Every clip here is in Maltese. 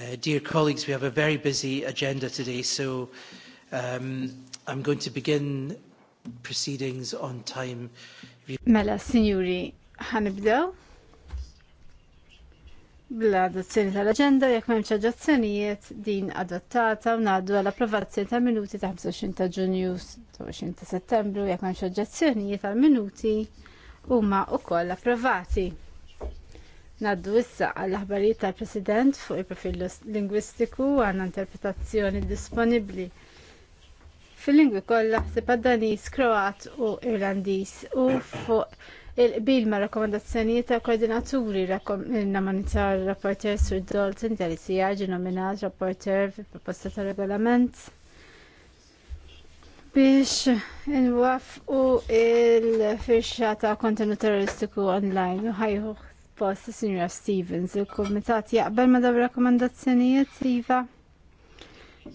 Uh, dear colleagues, we have a very busy agenda today, so um, I'm going to begin proceedings on time. Mela, signori, ħanibdew bl-adozzjoni tal-agenda jekk m'hemmx aġazzjonijiet din adottata u ngħaddu għal approvazzjoni tal-minuti ta' 25 ta' Ġunju 20 ta' Settembru jekk m'hemmx aġazzjonijiet għall minuti huma wkoll approvati. Naddu issa għall-aħbarijiet tal-President fuq il-profil lingwistiku għanna interpretazzjoni disponibbli fil-lingwi kollha ħsieb Danis, Kroat u Irlandiż u fuq il-qbil ma' rakkomandazzjonijiet ta' koordinaturi namanizzar rapporter Sur Dalton tal-ICR nominat rapporter fil-proposta ta' regolament biex u il-firxa ta' kontenut terroristiku online u ħajħuħ proposti Sinjora Stevens, il-Kumitat jaqbel ma daw rakkomandazzjonijiet iva.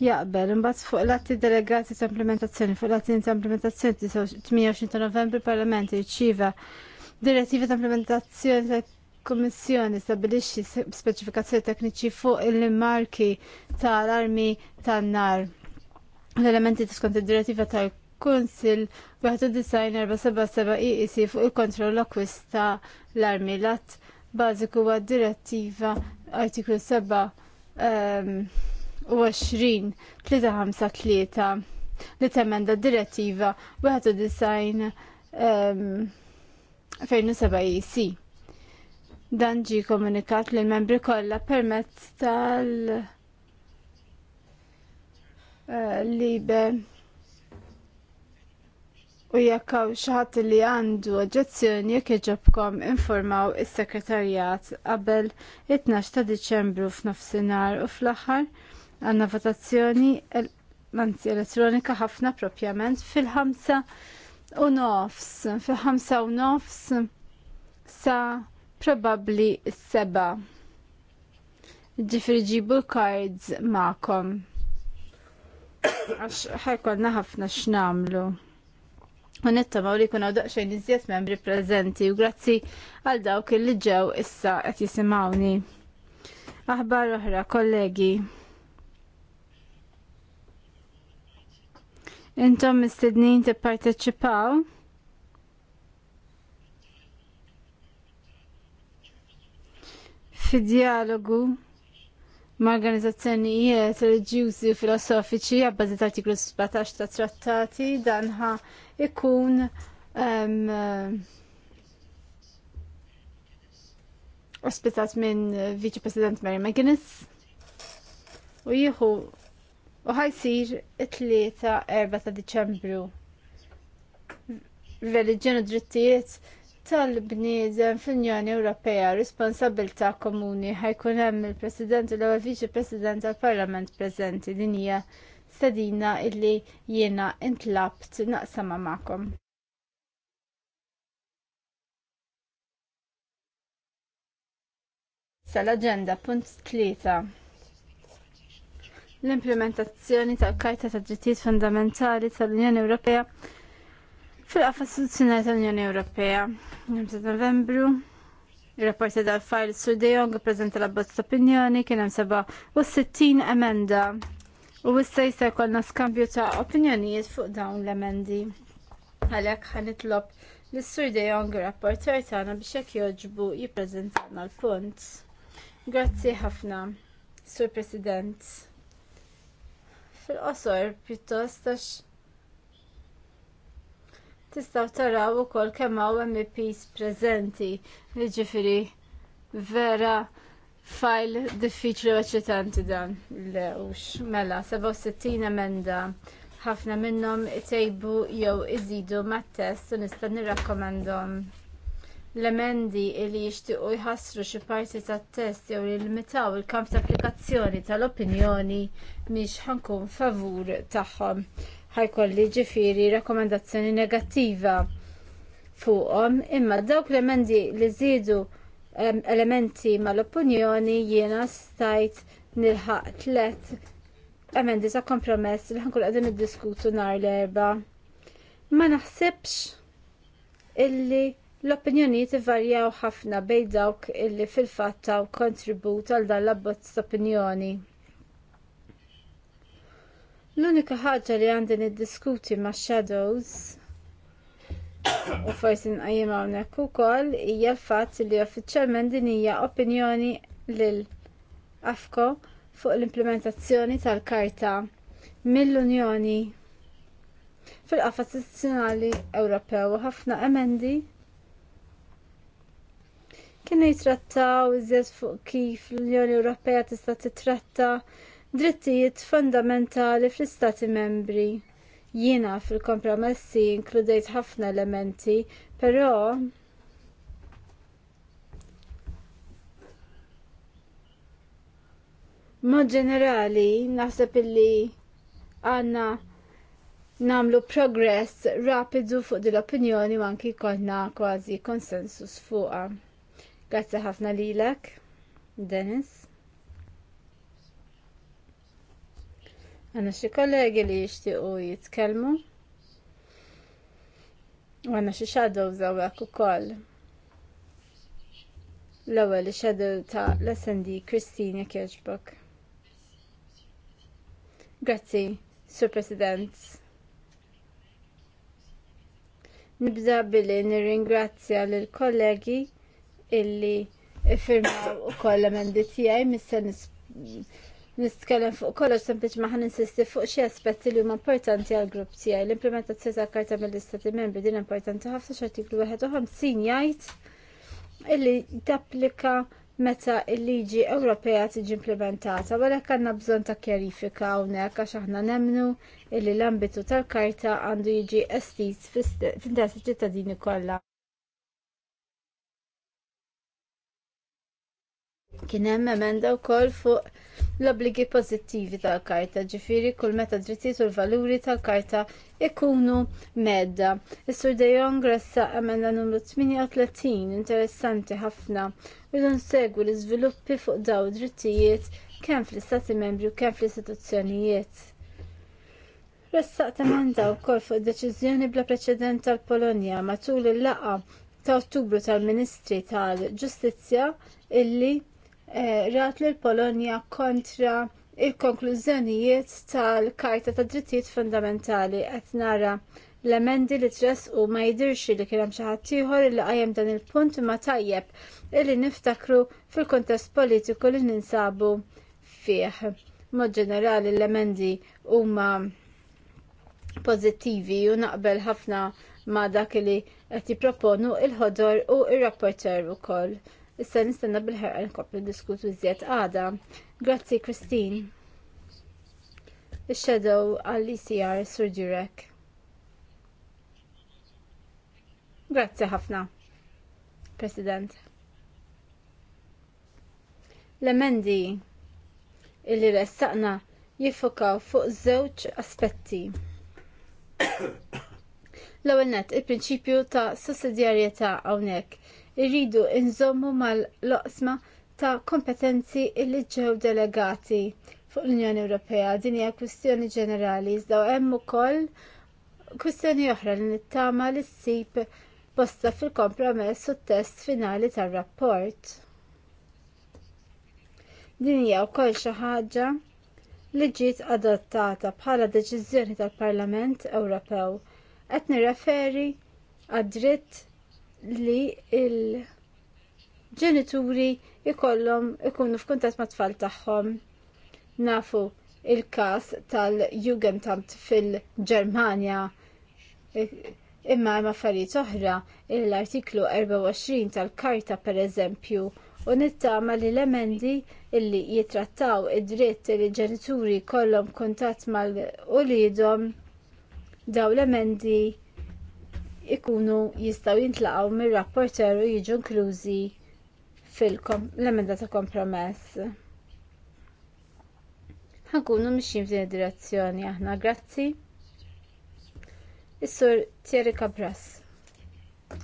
Jaqbel, imbagħad fuq l-atti delegati ta' implementazzjoni, fuq l-atti ta' implementazzjoni 28 ta' Novembru il-Parlament irċiva direttiva ta' implementazzjoni ta' Kommissjoni stabilixxi speċifikazzjoni tekniċi fuq il-marki tal-armi tan-nar. L-elementi diskont id-direttiva tal-Kunsil seba' EEC e fuq il-kontroll l-akwist l armi lat bażiku għad direttiva artiklu 7 ehm, u 20 353 li temenda direttiva 91 2007 EC. Dan ġi komunikat lill membri kollha permezz tal- eh, libe U jekk hawn ħadd li għandu oġġezzjoni jekk iġobkom informaw is-Sekretarjat qabel it-12 ta' Diċembru f'nofsinhar u fl-aħħar għandna votazzjoni anzi elettronika ħafna propjament fil-ħamsa u nofs, fil-ħamsa u nofs sa probabbli s-seba. Ġifri ġibu l-cards ma'kom. Għax ħafna x'namlu. U nittamaw li kuna daqxajn iżjed membri prezenti u grazzi għal dawk li ġew issa qed jisimawni. Aħbar oħra, kollegi. Intom mistednin tipparteċipaw? fi dialogu ma' organizzazzjonijiet reliġjużi u filosofiċi għabbażi artiklu 17 ta' trattati danħa ikun um, ospitat minn Vice President Mary McGuinness u jieħu u ħajsir it-tlieta 4 ta' Diċembru. Religjon u drittijiet tal-bniedem fl-Unjoni Ewropea responsabilta komuni ħajkun hemm il-President u l-ewwel Viċi President tal-Parlament preżenti din hija Sedina illi jiena intlabt naqsama ma'kom. Sal-agenda punt 3 l-implementazzjoni tal-Karta ta' Drittijiet Fundamentali tal-Unjoni Ewropea fil-qafas istituzzjonali tal-Unjoni Ewropea. 5 Novembru, il-rapporti dal-fajl Sur De Jong prezenta la bozza opinjoni kien hemm 67 emenda U issa jista' jkollna skambju ta' opinjonijiet fuq dawn l-emendi. Għalhekk ħanitlob l-Sur De Jong rapporter tagħna biex jek jogħġbu jiprezentana l-punt. Grazzi ħafna, Sur President. Fil-qosor pjuttost tax tistaw taraw ukoll kemm hawn MPs prezenti, jiġifieri vera Fajl diffiċli u eċitanti dan l-ewx. Mela, 67 emenda ħafna minnhom tejbu jew iżidu mat-test u nista' nirrakkomandhom. L-emendi li jixtiequ jħassru xi parti tat-test jew jillimitaw il-kamp ta' applikazzjoni tal-opinjoni miex ħankun favur tagħhom. Ħajkolli ġifieri rakkomandazzjoni negattiva fuqhom, imma dawk l-emendi li żiedu elementi mal-opinjoni jiena stajt nilħaq tlet emendi sa kompromess li ħankun qegħdin diskutu nhar l-erba. Ma naħsibx illi l opinjoni ivarjaw ħafna bejn dawk illi fil-fatt taw kontribut għal dan l-abbozz opinjoni. L-unika ħaġa li għandi niddiskuti ma' shadows u forsi nqajjem hawnhekk ukoll hija l-fatt li uffiċjalment din hija opinjoni lil AFCO fuq l-implementazzjoni tal-Karta mill-Unjoni fil-qafas istituzzjonali Ewropew u ħafna emendi kienu jitrattaw iżjed fuq kif l-Unjoni Ewropea tista' titratta drittijiet fondamentali fl-Istati membri Jiena fil-kompromessi inkludejt ħafna elementi, però mod ġenerali naħseb illi għanna namlu progress rapidu fuq dil-opinjoni manki konna kważi konsensus fuqa. Grazzi ħafna lilek, Dennis. Għanna xi kollegi li jixtiequ jitkellmu. Għanna xie xi zawak u ukoll. L-ewwel xadow ta' l-SND Kristina Kirchbok. Grazzi, Sur President. Nibda billi nirringrazzja lill kollegi illi firmaw ukoll l-emendi tiegħi mis-sen Nistkellem fuq kollox sempliċi ma ħaninsisti fuq xi aspetti li huma importanti għall grupp tiegħi. L-implementazzjoni ta' karta mill-Istati Membri din importanti ħafna x'artiklu 51 jgħid illi tapplika meta l liġi Ewropea tiġi implementata, għalhekk għandna bżonn ta' kjarifika hawnhekk għax aħna nemnu illi l-ambitu tal-karta għandu jiġi estis fl dati ċittadini kollha. Kien hemm emenda wkoll fuq l-obbligi pożittivi tal-karta, ġifieri kull meta drittijiet u l-valuri tal-karta ikunu medda. Is-Sur De Jong ressa emenda numru 38 interessanti ħafna u nsegwu l-iżviluppi fuq daw drittijiet kemm fl-Istati Membri u kemm fl-istituzzjonijiet. Ressaqt emenda wkoll fuq deċiżjoni bla preċedent tal-Polonja matul il laqgħa ta' Ottubru tal-Ministri tal-Ġustizzja illi Eh, rat l polonja kontra il-konklużjonijiet tal-Karta ta' Drittijiet Fundamentali qed nara l-emendi li tress u ma jidirxi li kien hemm xi ħadd ieħor li għajem dan il-punt ma tajjeb illi niftakru fil kontest politiku li ninsabu fih. Mod ġenerali l-emendi huma pożittivi u naqbel ħafna ma dak li qed jipproponu il-ħodor u il rapporter ukoll. Issa nistenna bil-ħerqa nkomplu diskutu iżjed għada. Grazzi, Christine. Ix-shadow għall-ECR Sur Durek. Grazzi ħafna, President. L-emendi illi ressaqna jiffokaw fuq żewġ aspetti. L-ewwel nett il-prinċipju ta' sussidjarjetà hawnhekk irridu inżommu mal-loqsma ta' kompetenzi illi ġew delegati fuq l-Unjoni Ewropea. Din hija kwistjoni ġenerali, iżda hemm ukoll kwistjoni oħra li nittama li ssib bosta fil-kompromess u test finali tar-rapport. Din hija wkoll xi ħaġa li ġiet adottata bħala deċiżjoni tal-Parlament Ewropew qed nirreferi għad-dritt li il-ġenituri ikollhom ikunu f'kuntatt ma' tfal tagħhom. Nafu il-każ tal-Jugendamt fil-Ġermanja imma hemm affarijiet oħra l-artiklu 24 tal-Karta pereżempju u nittama li l-emendi illi jitrattaw id-dritt li ġenituri kollhom kuntatt mal-ulidhom daw l-emendi ikunu jistgħu jintlaqgħu mir-rapporter u jiġu inklużi fil-emenda ta' kompromess. Ħankunu mixjin f'din id-direzzjoni aħna, grazzi. Is-sur Thierry Cabras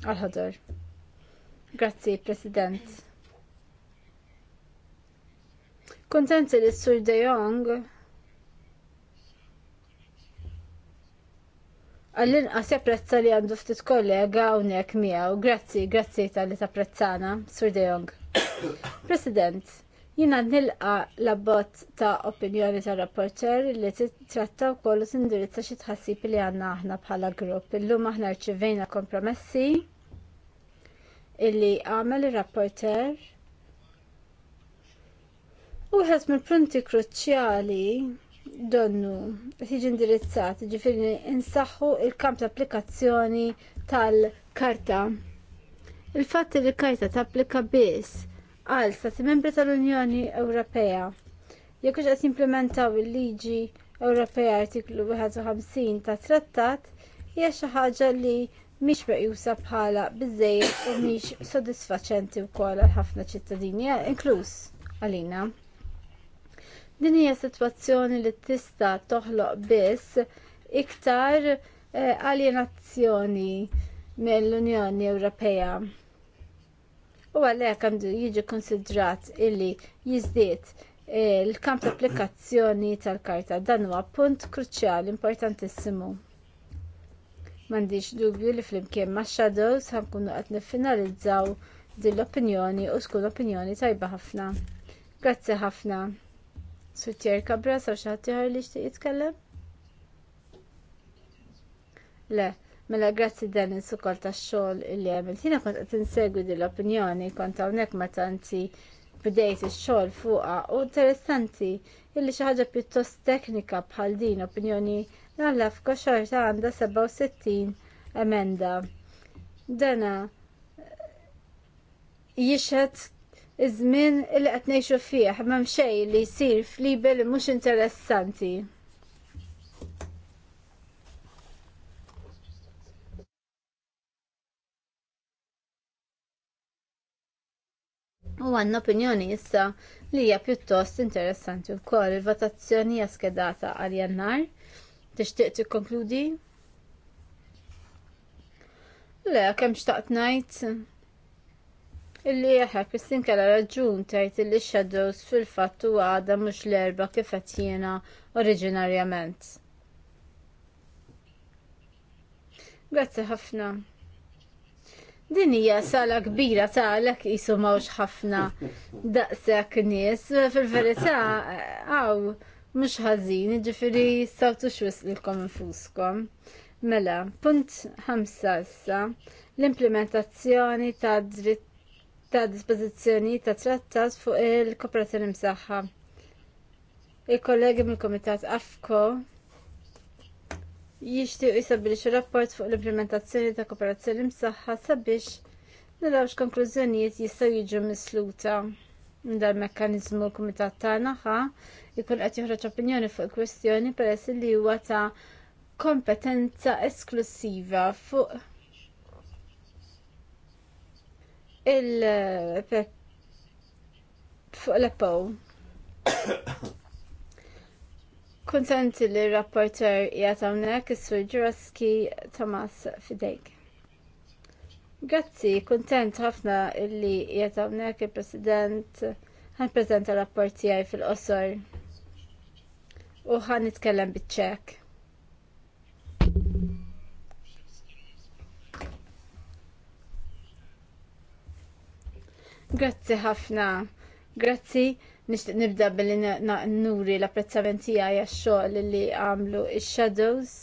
għal-ħodor. Grazzi, President. Kontenti li s-sur De Jong Għall-inqas japprezza li għandu ftit kollega hawnhekk miegħu. Grazzi, grazzi tal-li tapprezzana, Sur De Jong. President, jina nilqa l ta' opinjoni ta' rapporter li t-tratta u kollu tindirizza xi tħassib li għandna aħna bħala grupp. Illum aħna rċivejna kompromessi illi għamel il-rapporter Uħed mill-punti kruċjali donnu tiġi indirizzat, ġifiri insaħħu il-kamp ta' applikazzjoni tal-karta. Il-fatt li l-karta tapplika biss għal stati membri tal-Unjoni Ewropea. Jekk qed jimplementaw il-liġi Ewropea artiklu 51 ta' trattat, hija xi ħaġa li mhix meqjusa bħala biżejjed u mhix sodisfaċenti wkoll għal ħafna ċittadini, inkluż għalina. Din hija sitwazzjoni li tista' toħloq biss iktar eh, alienazzjoni mill-Unjoni Ewropea. U għalhekk għandu jiġi konsidrat illi jiżdied il-kamp eh, applikazzjoni tal-karta dan huwa punt kruċjali importantissimu. M'għandix dubju li flimkien ma' shadows ħankunu qed niffinalizzaw din l-opinjoni u tkun opinjoni tajba ħafna. Grazzi ħafna. Sutjer kabra saw xaħtiħar li xtiq jitkellem? Le, mela grazzi Dennis ta' tax-xogħol li għamil. Jiena kont qed insegwi din l-opinjoni kont hawnhekk ma tanti bdejt ix-xogħol fuqha u interessanti illi xi ħaġa pjuttost teknika bħal din opinjoni nalla xorta għandha 67 emenda. Dana jixħet iż-żmien li qed ngħixu fih m'hemm xejn li jsir f'libel mhux interessanti. U għanna opinjoni issa li hija pjuttost interessanti wkoll il-votazzjoni hija skedata għal jannar. Tixtieq tikkonkludi? Le, kemm xtaqt ngħid illi jaħar Kristin kalla raġun tajt illi shadows fil-fattu għada mux l-erba kifet jena oriġinarjament. Grazzi ħafna. Din hija sala kbira tagħlek qisu mawx ħafna daqshekk nies, fil-verità hawn mhux ħażin, jiġifieri sawtu xwislilkom infuskom. Mela, punt ħamsa issa l-implementazzjoni ta' dritt ta' dispozizjoni ta' trattat fuq il-kooperazzjoni msaħħa. Il-kollegi mill-Komitat AFCO jixtiequ jisabbilixu rapport fuq l-implementazzjoni ta' kooperazzjoni msaħħa sabiex naraw x'konklużjonijiet jistgħu jiġu misluta dal-mekkanizmu l-Kumitat tagħna ħa jkun qed joħroġ opinjoni fuq il-kwestjoni peress li huwa ta' kompetenza esklusiva fuq il fuq l-eppow. Kontent li rapporter jgħat għamnek is-sur Ġuraski Tomas Fidejk. Grazzi, kontent ħafna illi jgħat għamnek il-President ħan prezenta rapporti fil-qosor u ħan nitkellem bitċek. Grazzi ħafna. Grazzi. Nixtieq nibda billi nuri l-apprezzament tiegħi għax-xogħol li għamlu x shadows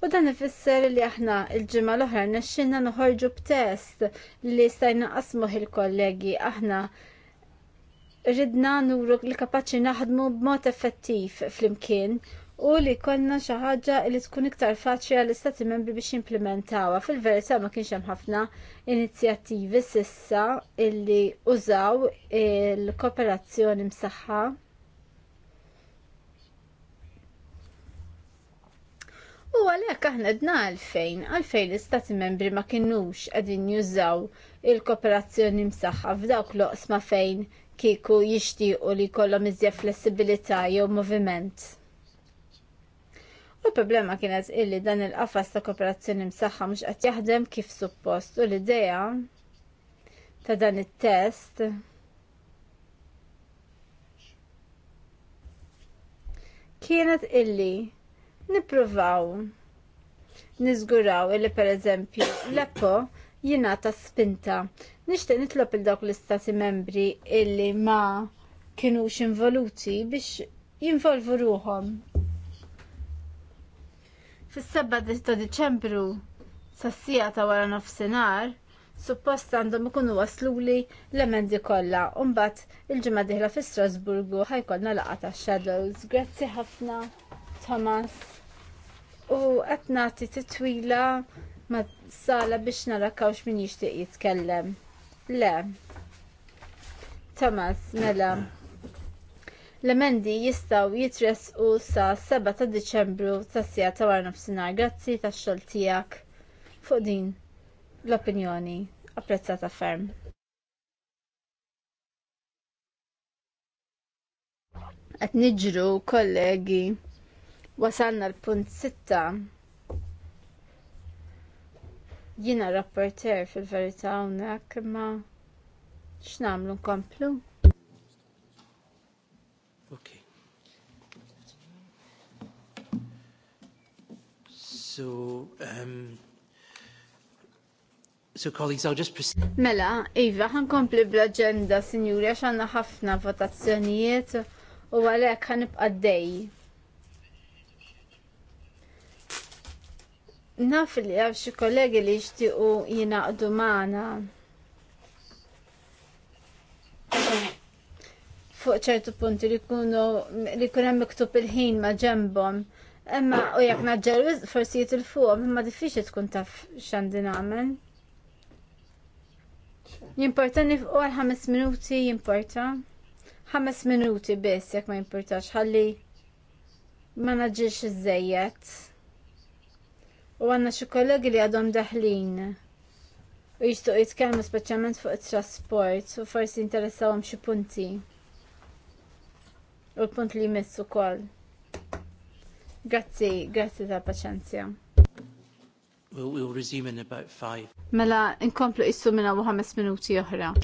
U dan ifisser li aħna il-ġimgħa l-oħra nexxinna noħorġu b'test li stajna qasmuh il-kollegi aħna ridna nuru li kapaċi naħdmu b'mod effettiv flimkien u li konna xi ħaġa li tkun iktar faċli għall istati membri biex jimplementawha. Fil-verità ma kienx hemm ħafna inizjattivi sissa illi użaw il-kooperazzjoni msaħħa U għalhekk aħna dna għalfejn, għalfejn l-istati membri ma kinux qegħdin jużaw il-kooperazzjoni msaħħa f'dawk l-oqsma fejn kieku jixtiequ li jkollhom iżjed flessibilità jew moviment. U l-problema kienet illi dan il-qafas ta' kooperazzjoni msaħħa mhux qed jaħdem kif suppost u l-idea ta' dan it-test kienet illi nippruvaw niżguraw illi pereżempju l-epo jingħata spinta Nixtieq nitlob il dawk l-istati membri illi ma kinux involuti biex jinvolvu ruhom. Fis-7 ta' Diċembru sas-sija ta' wara nofsinhar, suppost għandhom ikunu wasluli l-emendi kollha u mbagħad il-ġimgħa diħla fi Strasburgu ħajkollna laqgħa tax-Shadows. Grazzi ħafna Thomas. U qed nagħti titwila ma' sala biex narakawx min jixtieq jitkellem. Le. Thomas, mela. L-emendi jistaw jitres u sa 7 ta' Deċembru ta' sija ta' warna f'sinar. Grazzi ta' xol tijak fuq din l-opinjoni apprezzata ferm. Qed niġru kollegi wasalna l-punt sitta Jina rapporter fil-verità hawnhekk imma x'namlu nkomplu? Ok. So, um, so colleagues, I'll just proceed. Mela, Iva, ħankompli bl-agenda, sinjuri, għax għanna ħafna votazzjonijiet u għalek ħanibqa' dej. Naf li għaw xi kollegi li jixtiequ jinaqdu maħna. Fuq ċertu punti li jkunu li jkun hemm miktub il-ħin ma' ġembhom. Imma u jekk naġġel forsi jitilfuqhom imma diffiċli tkun taf x'għandi għamen. Jimporta nifqu għal ħames minuti jimporta. Ħames minuti biss jekk ma jimportax ħalli ma naġġilx iżejjed u għanna xi kollegi li għadhom daħlin u jistu jitkellmu speċjalment fuq it-trasport u forsi interessawhom xi punti. U l-punt li jmiss ukoll. Grazzi, grazzi tal paċenzja. We'll, we'll resume in about five. Mela, inkomplu issu minna u ħames minuti oħra.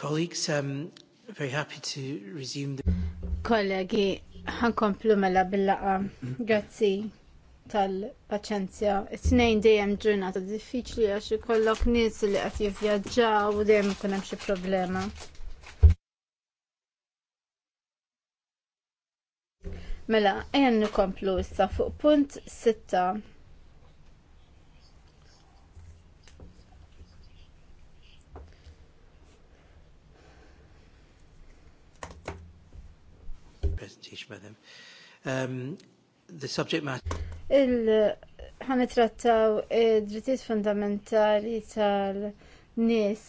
Colleagues, um, very happy to resume the... Kollegi, ħankomplu mela bil-laqa. Grazzi tal-paċenzja. It-tnejn dejjem ġurnata diffiċli għax ikollok nies li qed jivvjaġġaw u dejjem ikun hemm xi problema. Mela, ejja nikomplu issa fuq punt 6 madam. Um, the subject matter... Il ħanitrattaw id-drittijiet fundamentali tal-nies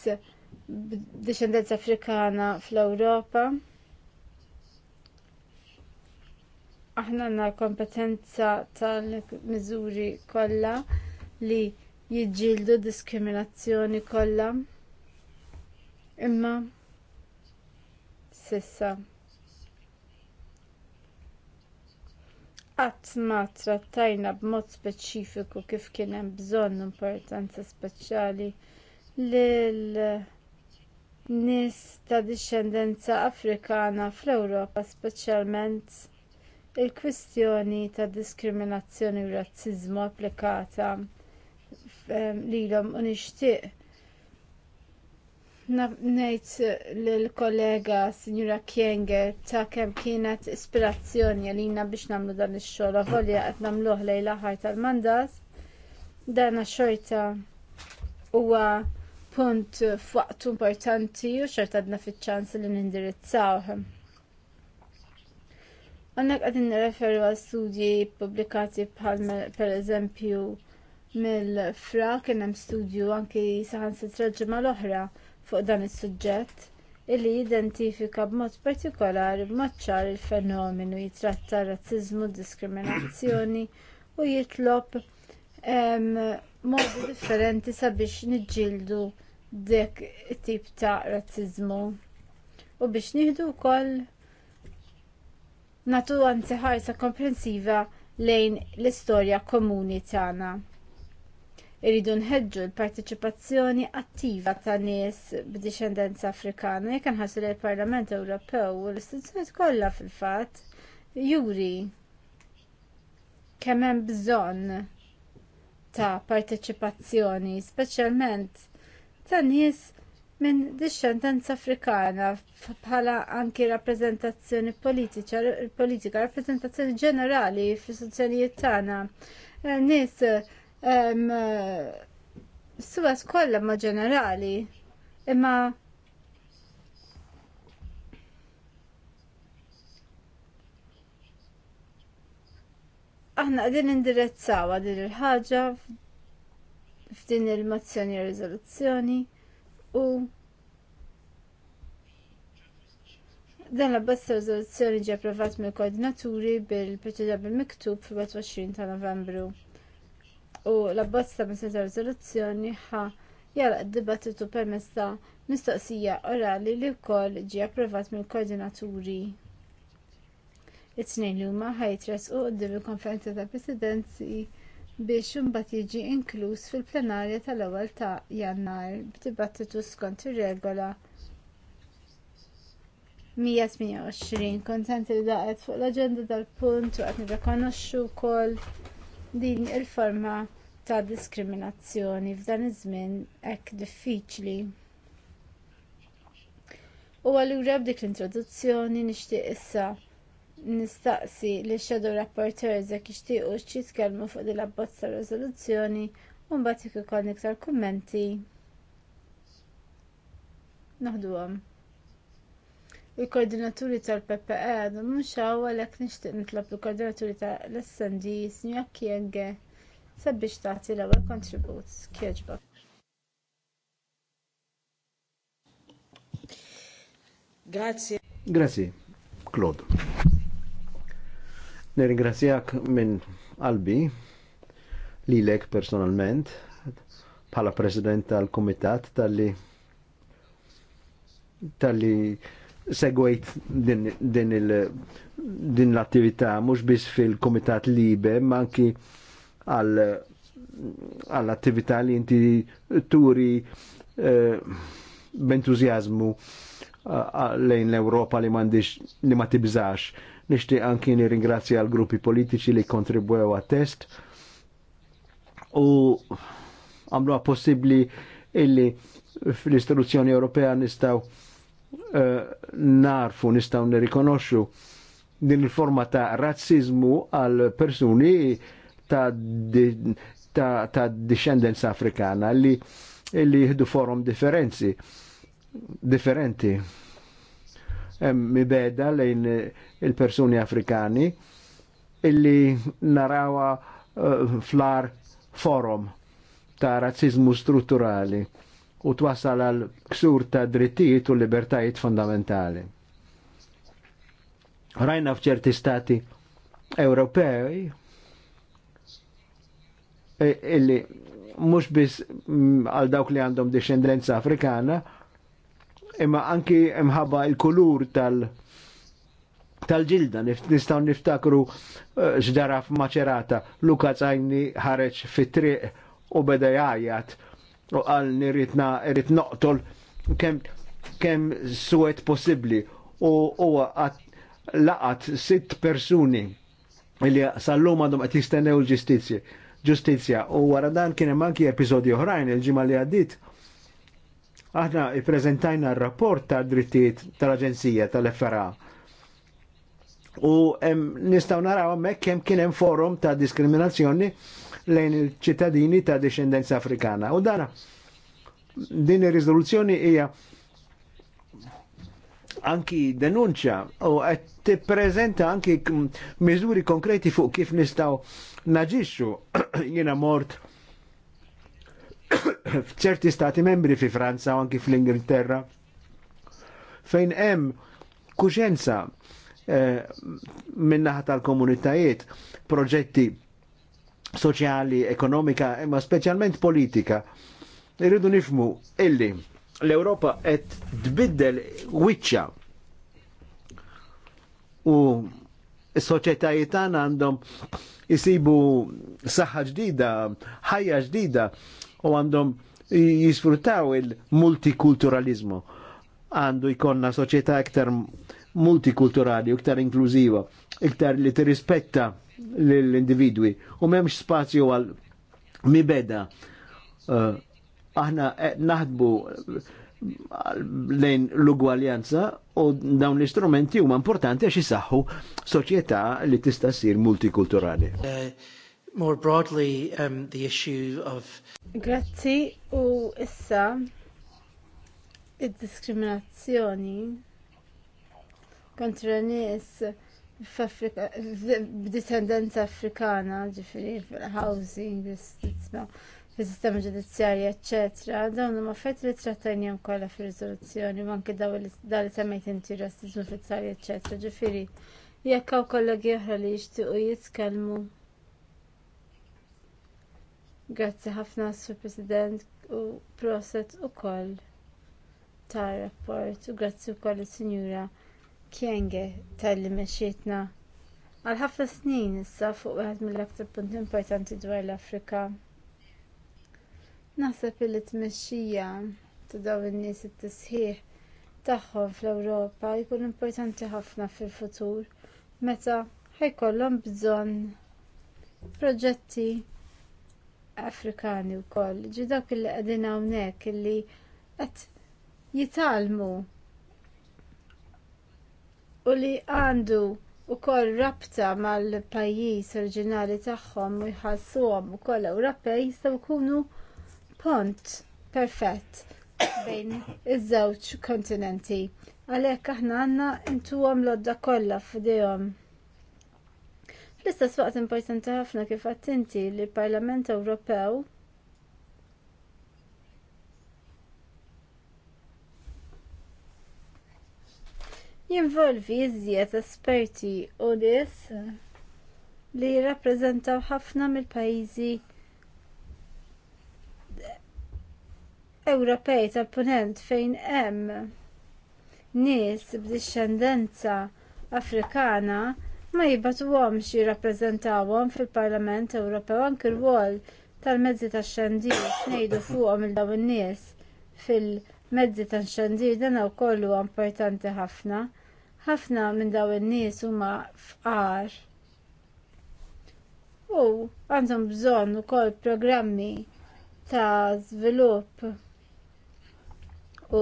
b'diċendenza Afrikana fl-Ewropa. Aħna għandna kompetenza tal-miżuri kollha li jiġġieldu diskriminazzjoni kollha. Imma sissa qatt ma trattajna b'mod speċifiku kif kien hemm bżonn importanza speċjali lil nies ta' dixxendenza Afrikana fl-Ewropa speċjalment il-kwistjoni ta' diskriminazzjoni u razziżmu applikata ehm, lilhom u nixtieq Nejt l-kollega Signora Kienge ta' kem kienet ispirazzjoni għalina biex namlu dan il-xol, Għolja għet namluħ lej laħar tal-mandat, dana xorta huwa punt f'waqtu importanti u xorta għadna fit-ċans li nindirizzawh. Għannak għadin referu għal studji publikati bħal per eżempju mill-fra kien hemm studju anki saħan sitraġġima l-oħra fuq dan is-suġġett illi jidentifika b'mod partikolari b'maċċar il-fenomenu jitratta razziżmu, diskriminazzjoni u jitlob modi differenti sabiex niġġieldu dik it-tip ta' razziżmu. U biex nieħdu wkoll nagħtu anzi ħarsa komprensiva lejn l-istorja komuni tagħna. Irridu nħeġġu l-partiċipazzjoni attiva ta' nies b'dixendenza Afrikana jekk nħassu li l-Parlament Ewropew u l-istituzzjonijiet kollha fil-fatt juri kemm hemm bżonn ta' partiċipazzjoni, speċjalment ta' nies minn discendenza afrikana bħala anki rappresentazzjoni politika, politika rappresentazzjoni ġenerali fis-sozzjonijiet tagħna. Eh, nies Eh, suqas skolla ma' ġenerali imma aħna għadin indirezzaw din il-ħagġa f'din il-mozzjoni rizoluzzjoni u dan l-abbozz rizoluzzjoni ġi approvat mill-koordinaturi bil-proċedura bil-miktub fil-21 ta' Novembru u l-abbozza minn seta' rizoluzzjoni ħa jara d-dibattitu permezz ta' mistoqsija orali li wkoll ġie approvat mill-koordinaturi. It-tnejn li huma ħajtres u qudiem il-konferenza ta' presidenzi biex imbagħad jiġi inkluż fil-plenarja tal-ewwel ta' Jannar b'dibattitu skont ir-regola 128. Kontent li daqet fuq l-aġenda tal punt u qed nirrikonoxxu wkoll din il-forma ta' diskriminazzjoni f'dan iż-żmien hekk diffiċli. U allura b'dik l-introduzzjoni nixtieq issa nistaqsi li shadow rapporteurs jekk ixtiequ tkellmu fuq din l-abbozz ta' riżoluzzjoni u mbagħad jekk ikollni iktar kummenti. Naħduhom il koordinaturi tal-PPE għadu mux għalhekk nixtieq nitlab il-koordinaturi tal-SND Sinja Kienge sabiex tagħti l-ewwel kontribut kieġba. Grazie. Grazie, Claude. Nirringrazzjak minn qalbi lilek personalment bħala president tal-komitat tal-li tal-li segwejt din, din il- din l-attività mhux biss fil-Komitat Libe, ma anki għall-attività li inti turi eh, b'entużjażmu eh, lejn l-Europa li m'għandix li ma tibżax. Nixtieq anki nirringrazzja għal gruppi politiċi li kontribwew għat-test u għamlu possibbli illi fl-istituzzjoni Ewropea nistaw Eh, narfu nistaw nirrikonoxxu din il-forma ta' razzizmu għal persuni ta', di, ta, ta discendenza afrikana li li jihdu forum differenzi differenti mi beda lejn il-persuni afrikani illi narawa uh, flar forum ta' razzizmu strutturali u twasal għal ksur ta' drittijiet u libertajiet fundamentali. Rajna f'ċerti stati Ewropej e, illi mhux biss mm, għal dawk li għandhom discendenza Afrikana, imma anki imħabba il-kulur tal- tal-ġilda, nistaw niftakru ġdara e, maċerata Luka Zajni ħareċ fit-triq u beda jajat u għal nirritna rrit noqtol kem, kem suwet possibli u huwa laqat sitt persuni li sallum għadhom qed jistennew l-ġustizzja. Ġustizzja u wara dan kien hemm anki oħrajn il-ġimgħa li għaddit aħna ippreżentajna r-rapport ta' drittijiet tal-Aġenzija tal-FRA. U nistgħu naraw mekk kemm kien hemm forum ta' diskriminazzjoni lejn il-ċittadini ta' discendenza afrikana. U dana, din ir-riżoluzzjoni hija anki denunċa u qed tippreżenta anki miżuri konkreti fuq kif nistgħu naġixxu jiena mort f'ċerti stati membri fi Franza u anki fl-Ingilterra fejn hemm kuxenza eh, minnaħa tal-komunitajiet proġetti soċjali, ekonomika, imma speċjalment politika. Irridu nifmu illi l-Europa qed tbiddel wiċċa u s-soċjetajiet tagħna għandhom isibu saħħa ġdida, ħajja ġdida u għandhom jisfruttaw il-multikulturalizmu. Għandu jkollna soċjetà iktar multikulturali, iktar inklużiva, iktar li tirrispetta l-individwi u memx spazju għal mibeda. beda. Uh, aħna eh, naħdbu eh, lejn l-ugwaljanza u dawn l-istrumenti huma importanti għax isaħħu soċjetà li tista' ssir multikulturali. Uh, more broadly, um, the issue of... Grazzi u issa id-diskriminazzjoni kontra nies f'Afrika, b'discendenza afrikana, ġifiri fil-housing, fil-sistema ġudizzjarja, eccetera, dawn huma fett li trattajnijom kollha fir-riżoluzzjoni, anke daw li semmejt inti rassizmu fil-sarja, eccetera, ġifiri. Jekk hawn kollegi oħra li jixtiequ jitkellmu. Grazzi ħafna Sur President u proset ukoll tar rapport u grazzi wkoll is-Sinjura Kienge tal-li għal ħafna snin issa fuq wieħed mill-aktar punti importanti dwar l-Afrika. Naħseb li t-tmexxija ta' dawn in-nies it-tisħiħ tagħhom fl-Ewropa jkun importanti ħafna fil-futur meta ħajkollhom bżonn proġetti Afrikani wkoll. Ġi dawk li qegħdin hawnhekk li qed jitalmu u li għandu wkoll rabta mal pajjiż oriġinali tagħhom u jħassuhom ukoll Ewropej jistaw jkunu pont perfett bejn iż-żewġ kontinenti. Għalhekk aħna għandna intuhom lodda kollha f'idejhom. Fl-istess waqt importanti ħafna kif attenti li l-Parlament Ewropew jinvolvi iżjed esperti u nies li jirrappreżentaw ħafna mill-pajjiżi Ewropej tal-punent fejn hemm nies b'dixxendenza Afrikana ma jibatuhomx jirrappreżentawhom fil-Parlament Ewropew anki rwol tal-mezzi tax-xandir ngħidu fuqhom il dawn in-nies fil-mezzi tax-xandir dan wkoll huwa importanti ħafna ħafna minn daw in-nies huma fqar. U għandhom bżonn ukoll programmi ta' żvilupp u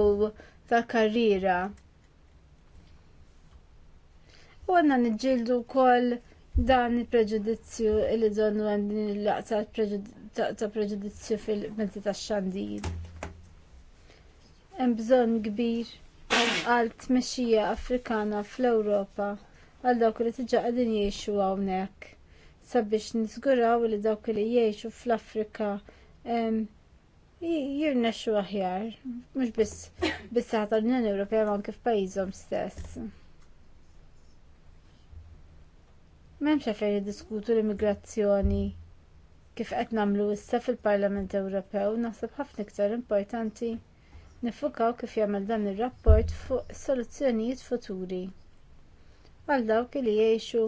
ta' karriera. U għanna nġildu koll dan il-preġudizzju il donnu għandin il-laqta ta' preġudizzju fil-menti ta' xandir. Hemm bżonn kbir għal tmexxija Afrikana fl-Ewropa għal dawk li tiġa qegħdin jgħixu hawnhekk sabiex niżguraw li dawk li jgħixu fl-Afrika jirnexxu aħjar, mhux biss biss tal-Unjoni Ewropea ma anke f'pajjiżhom stess. M'hemmx għalfejn jiddiskutu l-immigrazzjoni kif qed nagħmlu issa fil-Parlament Ewropew naħseb ħafna iktar importanti nifukaw kif jagħmel dan ir-rapport fuq soluzzjonijiet futuri għal dawk li jgħixu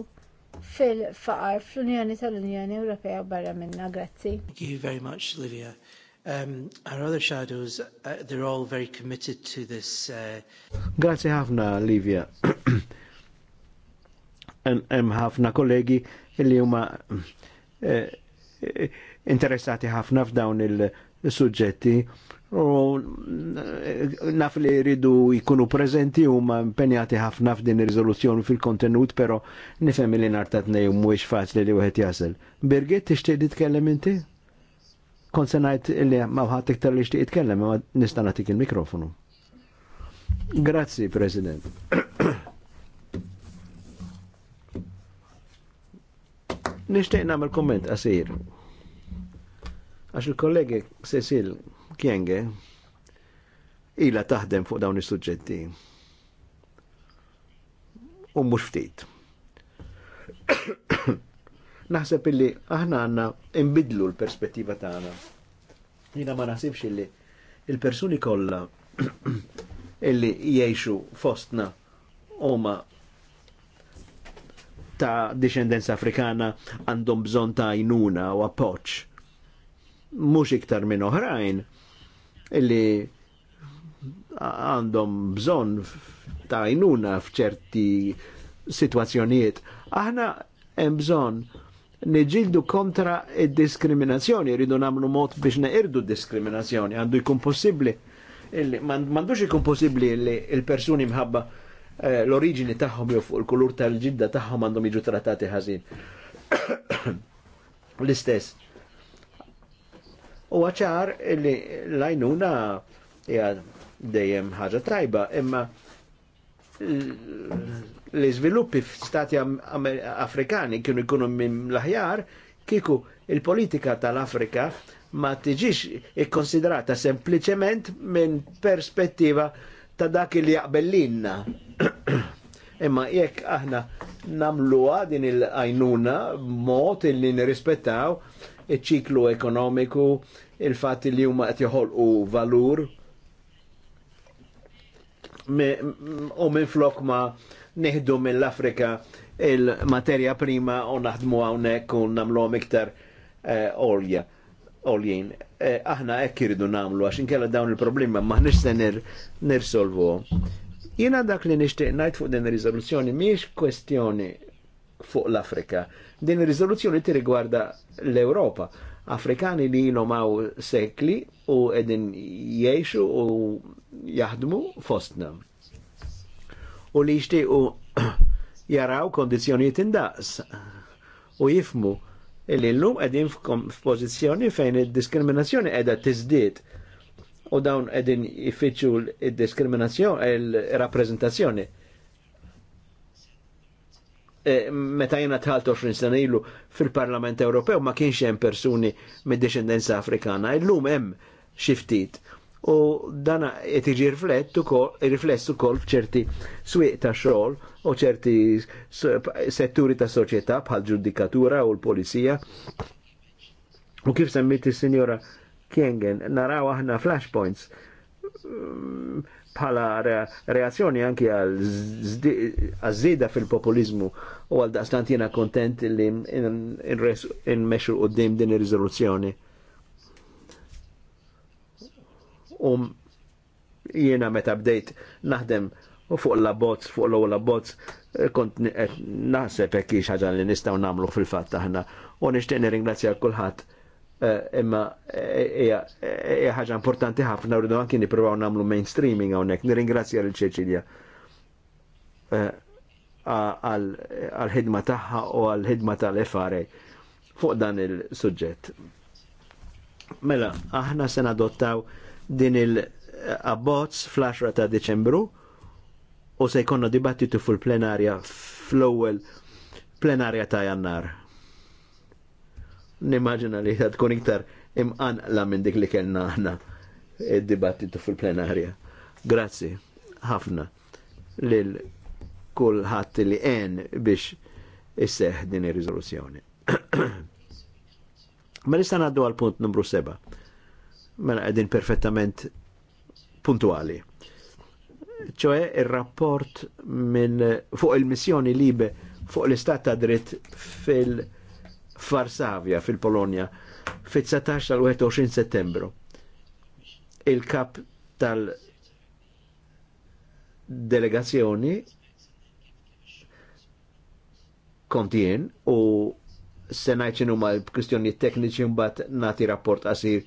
fil-faqar fl-Unjoni tal-Unjoni Ewropea barra minna. Grazzi. Thank you very much, Livia. Um, our other shadows, uh, they're all very committed to this. Uh... Grazie ħafna, Livia. Hemm ħafna kollegi li huma eh, eh, interessati ħafna f'dawn il-suġġetti u eh, naf li rridu jikunu prezenti u ma impenjati ħafna f'din ir-riżoluzzjoni fil-kontenut, però nifhem li nartat nejn mhuwiex faċli li wieħed jasel. Birgit tixtieq titkellem inti? Kont se ngħid li ma ħadd iktar li xtieq jitkellem, ma nista' nagħtik il-mikrofonu. Grazzi, President. Nishtiq namel komment qasir. Għax il-kollegi Cecil Kienge ila taħdem fuq dawn is-suġġetti. U mhux ftit. Naħseb illi aħna għandna imbidlu l-perspettiva tagħna. Jina ma naħsibx illi il-persuni kollha illi jgħixu fostna huma ta' discendenza afrikana għandhom bżon ta' jnuna u appoċ. Mux iktar minn oħrajn, illi għandhom bżon ta' jnuna fċerti situazzjonijiet. Aħna hemm bżonn neġildu kontra id-diskriminazzjoni, rridu namlu mod biex neqirdu diskriminazzjoni, għandu jkun possibli, mandux jkun possibli li il-persuni mħabba eh, l-oriġini tagħhom jew fuq il-kulur tal-ġidda tagħhom għandhom jiġu trattati ħażin. L-istess U għacħar li lajnuna dejjem ħaġa tajba, imma li sviluppi f'stati afrikani kienu jkunu minn l-aħjar, kiku il-politika tal-Afrika ma tiġix ikkonsiderata sempliciment minn perspettiva ta' dak li jaqbellinna. Imma jekk aħna namluwa din il ajnuna mod li nirrispettaw iċ-ċiklu ekonomiku, il-fat li huma qed joħolqu valur u minn flok ma neħdu mill-Afrika il-materja prima u naħdmu hawnhekk u nagħmluhom iktar eh, olja. Oljien, eh, aħna hekk iridu nagħmlu għax inkella dawn il-problema ħniex se nirsolvu. Jiena dak li nixtieq ngħid fuq din ir-riżoluzzjoni mhijiex kwestjoni fuq l-Afrika. Din ir-riżoluzzjoni tirrigwarda l-Ewropa Afrikani li jilom għaw sekli u edin jiexu u jahdmu fostna. U li u jaraw kondizjoniet indaqs u jifmu illi l-lum edin f-pozizjoni fejn il-diskriminazzjoni edha tizdiet u dawn edin jifitxu il-diskriminazzjoni, il-rappresentazzjoni. il-diskriminazzjoni, il-rappresentazzjoni. Eh, meta jena tħalt 20 sena ilu fil-Parlament Ewropew ma kienx hemm persuni mid dixendenza Afrikana, illum hemm xi ftit. U dana qed iġi rifless ukoll f'ċerti swieq ta' xogħol u ċerti setturi ta' soċjetà bħal ġudikatura u l-polizija. U kif semmiti sinjora Kiengen, naraw aħna flashpoints bħala reazzjoni anki għal għaż-żida fil-populizmu u għal daqstant jena kontent li nmexxu dim din ir-riżoluzzjoni. U jiena meta bdejt naħdem u fuq l-abbozz, fuq l-ewwel bots, kont naħseb hekk ħaġa li nistgħu nagħmlu fil-fatt aħna u nixtieq nirringrazzja kulħadd Eh, imma eh, eh, ħaġa importanti ħafna rridu anki nippruvaw nagħmlu mainstreaming hawnhekk. Nirringrazzja l Ċeċilja għal-ħidma tagħha u għal-ħidma tal-FRA fuq dan il-suġġett. Mela, aħna se nadottaw din il-abbozz fl-10 ta' Deċembru u se jkollna dibattitu fil-plenarja fl-ewwel plenarja ta' Jannar nimmaġina li ta' tkun iktar la minn dik li kellna aħna id-dibattitu fil-plenarja. Grazzi ħafna lil kulħadd li għen biex isseħ din ir-riżoluzzjoni. Ma mela nista' ngħaddu għal punt numru seba'. Mela qegħdin perfettament puntuali. ċoe il rapport minn fuq il-missjoni libe fuq l-istat ta' dritt fil- f'Varsavja fil polonia fit-19 tal-21 settembru. Il-kap tal-delegazzjoni kontien u senajċin huma l-kwistjoni tekniċi mbagħad nati rapport għasir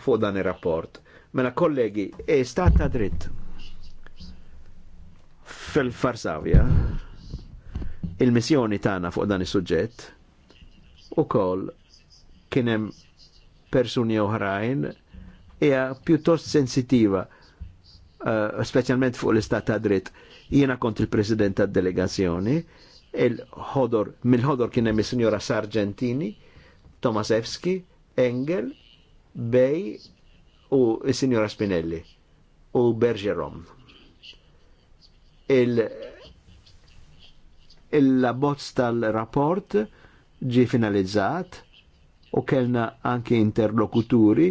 fuq dan ir-rapport. Mela kollegi, e stat ta' dritt fil farsavia il-missjoni tagħna fuq dan is-suġġett u kol kienem persuni uħrajn hija pjuttost sensitiva, uh, specialment fuq l-istat ta' dritt. Jiena kont il-president tad delegazzjoni, il-ħodor, mill-ħodor kienem hemm is-Sinjora Sargentini, Tomasewski, Engel, Bej u s-Sinjora Spinelli u Bergeron. Il-abbozz il, il tal-rapport ġi finalizzat u kellna anki interlokuturi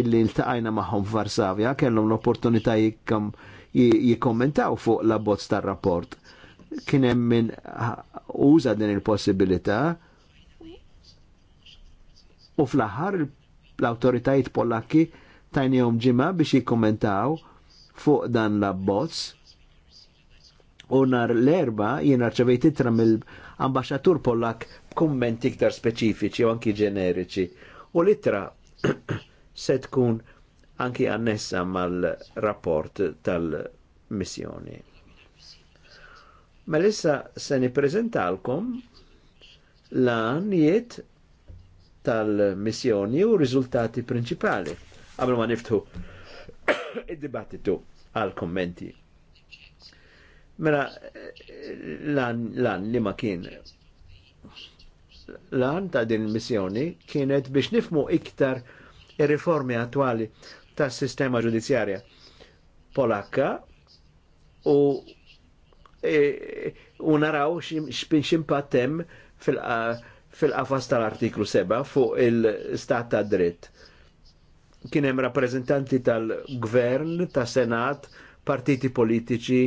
illi l-taqajna maħom f'Varsavja kellhom l-opportunità jikkommentaw fuq l bozz tar-rapport. Kien hemm min uża din il-possibilità u fl-aħħar l-awtoritajiet Polakki tajnihom ġimgħa biex jikkommentaw fuq dan la bozz u nar l-erba jien rċevejt itra mill ambasġatur Pollak kumment iktar speċifiċi u anki ġeneriċi. U litra se tkun anki annessa mal-rapport tal-missjoni. Ma issa se niprezentalkom l-għanijiet tal-missjoni u riżultati principali. Qabel ma niftu id-dibattitu għal-kommenti. Mela, l-għan li ma kien lan ta' din il-missjoni kienet biex nifmu iktar il riformi attwali tas sistema ġudizzjarja polakka u e, u naraw x'impatt hemm fil-qafas tal-artiklu 7 fuq il-stat ta' dritt. Kien hemm rappreżentanti tal-gvern, tas-senat, partiti politiċi,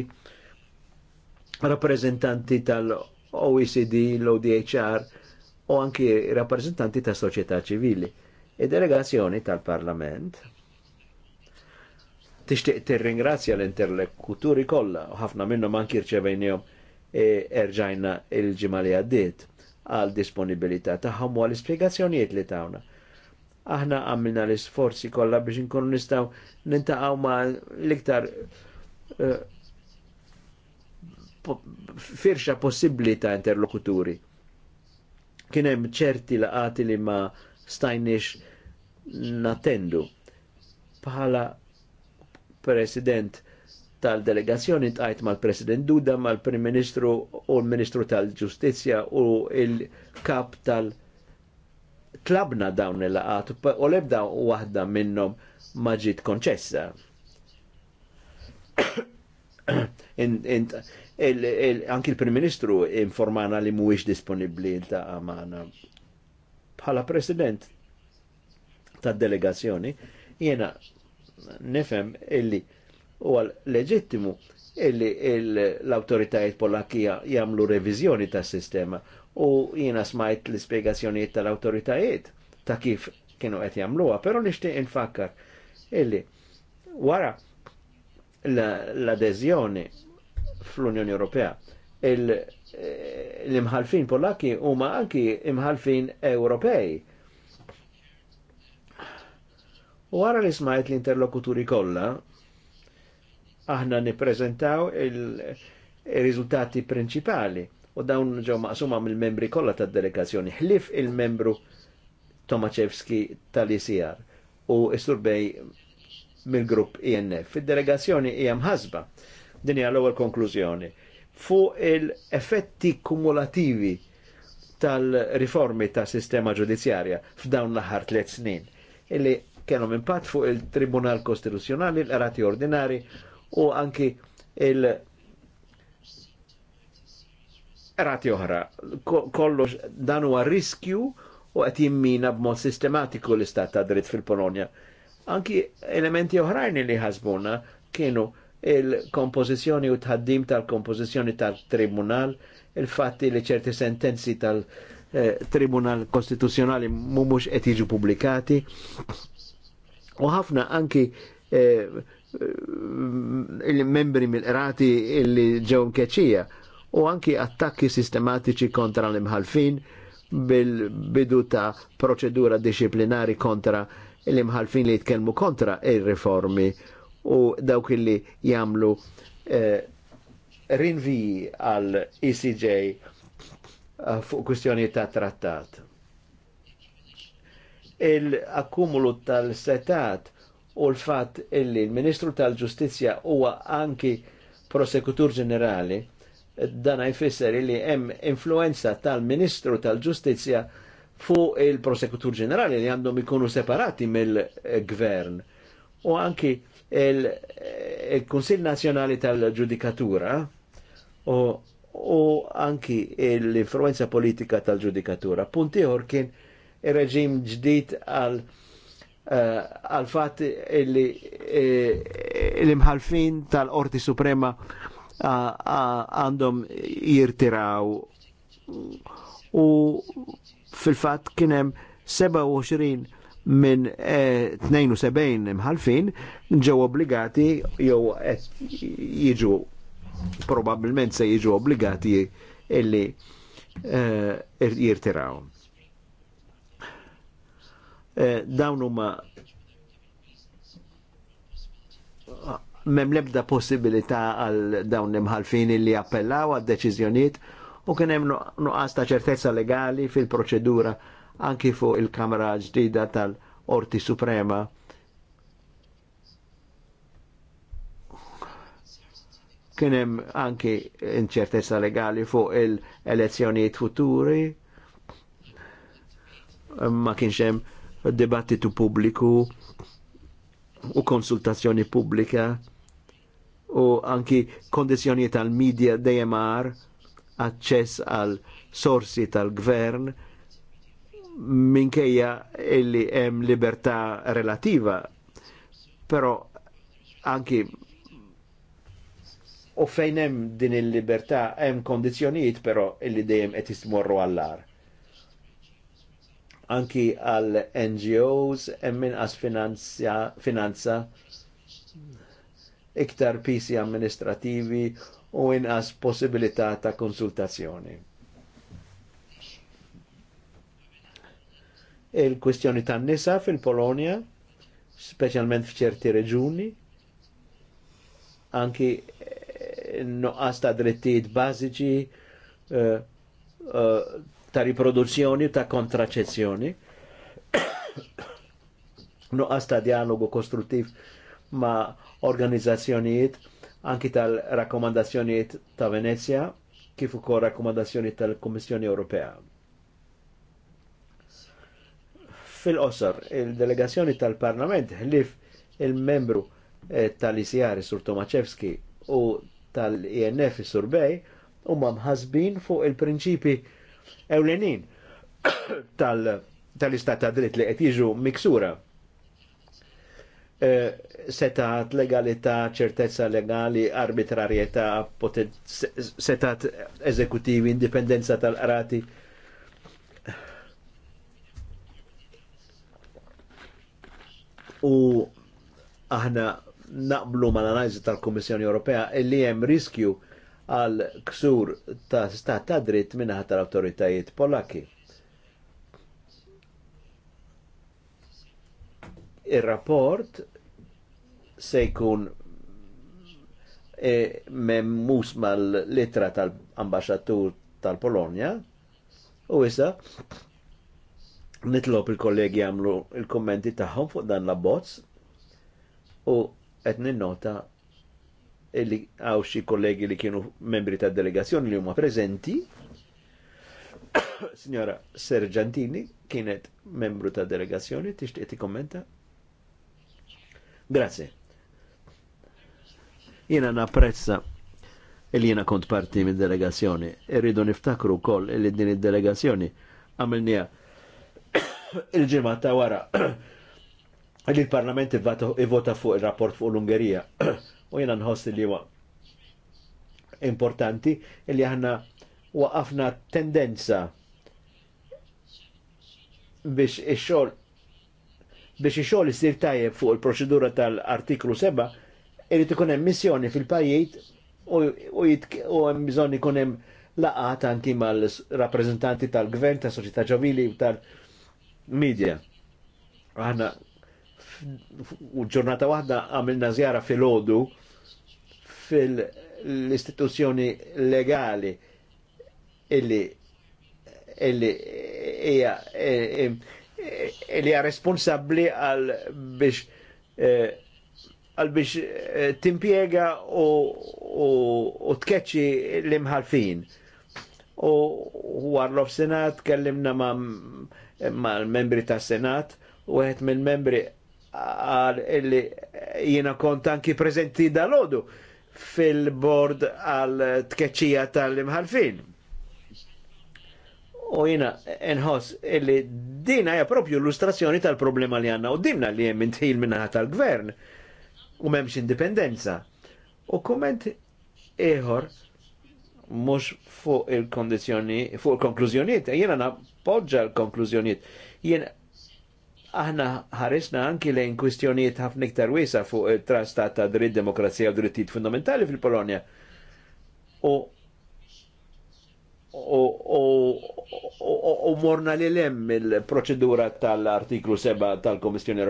rappresentanti tal-OECD, l-ODHR, u anki rappresentanti ta' soċjetà ċivili. Id-delegazzjoni tal-Parlament tixtieq tirringrazzja l-interlekuturi kollha u ħafna minnhom anki rċevejnihom e, erġajna il-ġimgħa li għaddiet għal disponibilità tagħhom u għall-ispjegazzjonijiet li tawna. Aħna għamilna l-isforzi kollha biex inkunu nistgħu nintaqgħu ma' l-iktar e, firxa possibbli ta' interlokuturi kien hemm ċerti laqati li ma stajniex natendu. Bħala president tal-delegazzjoni tqajt mal-President Duda, mal-Prim Ministru u l-Ministru tal-Ġustizzja u il-kap tal- klabna dawn il-laqat u lebda waħda minnhom ma ġiet konċessa. anki l-Prim Ministru informana li mhuwiex disponibbli ta' amana. Bħala President tad delegazzjoni jiena nefem illi huwa leġittimu illi l-autoritajiet polakija jagħmlu revizjoni tas-sistema u jiena smajt l-ispjegazzjonijiet tal-autoritajiet ta' kif kienu qed jagħmluha, però nixtieq infakkar illi wara l-adeżjoni fl-Unjoni Ewropea. Eh, l-imħalfin Polakki huma anki imħalfin Ewropej. U Wara li smajt l-interlokuturi kollha, aħna nippreżentaw il-riżultati prinċipali u dawn ġew maqsuma mill-membri kollha tad-delegazzjoni. Ħlif il-membru Tomaszewski tal-ICR u Isturbej mill-grupp INF. Fid-delegazzjoni hija mħasba Din hija l-ewwel konklużjoni. Fuq il-effetti kumulativi tal-riformi ta' sistema ġudizzjarja f'dawn l-aħħar tliet snin illi kellhom impatt fuq il-Tribunal Kostituzzjonali, l-Rati Ordinari u anki il- rati oħra, kollox dan huwa riskju u qed jimmina b'mod sistematiku l-istat ta' dritt fil-Polonja. Anki elementi oħrajn li ħasbuna kienu il-kompożizzjoni u tħaddim tal-kompożizzjoni tal-tribunal, il-fatti li ċerti sentenzi tal-tribunal kostituzjonali mumux qed jiġu pubblikati. U ħafna anki eh, eh, il-membri mill-qrati illi ġew keċija u anki attakki sistematiċi kontra l-imħalfin bil-bidu ta' proċedura disciplinari kontra l-imħalfin li jitkelmu kontra il reformi u dawk illi jamlu eh, rinvi għal ECJ eh, fuq kustjoni ta' trattat. Il-akkumulu tal-setat u l-fat illi il-Ministru tal-Ġustizja huwa anki prosekutur ġenerali, dan jfisser illi hemm influenza tal-Ministru tal-Ġustizja fuq il-prosekutur ġenerali li għandhom ikunu separati mill-gvern. U anki il konsil Nazjonali tal-Ġudikatura u, u anki l-influenza politika tal-ġudikatura. Punti kien il reġim ġdid għal eh, għal uh, fatt illi eh, l-imħalfin tal orti Suprema għandhom jirtiraw u fil-fatt kienem 27 minn 72 eh, mħalfin ġew obbligati jew jiġu probabbilment se jiġu obbligati illi eh, jirtiraw. Eh, dawn huma mem lebda possibilità għal dawn imħalfin li appellaw għad deċiżjonijiet u kien hemm nuqqas ta' ċertezza legali fil-proċedura anki fuq il-Kamra ġdida tal-Orti Suprema. Kienem anki inċertezza legali fuq il elezzjoniet futuri, ma kienxem dibattitu pubbliku u konsultazzjoni pubblika u anki kondizjoni tal-medja dejjem għar aċċess għal sorsi tal-gvern minkejja illi hemm libertà relativa, però anki u fejn hemm din il-libertà hemm kondizzjonijiet però illi dejjem qed jismorru għall-ar. Anki għal NGOs hemm inqas finanza iktar pisi amministrativi u inqas possibilità ta' konsultazzjoni. il kwestjoni ta' nisa fil polonia specialment f'ċerti reġuni, anki eh, nuqqas ta' drittijiet bażiċi uh, uh, ta' riproduzzjoni ta' kontraċezzjoni. nuqqas ta' dialogu kostruttiv ma' organizzazzjonijiet anki tal-rakkomandazzjonijiet ta' Venezia kif ukoll rakkomandazzjonijiet tal-Kummissjoni Ewropea Fil-qosor, il-delegazzjoni tal-Parlament ħlif il-membru eh, tal-ICR Sur Tomaszewski u tal-INF Sur Bej u mħazbin fuq il-prinċipi ewlenin tal-istat ta' dritt li qed jiġu miksura. Eh, setat legalità, ċertezza legali, arbitrarjetà, setat eżekutivi, indipendenza tal-qrati u aħna naqblu ma l-analiżi tal-Kummissjoni Ewropea illi hemm riskju għal ksur ta' stat ta' dritt minnaħat tal-autoritajiet polakki. Ir-rapport se jkun e, memmus mal-litra tal-ambasġatur tal-Polonja u issa nitlob il-kollegi għamlu il-kommenti tagħhom fuq dan la abbozz u qed ninnota illi għaw xi kollegi li kienu membri tad delegazzjoni li huma preżenti. Signora Sergiantini kienet membru tad delegazzjoni, tixtieq tikkommenta? Grazie. Jiena napprezza il jiena kont parti mid delegazzjoni. Irridu niftakru wkoll li din id-delegazzjoni għamilniha il-ġimgħa ta' wara li l-Parlament ivvota fuq ir-rapport fuq l-Ungerija. U jiena nħoss li huwa importanti li aħna waqafna tendenza biex ix-xogħol biex ix-xogħol isir tajjeb fuq il-proċedura tal-artiklu 7 irid ikun hemm missjoni fil-pajjiet u hemm bżonn ikun hemm laqat anki mal-rappreżentanti tal-gvern, tas soċjetà ġovili u tal-, tal media. u ġurnata wahda għamilna zjara fil-ħodu fil-istituzzjoni legali illi illi hija eh, eh, illi hija responsabbli għal biex eh, għal biex timpiega u tkeċċi l-imħalfin. U għarlof senat kellimna ma' l membri ta' Senat u għet mill-membri għal illi jina kont anki prezenti dal-ħodu fil-bord għal tkeċija tal-imħalfin. U jina nħoss illi dina hija propju illustrazzjoni tal-problema li għanna u dinna li jem intħil minna tal-gvern u memx indipendenza. U komment eħor mux fuq il-kondizjoni, fuq il-konklużjoniet, jena poġġa l-konklużjonijiet. Jien aħna ħarisna anki lejn kwistjonijiet ħafna iktar wiesa fuq il-trastat ta' dritt demokrazija u drittijiet fundamentali fil-Polonja. U u morna li lem il-proċedura tal-artiklu 7 tal-Komissjoni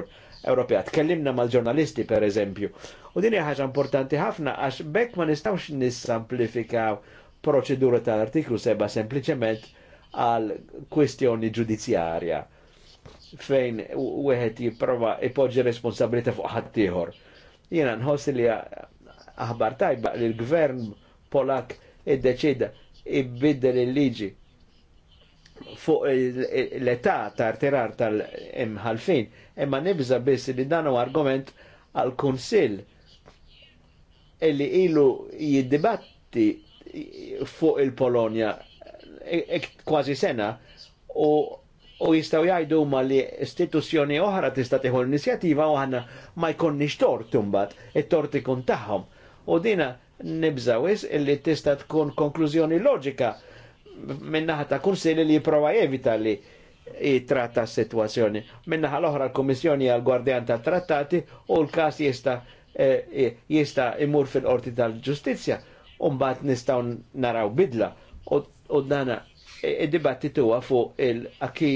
Ewropea. Tkellimna mal-ġurnalisti, per eżempju. U din ħaġa importanti ħafna, għax bekk ma nistawx nissamplifikaw proċedura tal-artiklu 7 sempliciment għal kwestjoni ġudizzjarja fejn wieħed jipprova ipoġġi responsabilità fuq ħaddieħor. Jiena nħoss li aħbar tajba li l-gvern Polak iddeċida ibiddel il-liġi fuq l-età ta' terar tal-imħalfin, imma nibża biss li dan argument għal kunsill illi ilu jiddibatti fuq il-Polonja kważi sena u u jistaw jajdu ma li istituzjoni oħra tista tiħu l inizjativa u għanna ma jkonniex tort imbagħad, it-tort ikun tagħhom. U dina nibżawis illi tista tkun konklużjoni loġika minnaħa ta' kunsili li jiprova jevita li jitratta s-situazzjoni. Minnaħa l-oħra l-Komissjoni għal gwardjan ta' trattati u l-kas jista eh, jista imur fil orti tal-ġustizja. Umbat nistaw naraw bidla. U u dana id-dibattitu e, e fuq il-aki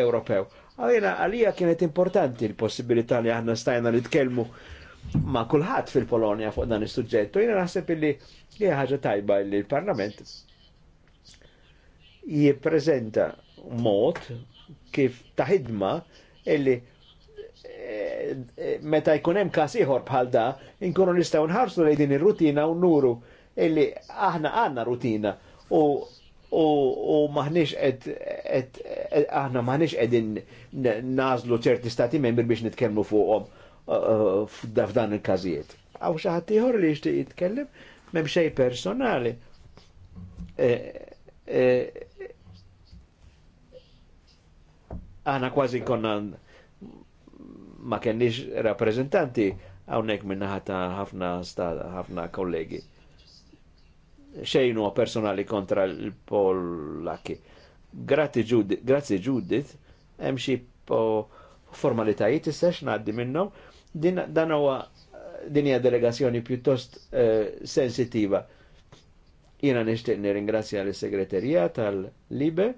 Ewropew. Għalina għalija kienet importanti l-possibilità li aħna stajna li tkellmu ma' kulħadd fil polonia fuq dan is-suġġett. Jiena naħseb illi li ħaġa tajba li l-Parlament jippreżenta mod kif ta' ħidma illi e, meta jkun hemm każ ieħor bħal da, inkunu nistgħu nħarsu lejn din ir-rutina u nuru illi aħna għandna rutina u u maħniex qed aħna maħniex qegħdin nażlu ċerti stati membri biex nitkellmu fuqhom uh, uh, f'dan il-każijiet. Aw xi ħadd ieħor li jixtieq jitkellem m'hemm xej personali. E, e, aħna kważi konna ma kenniex rappreżentanti hawnhekk minna ħata ħafna ħafna kollegi xejn personali kontra l-Pollaki. Grazzi Judith, hemm xi formalitajiet issa x'ngħaddi minnhom. Din dan huwa din hija delegazzjoni pjuttost uh, sensitiva. Jiena nixtieq nirringrazzja l segreterija tal-Libe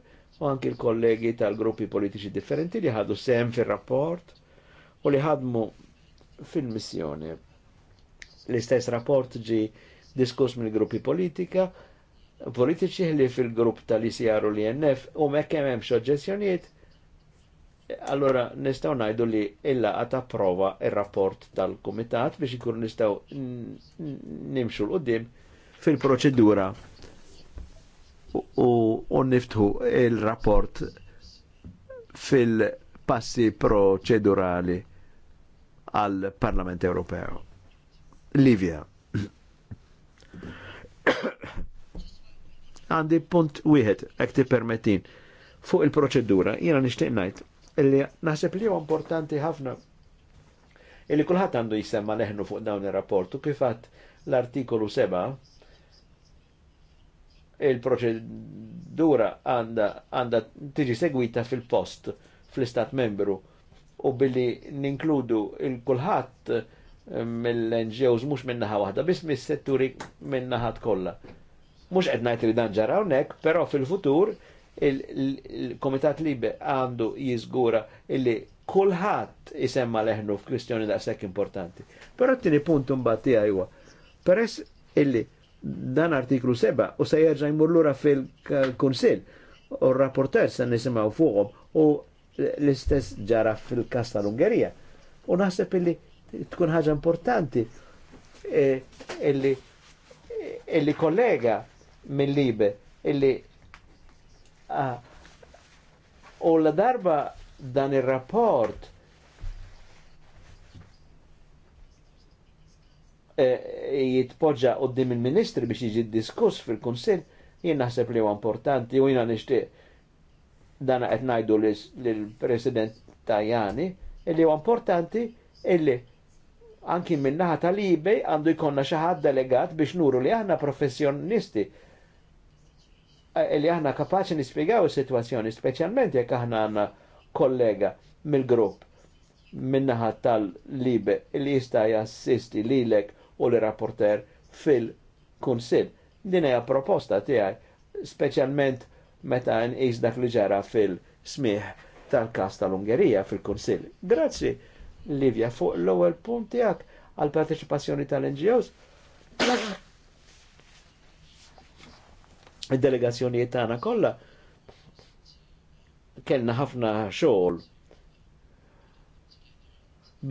u anki l-kollegi tal-gruppi politiċi differenti li ħadu sem fir-rapport u li ħadmu fil-missjoni. L-istess rapport ġi diskuss mill-gruppi politika, politiċi li fil-grupp tal-ICR u l-INF u mekkem hemm oġġezzjonijiet, allora nistgħu ngħidu li illa għata approva il rapport tal-kumitat biex ikun nistaw nimxu l-qudiem fil-proċedura u niftħu il-rapport fil-passi proċedurali għal Parlament Ewropew. Livia. Għandi punt wieħed, jekk permettin fuq il-proċedura, jiena nixtieq ngħid illi naħseb li huwa importanti ħafna illi kulħadd għandu jisemma leħnu fuq dawn ir-rapportu kifatt l-artikolu 7 il-proċedura għanda tiġi segwita fil-post fl-istat membru u billi ninkludu il-kulħadd mill-NGOs mux minnaħa wahda, bis mis-setturi minnaħa kollha. Mux qed ngħid li dan ġara hawnhekk, però fil-futur il-Komitat Libe għandu jiżgura illi kulħadd isemma leħnu f'kwistjoni daqshekk importanti. Però t tini puntum imbagħad tiegħi peress illi dan artiklu seba' u se jerġa' jmur lura fil-Kunsill u r-rapporter se nisimgħu fuqhom u l-istess ġara fil kasta l ungerija U naħseb illi tkun ħaġa importanti e, illi illi kollega mill-libe illi u la darba dan il-rapport e, jitpoġġa qoddim il-ministri biex jiġi diskuss fil konsil jien naħseb li huwa importanti u jina nixtieq dana qed ngħidu lill-President Tajani illi huwa importanti illi anki minnaħa tal-eBay għandu jkonna xaħad delegat biex nuru li aħna professjonisti eh, li aħna kapaċi nispiegaw is-sitwazzjoni, speċjalment jekk aħna għandna kollega mill-grupp minnaħa tal-libe li jista' jassisti lilek u li rapporter fil-kunsil. Din hija proposta tiegħi speċjalment meta nqis dak li ġara fil-smih tal-kas tal-Ungerija fil-Kunsill. Grazzi Livja fuq l-ewwel punt tiegħek għal parteċipazzjoni tal-NGOs. Id-delegazzjonijiet tagħna kollha kellna ħafna xogħol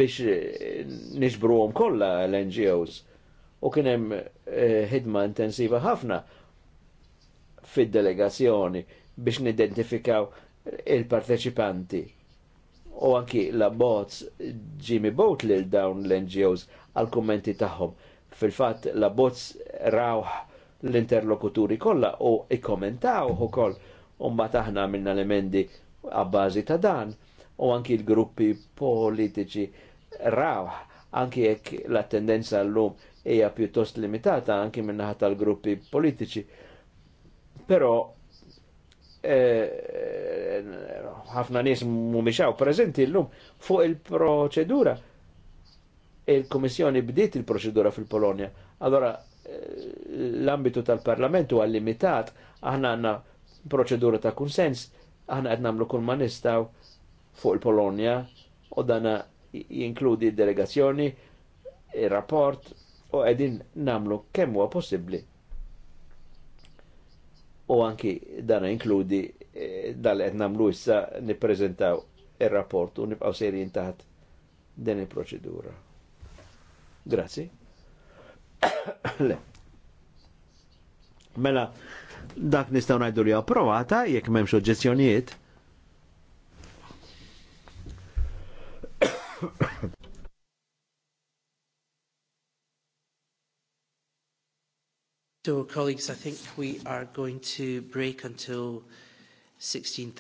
biex nixbruhom kollha l-NGOs u kien hemm eh, ħidma intensiva ħafna fid-delegazzjoni biex nidentifikaw il-parteċipanti u anki la bots Jimmy Boat lil dawn l-NGOs għal kummenti tagħhom. Fil-fatt la bots rawħ l-interlokuturi kollha u ikkommentaw ukoll u ma taħna minna l-emendi għabbażi ta' dan u anki l-gruppi politiċi rawħ anki jekk la tendenza l-lum hija pjuttost limitata anki minnaħat tal-gruppi politiċi. Però Eh, ħafna nies mhumiex hawn preżenti llum fuq il-proċedura. Il-Kummissjoni bdiet il-proċedura fil-Polonja. Allora eh, l-ambitu tal-Parlament huwa limitat, aħna għandna proċedura ta' kunsens, aħna qed nagħmlu kull ma nistgħu fuq il-Polonja u dan jinkludi d delegazzjoni, il-rapport u qegħdin namlu kemm huwa possibbli u anki dan inkludi eh, dal-qed namlu issa nippreżentaw ir-rapport u nibqgħu serjin taħt din il-proċedura. Grazzi. Le. Mela, dak nistgħu ngħidu li approvata jekk m'hemmx oġġezzjonijiet. So, colleagues, I think we are going to break until 16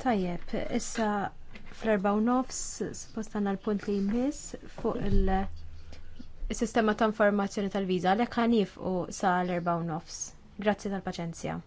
Tajjeb, issa fl-erba u nofs, spostana l-punt li jmiss fuq il-sistema ta' informazzjoni tal-viza, l-ek u sa' l-erba u nofs. Grazzi tal-paċenzja.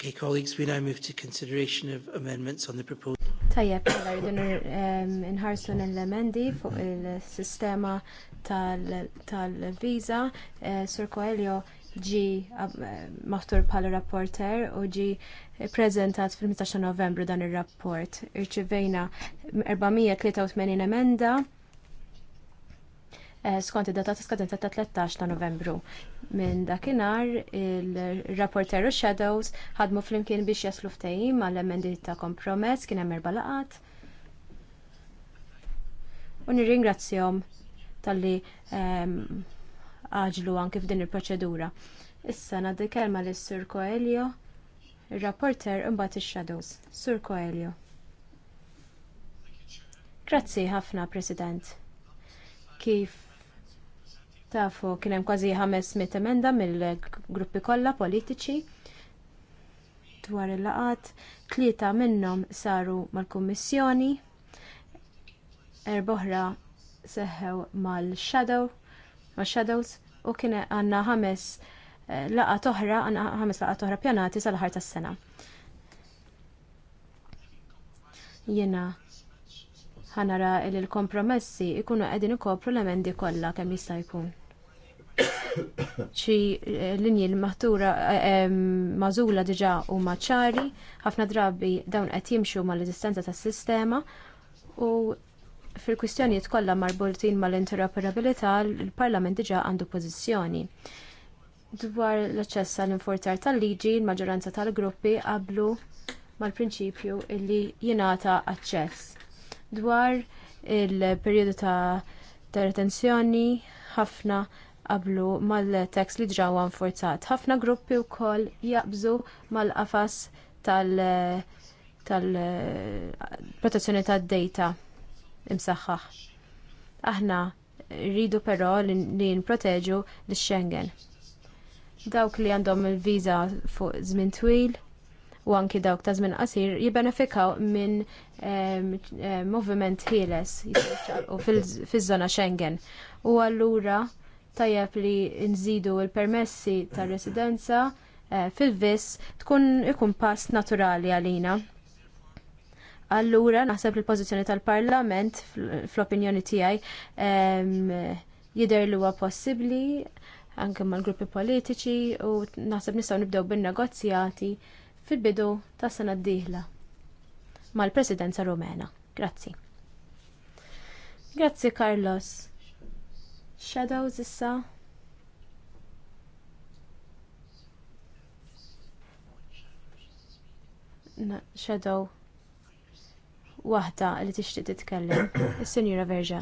Okay, colleagues, we now move to consideration of amendments on the proposal. Tajjeb, għala mela nħarsu nell emendi fuq il-sistema tal-viza. Eh, Sur Coelho ġi maħtur pal rapporter u ġi prezentat fil-15 novembru dan il-rapport. Irċivejna 483 emenda Eh, skont id-data ta' skadenza ta' 13 ta' Novembru. Minn dakinhar il-rapporter u shadows ħadmu flimkien biex jaslu ftehim għall emendi ta' kompromess kien hemm erba' laqat. U nirringrazzjahom talli ehm, għaġlu anki f'din il-proċedura. Issa nagħdi kelma lis Sur Coelho, ir-rapporter imbagħad ix-shadows. Sur Coelho. Grazzi ħafna, President. Kif Tafu, kien hemm kważi 500 emenda mill-gruppi kollha politiċi dwar il-laqat, tlieta minnhom saru mal-Kummissjoni, erboħra seħħew mal-Shadow, mal-Shadows, u kien għandna ħames eh, laqat oħra, għandna ħames laqat oħra pjanati sal-ħar tas-sena. Jiena ħanara il-kompromessi ikunu qegħdin ikopru l-emendi kollha kemm jista' jkun. Xi eh, linji l-maħtura eh, mażula diġa u ċari, ħafna drabi dawn qed jimxu mal-eżistenza tas-sistema u fil-kwistjonijiet kollha marbutin mal-interoperabilità il-Parlament diġà għandu pożizzjoni. Dwar l-aċċess għall infurtar tal-liġi, l-maġġoranza tal-gruppi qablu mal-prinċipju illi jingħata aċċess. Dwar il-perjodu ta' retenzjoni ħafna qablu mal latex li ġrawa nfurzat. Ħafna gruppi wkoll jaqbżu mal-qafas tal-protezzjoni tal tad-dejta imsaħħaħ. Aħna rridu però li nproteġu l-Schengen. Dawk li għandhom il-viża fuq żmien twil, u anki dawk ta' żmien qasir jibbenefikaw minn moviment ħieles u fiż-żona Schengen. U allura tajjeb li nżidu l permessi tar residenza eh, fil-vis tkun ikun pass naturali għalina. Allura naħseb il pożizzjoni tal-Parlament fl-opinjoni tiegħi jidher li huwa possibbli anke mal-gruppi politiċi u naħseb nistgħu nibdew bin-negozjati fil-bidu tas sena d-dieħla mal-Presidenza Rumena. Grazzi. Grazzi Carlos. Shadows issa. Na, shadow. Waħda li tixtieq titkellem, is-Sinjura Verja.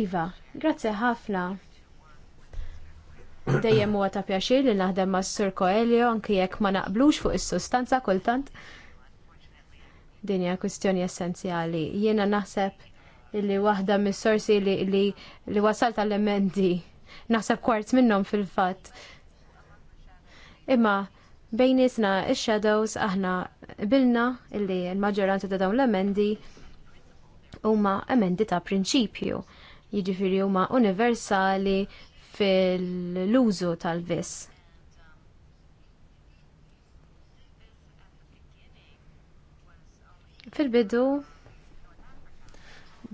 Iva, grazzi ħafna dejjem huwa ta' pjaċir li naħdem ma' Sur Koelio anke jekk ma naqblux fuq is-sustanza kultant. Din hija kwistjoni essenzjali. Jiena naħseb illi waħda mis-sorsi li, li, li wasal tal-emendi. Naħseb kwart minnhom fil-fatt. Imma bejn isna ix-shadows aħna bilna illi l-maġġoranza ta' dawn l-emendi huma emendi ta' prinċipju. Jiġifieri huma universali fil lużu tal-vis. Fil-bidu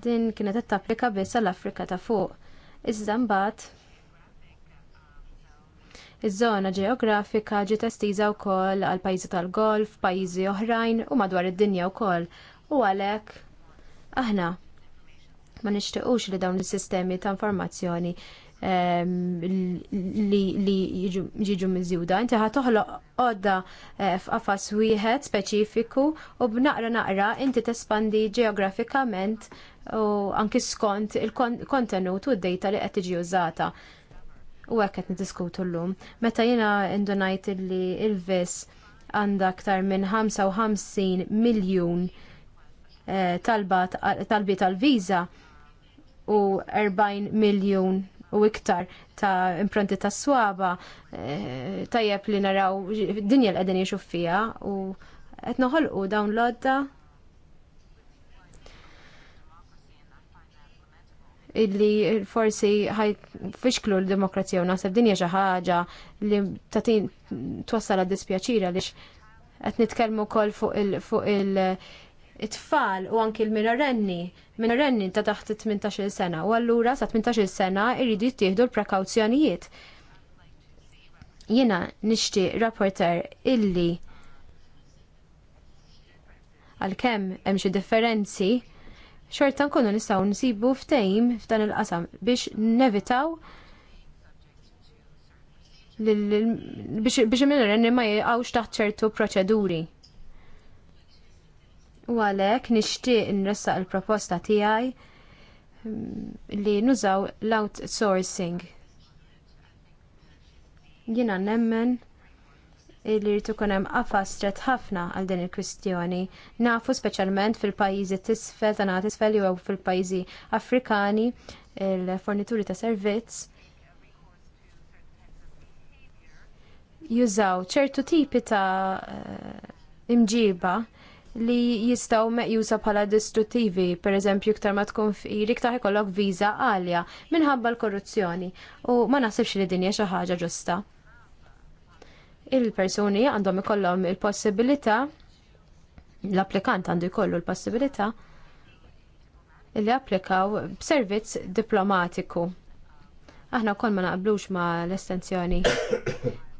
din kienet qed tapplika biss għall-Afrika ta' fuq. Iżda mbagħad iż-żona ġeografika ġiet estiża wkoll għal pajjiżi tal-Golf, pajjiżi oħrajn u madwar id-dinja wkoll. U għalhekk aħna ma nixtiequx li dawn is-sistemi ta' informazzjoni li jiġu miżjuda. Inti ħat toħloq għodda eh, f'qafas wieħed speċifiku u b'naqra naqra inti tespandi ġeografikament u anki skont il-kontenut u d-dejta li qed tiġi użata. U hekk qed niddiskutu llum. Meta jiena indunajt li il-vis għandha aktar minn 55 miljun eh, talbiet talbi tal-viża u 40 miljun u iktar ta' impronti ta' swaba eh, tajjeb li naraw dinja l-qegħdin jiexu fija u qed noħolqu dawn l-odda illi forsi ħaj fixklu l-demokrazija u naħseb dinja xi ħaġa li tatin twassal d dispjaċira li qed nitkellmu wkoll fuq il-, fuq il it-tfal u anki l-minorenni, minorenni ta' taħt 18 sena, u allura sa' 18 sena irridu jittieħdu l-prekawzjonijiet. Jiena nixtieq rapporter illi għalkemm hemm xi differenzi, xorta nkunu nistgħu nsibu ftehim f'dan il-qasam biex nevitaw biex minorenni ma jgħawx taħt ċertu proċeduri u għalhekk nixtieq nressaq il-proposta tiegħi mm, li nużaw l-outsourcing. Jiena nemmen li rritu ikun hemm qafas ħafna għal din il-kwistjoni. Nafu speċjalment fil-pajjiżi tisfel ta' nagħti tisfel jew fil-pajjiżi Afrikani il-fornituri ta' servizz jużaw ċertu tipi ta' eh, imġiba li jistaw meqjusa bħala distruttivi, per eżempju, iktar ma tkun fir, iktar ikollok viża għalja minħabba l-korruzzjoni u ma naħsibx li dinja xi ħaġa ġusta. Il-persuni għandhom ikollhom il-possibilità l-applikant għandu jkollu l-possibilità li applikaw b'servizz diplomatiku. Aħna wkoll ma naqblux ma l-estensjoni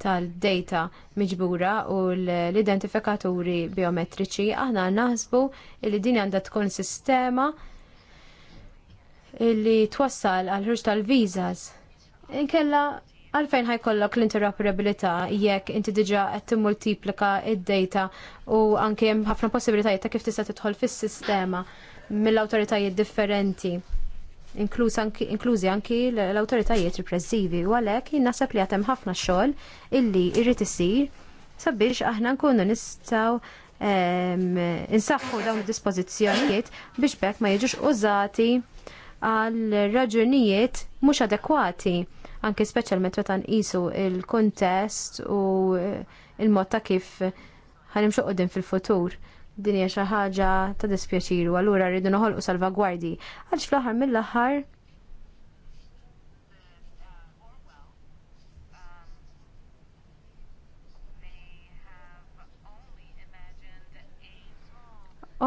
tal-data miġbura u l-identifikaturi biometriċi, aħna naħsbu li din għandha tkun sistema li twassal għal ħruġ tal-vizas. Inkella għalfejn ħajkollok l-interoperabilità jekk inti diġa qed timmultiplika id-data u anke hemm ħafna possibilitajiet ta' kif tista' tidħol fis-sistema mill-awtoritajiet differenti inklużi anki l-autoritajiet repressivi u għalhekk jien naħseb li hemm ħafna xogħol illi jrid isir sabiex aħna nkunu nistgħu insaħħu dawn id-dispożizzjonijiet biex bekk ma jiġux użati għal raġunijiet mhux adekwati anke speċjalment meta nqisu il-kuntest u il-mod ta' kif ħanimxu qudiem fil-futur din hija xi ħaġa ta' dispjaċiru, allura rridu noħolqu salvagwardji. Għaliex fl-aħħar mill-aħħar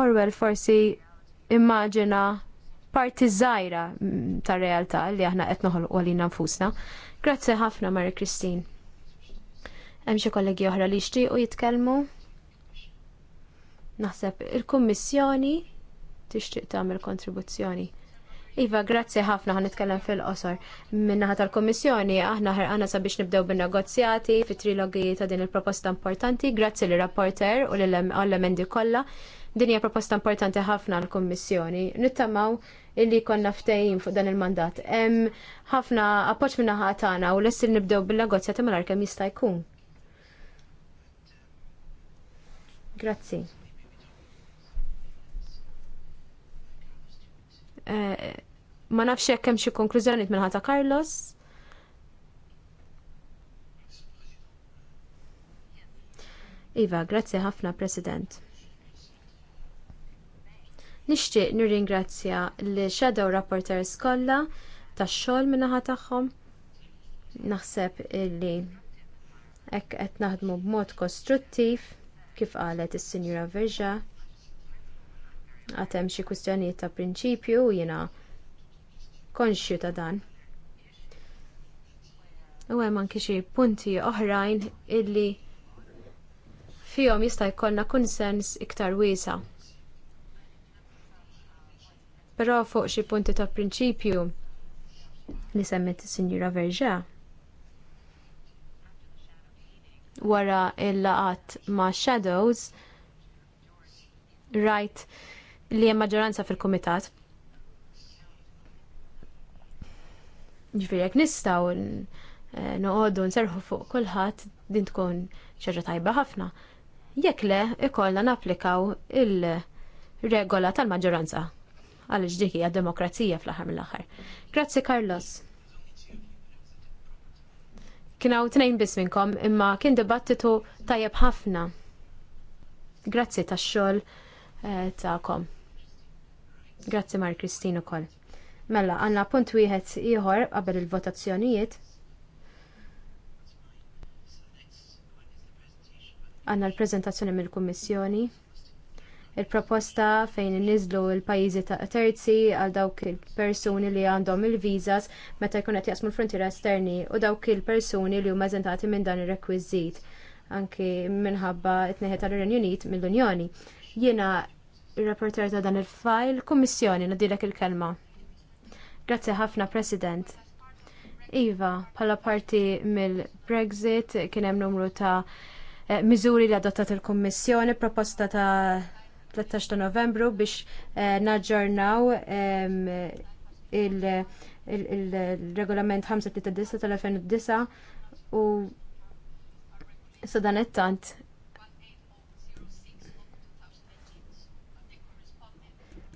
Orwell forsi immaġina parti żgħira tar realtà li aħna qed noħolqu għalina nfusna. Grazzi ħafna Mary Christine. Hemm xi kollegi oħra li jixtiequ jitkellmu? Naħseb il-Kummissjoni tixtieq tagħmel kontribuzzjoni. Iva, grazzi ħafna ħan nitkellem fil-qosor. Minnaħat tal-Komissjoni, aħna ħarqana sabiex nibdew bin-negozjati fit trilogi ta' din il-proposta importanti. Grazzi l rapporter u l-emendi kollha. Din hija proposta importanti ħafna l-Kommissjoni. Nittamaw illi konna ftejjin fuq dan il-mandat. Hemm ħafna appoġġ minnaħat tagħna u lessil nibdew bil-negozjati mal-arkem jista' jkun. Grazzi. Eh, ma nafx hekk hemm xi konklużjonijiet mill-ħata Carlos. Iva, grazzi ħafna, President. Nixtieq nirringrazzja l shadow rapporters kollha tax-xogħol min-naħa tagħhom. Naħseb illi hekk qed naħdmu b'mod kostruttiv kif qalet is-Sinjura Verġa Għatem xie kwistjonijiet ta' prinċipju jina konxju ta' dan. U hemm anki xi punti oħrajn illi fihom jista' jkollna kunsens iktar wiesa. Però fuq xi punti ta' prinċipju li semmet is-Sinjura Verġa wara il-laqat ma' Shadows rajt right li hemm maġġoranza fil-kumitat. Ġifieri jekk nistgħu e, noqogħdu nserħu fuq kulħadd din tkun xaġa tajba ħafna. Jekk le ikollna napplikaw il-regola tal-maġġoranza għaliex dik hija demokrazija fl-aħħar mill-aħħar. Grazzi Carlos hawn tnejn biss minnkom imma kien dibattitu tajjeb ħafna. Grazzi tax-xogħol e, tagħkom. Grazzi Mar Kristina ukoll. Mella, għandna punt wieħed ieħor qabel il-votazzjonijiet. Għandna l prezentazzjoni mill-Kummissjoni il-proposta fejn niżlu l-pajjiżi ta' terzi għal dawk il-persuni li għandhom il-vizas meta jkun qed jaqsmu l-frontiera esterni u dawk il-persuni li huma eżentati minn dan ir-rekwiżit anki minħabba t tnejħet tal renju Unit mill-Unjoni. Jiena il-rapporter ta' dan il-fajl, kummissjoni, nadilek il-kelma. Grazzi ħafna, President. Iva, pala parti mill-Brexit kien hemm numru ta' eh, miżuri li adottat il-Kummissjoni proposta ta' 13 ta' Novembru biex eh, naġġornaw il-regolament 539 tal-2009 u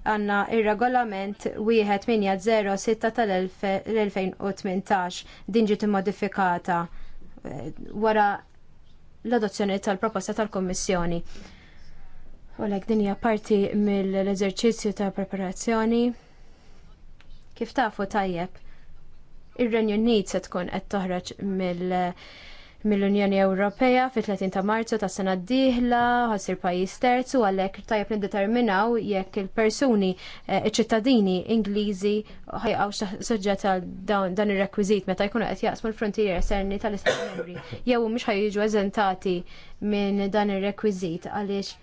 għanna ir-regolament 1806 tal-2018 din ġiet immodifikata eh, wara l-adozzjoni tal-proposta tal-Kommissjoni. Olek din hija parti mill-eżerċizzju ta' preparazzjoni. Kif tafu tajjeb, ir-Renju Unit se tkun qed toħroġ mill- mill-Unjoni Ewropea fit-30 ta' Marzu tas sena d-dieħla ħassir pajjiż terzu għalhekk tajjeb niddeterminaw jekk il-persuni eh, il ċittadini Ingliżi ħajqgħu soġġet għal dan ir-rekwiżit meta jkunu qed jaqsmu l-frontier esterni tal-Istati Membri jew mhux ħajjiġu eżentati minn dan ir-rekwiżit għaliex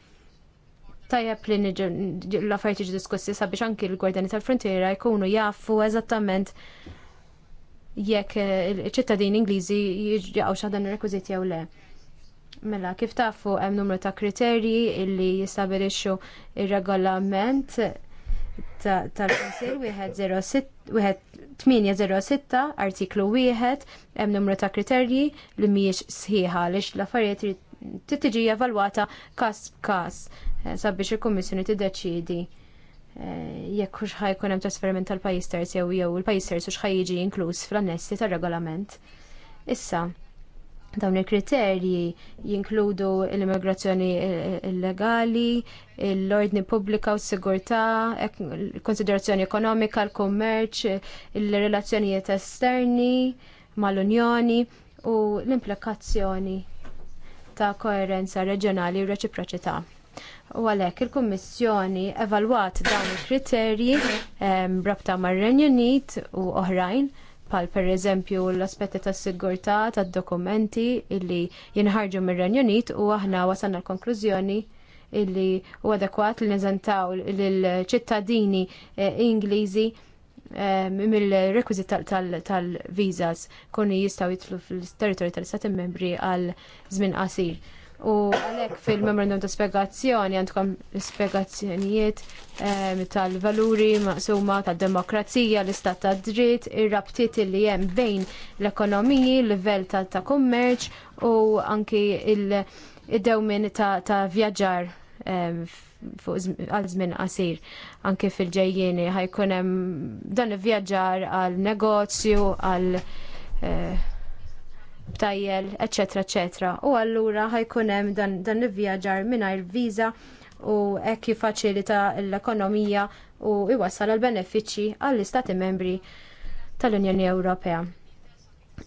tajab li l-affarijiet jiġu diskussi sabiex anki l-gwardjani tal-frontiera jkunu jafu eżattament jekk il-ċittadin eh, Ingliżi jaqgħu x'aħdan ir-rekwiżiti jew le. Mela, kif tafu hemm numru ta' kriterji illi jistabilixxu ir-regolament tal-Kunsill wieħed Sitta, artiklu wieħed hemm numru ta' kriterji li mhijiex sħiħa għaliex l-affarijiet trid tiġi evalwata każ b'każ eh, sabiex il-Kummissjoni tiddeċiedi Eh, jekk hux ħajkun hemm trasferiment tal-pajjiż jew jew il-pajjiż terz hux jiġi inkluż fl-annessi tar-regolament. Issa, dawn il-kriterji jinkludu l-immigrazzjoni eh, illegali, l-ordni pubblika u s-sigurtà, konsiderazzjoni ekonomika, l-kummerċ, il-relazzjonijiet esterni mal-Unjoni u l-implikazzjoni ta' koerenza reġjonali u reċiproċità. U għalhekk il-Kummissjoni evalwat dawn il-kriterji rabta mar-Renju Unit u oħrajn pal per eżempju l-aspetti tas sigurtà tad-dokumenti illi jinħarġu mir-Renju Unit u aħna wasanna l-konklużjoni illi u adekwat li neżentaw lill-ċittadini eh, Ingliżi mill-rekwizit tal-vizas kun jistaw jitlu fil-territorju tal-Stati membri għal żmien qasir. U għalhekk fil-memorandum ta' spiegazzjoni għandkom spiegazzjonijiet ehm, tal-valuri maqsuma tad-demokrazija, l-istat ta' dritt, ir-rabtiet li hemm bejn l-ekonomiji, l-livell ta' kummerċ u anki il-dewmin ta' vjaġġar ehm, għal żmien qasir anke fil-ġejjieni ħajkun hemm dan il-vjaġġar għal negozju għal eh, btajjel, eċetera, eċetera. U allura ħajkun hemm dan, dan il-vjaġġar mingħajr viża u hekk jiffaċilita l-ekonomija u iwassal għal benefiċċji għall-istati membri tal-Unjoni Ewropea.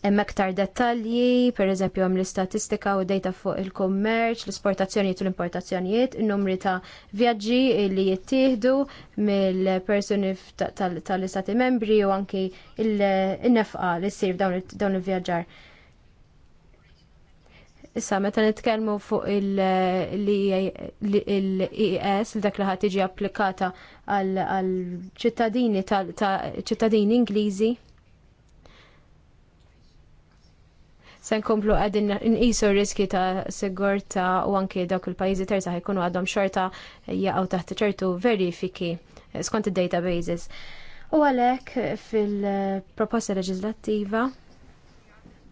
Hemm aktar dettalji, pereżempju hemm l-istatistika u dejta fuq il-kummerċ, l-esportazzjonijiet u l-importazzjonijiet, in-numri ta' vjaġġi li jittieħdu mill-persuni tal-istati membri u anki il-nefqa li ssir dawn il-vjaġġar. Issa, meta nitkellmu fuq il-EES, il e dak li ħat tiġi applikata għal ċittadini ċittadini Ingliżi. Se nkomplu għadin nqisu riski ta' sigurta u anke dak il pajizi terza ħajkunu għadhom xorta jgħaw taħt ċertu verifiki skont id-databases. U għalhekk fil-proposta leġislattiva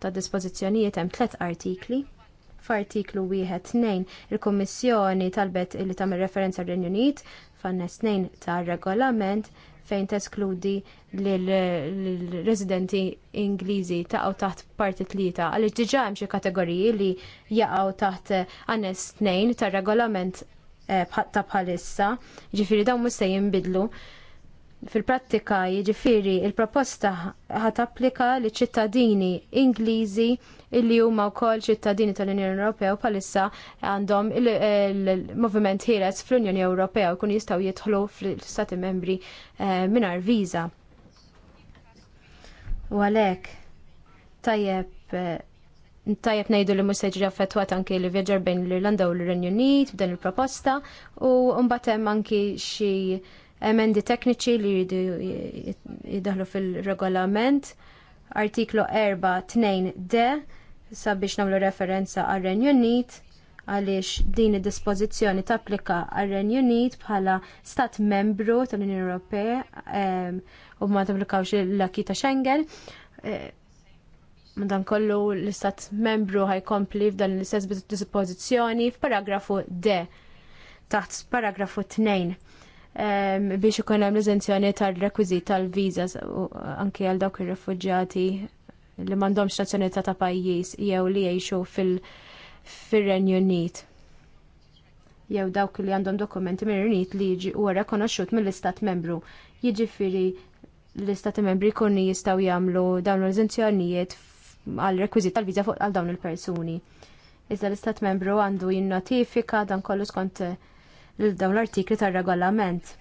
ta' dispożizzjonijiet hemm tliet artikli F'artiklu wieħed tnejn il-Kummissjoni talbet li tagħmel referenza r-Renju Unit f'annes tnejn tar-regolament fejn teskludi l-residenti Ingliżi taqgħu taħt parti tlieta għaliex diġà hemm xi kategoriji li jaqgħu taħt annes tnejn tar-regolament eh, ta' bħalissa, ġifiri dawn mhux se jinbidlu. Fil-prattika jiġifieri l proposta ħat applika li ċittadini Ingliżi illi huma wkoll ċittadini tal-Unjoni Ewropea u palissa għandhom il-moviment ħieles fl-Unjoni Ewropea u kun jistgħu jidħlu fl-Stati membri eh, mingħajr viża. U għalhekk tajjeb eh, tajjeb ngħidu li mhux se jiġri affettwat anke li vjaġġar bejn l-Irlanda u l-Renju Unit b'dan il-proposta u mbagħad hemm anki xi emendi tekniċi li jridu jidħlu fil-regolament artiklu 4 2 d sabiex nagħmlu referenza għar renju Unit għaliex din id-dispożizzjoni tapplika għar renju Unit bħala stat membru tal-Unjoni Ewropea ehm, u ma tapplikawx l akita ta' Schengen. Eh, Madan kollu l-istat membru kompli f'dan l-istess dispożizzjoni f'paragrafu D taħt paragrafu 2 ehm, biex ikun hemm l-eżenzjoni tar-rekwiżit tal-viżas anke għal dawk ir-refuġjati li m'għandhomx nazzjonalità ta' pajjiż jew li jgħixu fil-Renju Unit. Jew dawk li għandhom dokumenti minn Unit li jiġi huwa rekonoxxut mill-Istat Membru. Jiġifieri l-Istati Membri jkunu jistgħu jagħmlu dawn l-eżenzjonijiet għal rekwiżit tal-viża fuq għal dawn il-persuni. Iżda l-Istat Membru għandu jinnotifika dan kollu skont eh, dawn l-artikli tar-regolament.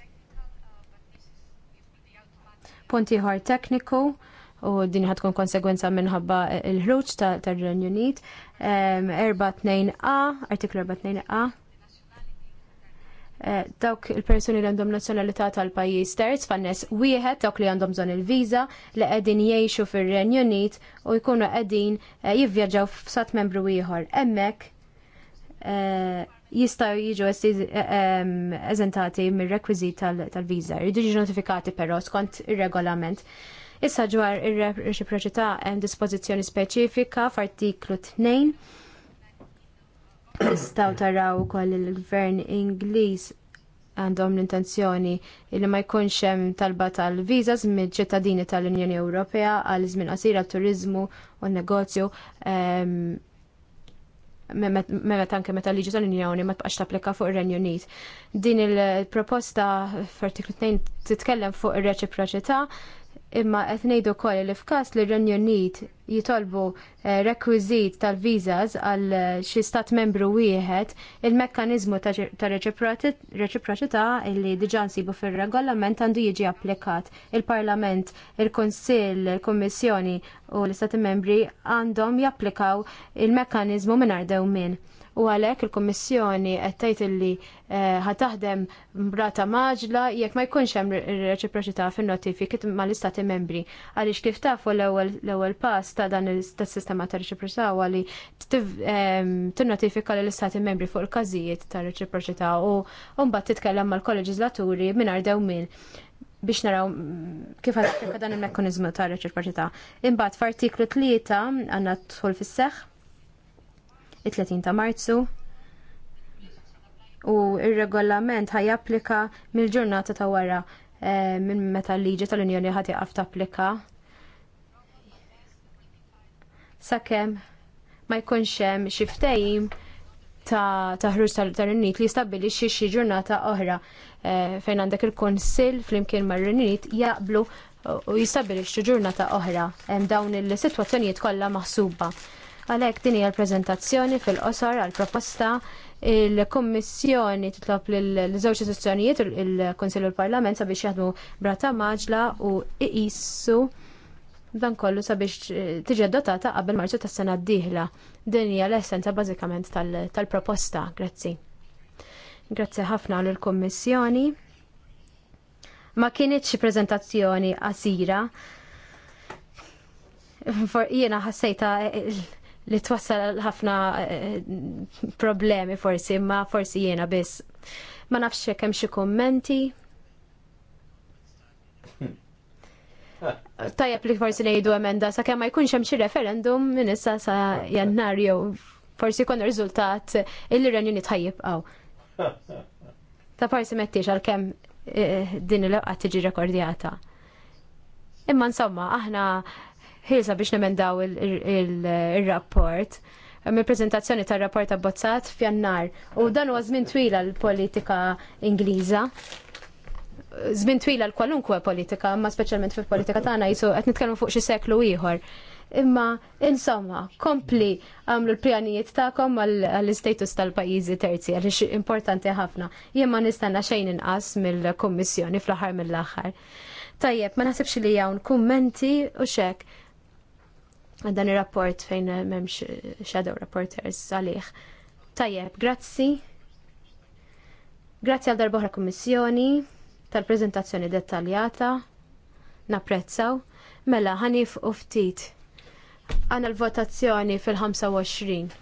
Punti ħar tekniku u din ħatkun konsegwenza minħabba il-ħruġ ta' renju Unit. 4-2A, artiklu 4 a eh, Dawk il-persuni li għandhom nazzjonalità tal-pajjiż terz fannes wieħed dawk li għandhom bżonn il-viża li qegħdin jgħixu fir-Renju Unit u jkunu qegħdin eh, jivvjaġġaw f'sat membru ieħor. Hemmhekk eh, jistgħu jiġu eżentati mir-rekwiżit tal-viża. Jridu jiġu notifikati però skont ir-regolament. Issa dwar ir-reċiproċità hemm dispożizzjoni speċifika f'artiklu 2. Tistgħu taraw ukoll il-Gvern Ingliż għandhom l-intenzjoni li ma jkunx hemm talba tal-viżas mill-ċittadini tal-Unjoni Ewropea għal żmien qasir għal turiżmu u n-negozju ehm, memet anke meta liġi tal-Unjoni ma tbaqax tapplika fuq ir-Renju Unit. Din il-proposta f'artiklu 2 titkellem fuq ir-reċiproċità imma qed ngħidu wkoll li f'każ li r-Renju Unit jitolbu eh, rekwiżit tal-viżas għal eh, xi stat membru wieħed, il-mekkaniżmu ta' reċiproċità li diġà nsibu fir-regolament għandu jiġi applikat. Il-Parlament, il-Kunsill, il-Kummissjoni u l-Istati membri għandhom japplikaw il-mekkaniżmu mingħajr dewmien u għalhekk il-Kummissjoni qed li eh, ħataħdem brata maġla jekk ma jkunx hemm reċiproċità fin-notifiki mal-Istati membri. Għaliex kif tafu l-ewwel pass ta' dan is-sistema ta' reċiproċità huwa li tinnotifika ehm, lill-Istati membri fuq il-każijiet ta' reċiproċità u mbagħad titkellem mal-kolleġislaturi mingħajr dewmien biex naraw kif għadda dan il-mekkanizmu ta' reċiproċità. Imbagħad f'artiklu 3 għandna tħol fis-seħħ it-30 ta' Marzu u r regolament ħajapplika mill-ġurnata ta' wara eh, minn meta l-liġi tal-Unjoni ħadd jaqaf tapplika. Sakemm ma jkunx hemm xi ftehim ta' taħruġ tal-Renit li jistabbilixxi xi ġurnata oħra eh, fejn għandek il kunsill flimkien mar-Renit jaqblu u jistabbilixxu ġurnata oħra hemm dawn il-sitwazzjonijiet kollha maħsuba. Għalhekk din hija l-preżentazzjoni fil-qosor għall-proposta il-Kommissjoni titlob l-żewġ istituzzjonijiet il-Konsilju l-Parlament sabiex jaħdmu brata maġla u iqissu dan kollu sabiex eh, tiġi dotata qabel Marzu tas-sena d-dieħla. Din hija l-essenza bażikament tal-proposta. Grazzi. Grazzi ħafna l kommissjoni Ma kienet prezentazzjoni preżentazzjoni qasira. Jiena ħassejta li twassal ħafna eh, eh, problemi forsi, imma forsi jiena biss. Ma nafx kemm xi kummenti. Tajjeb li forsi ngħidu emenda sa kemm ma jkunx hemm xi referendum minn issa sa jannar jew forsi jkun riżultat il-Renjuni tħajjib qaw. Ta' forsi mettix għal kemm eh, din il-lewqa tiġi rekordjata. Imma insomma, aħna ħilsa biex nemendaw il-rapport. il prezentazzjoni tal-rapport abbozzat f'jannar. U dan huwa żmien twila l-politika Ingliża. Żmien twila l-kwalunkwe politika, ma speċjalment fil-politika tagħna jisu qed nitkellmu fuq xi seklu ieħor. Imma insomma, kompli għamlu l-pjanijiet tagħkom għall-istatus tal-pajjiżi terzi għaliex importanti ħafna. Jemma ma xejn inqas mill-Kummissjoni fl-aħħar mill-aħħar. Tajjeb, ma naħsibx li hawn kummenti u xek dan il-rapport fejn memx eh, shadow reporters għalih. Tajjeb, grazzi. Grazzi għal darbohra kommissjoni tal-prezentazzjoni dettaljata. Napprezzaw. Mela, ħanif u ftit. Għana l-votazzjoni fil-25.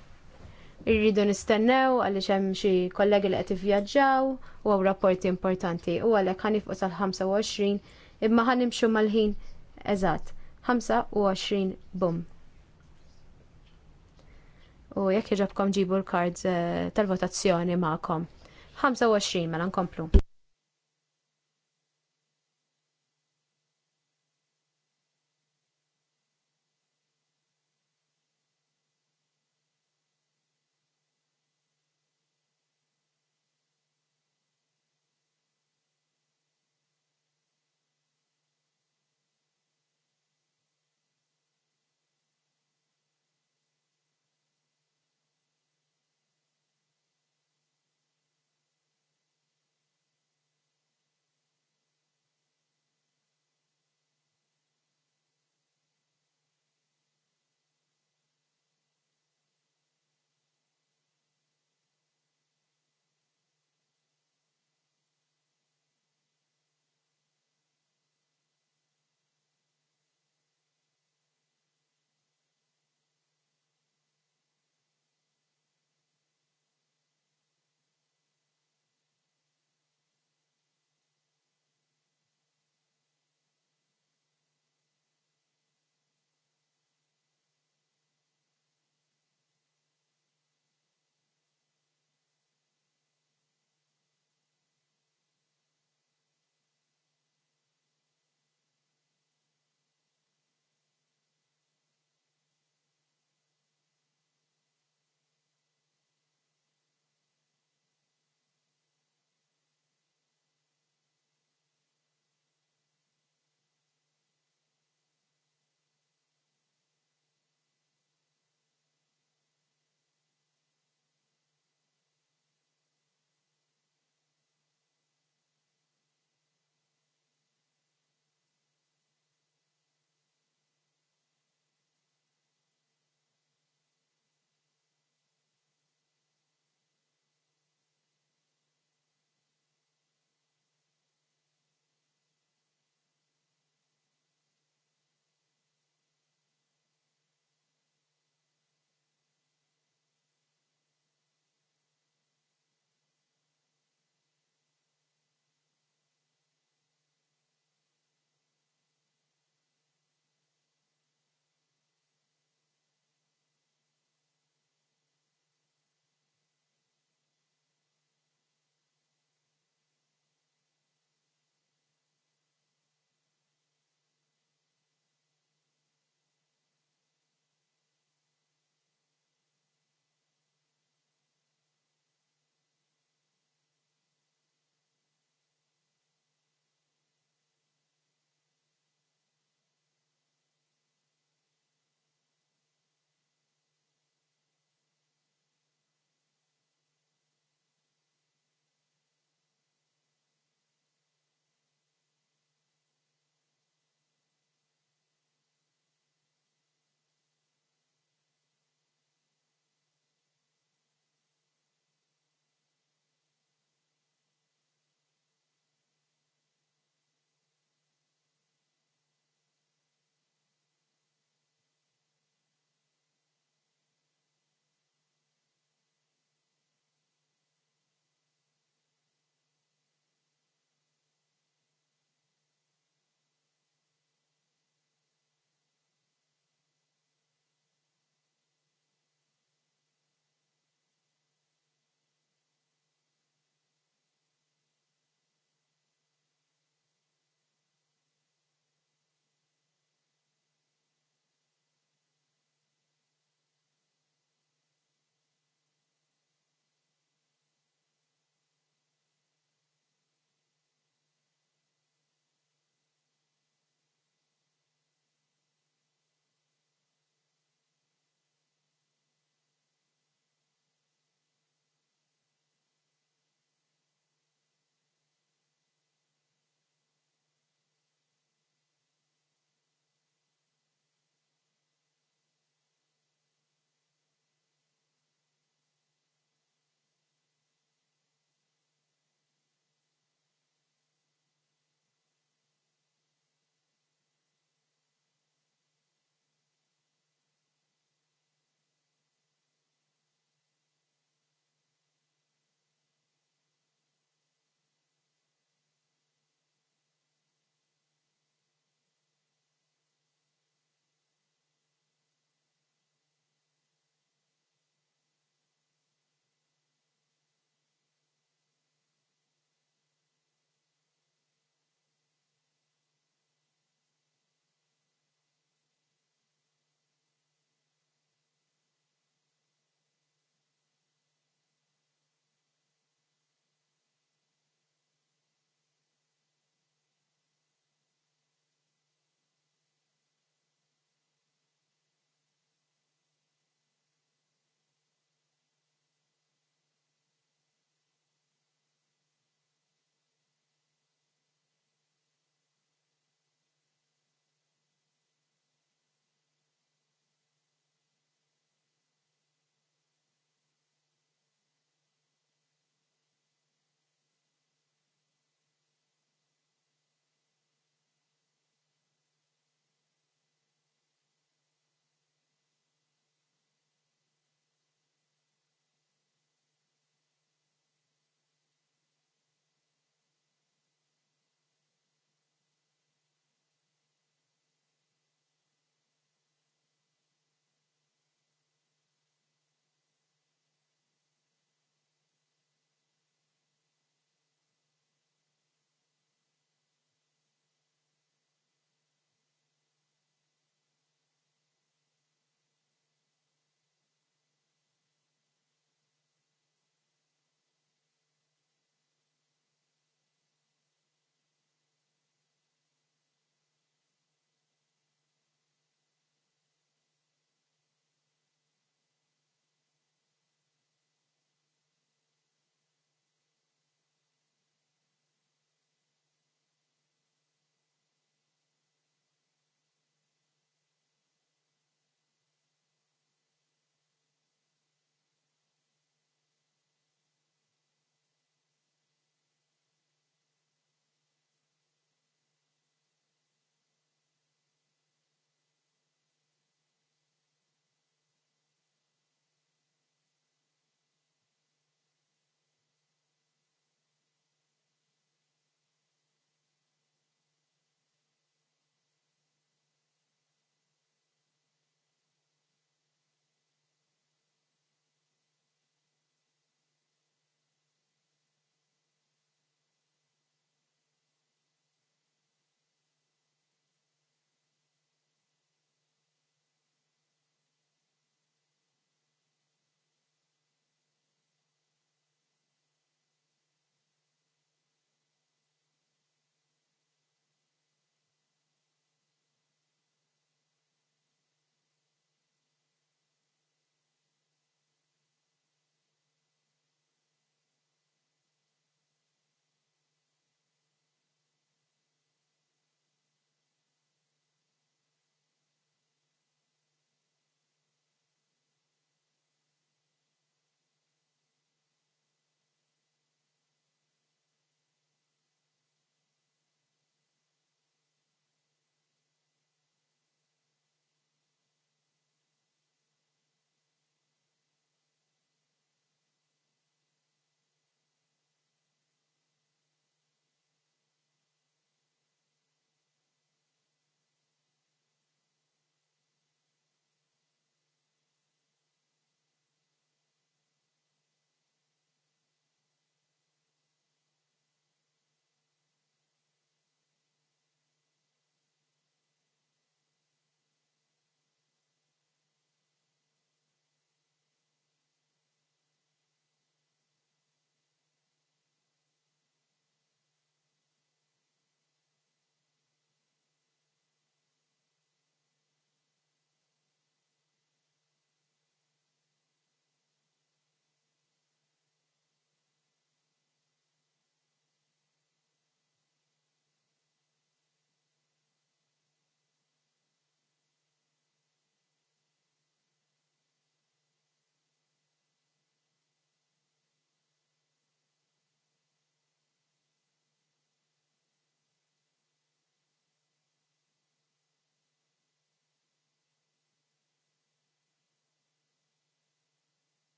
Irridu nistennew għalli xem xi kollegi li qed ivvjaġġaw u għaw rapporti importanti u għalek u tal-25 imma ħanimxu mal-ħin eżatt 25 bum u jekk jġabkom ġibu l-kards eh, tal-votazzjoni ma'kom. 25 mela nkomplu.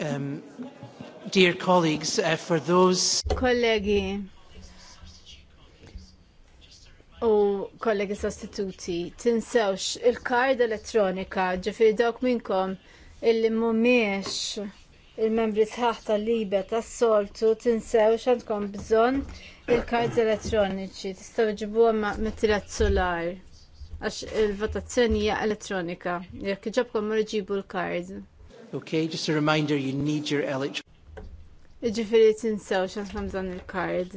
um, dear colleagues, uh, for those... Kollegi, u kollegi sostituti, tinsewx il-kard elettronika ġifiri dawk minnkom illi mumiex il-membri sħaħ tal-libe tas-soltu tinsewx għandkom bżon il-kards elettroniċi tistgħu ġibu ma' mittilet solar għax il-votazzjoni hija elettronika jekk ġobkom ma ġibu l-kard. Okay, just a reminder, you need your electronic. Ġifiri tinsaw il-kard.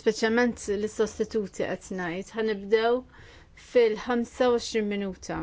Speċjalment l-sostituti qed ngħid ħanibdew fil-25 minuta.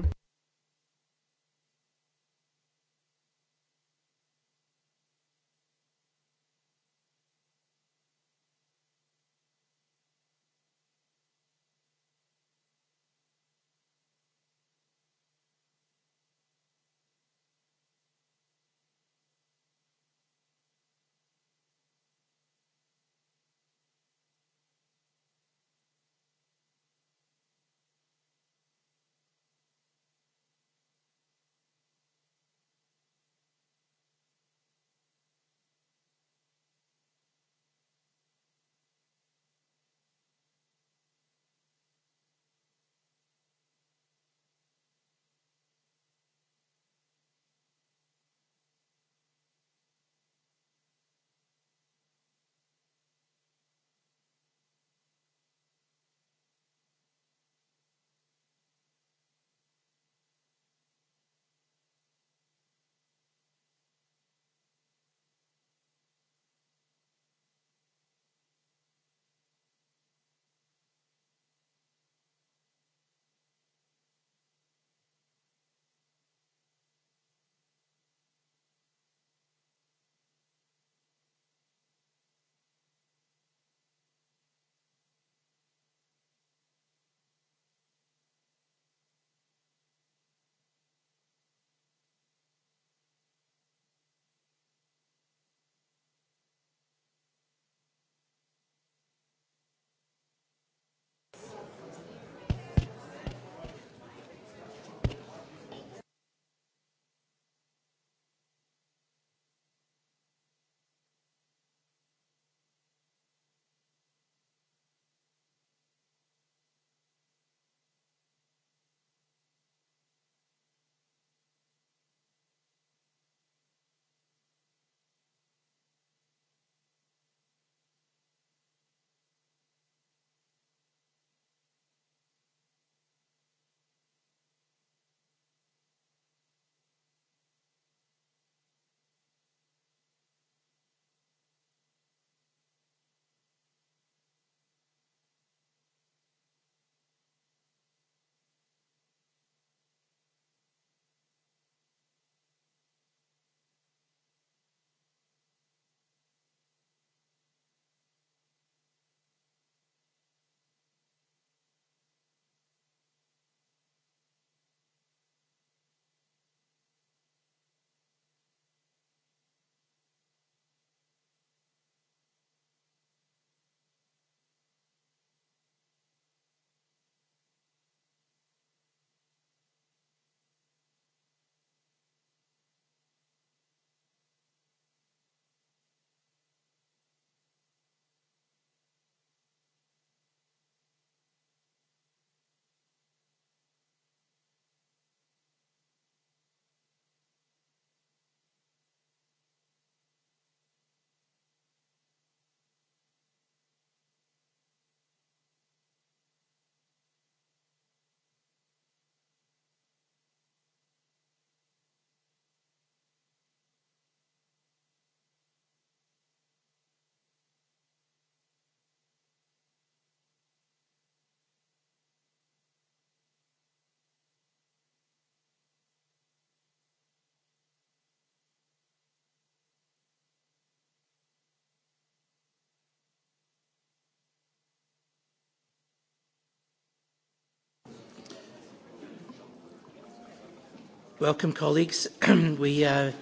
Welcome, colleagues. we, uh...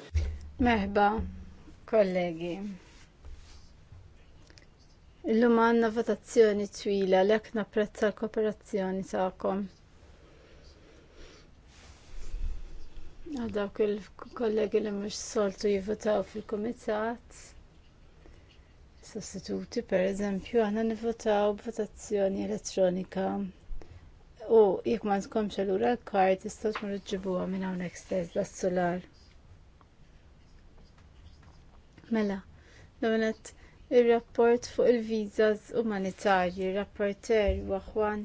Merħba, kollegi. Illum għanna votazzjoni twila l napprezza l-kooperazzjoni ta'kom. Għal dawk il-kollegi li mhux soltu jivvotaw fil-kumitat. Sostituti, per eżempju, għanna nivvotaw b'votazzjoni elettronika u jekk ma tkomx allura l-kart tistgħu tmur ġġibuha minn hawnhekk stess das-solar. Mela, dominet ir-rapport fuq il vizas umanitarji, rapporter huwa Juan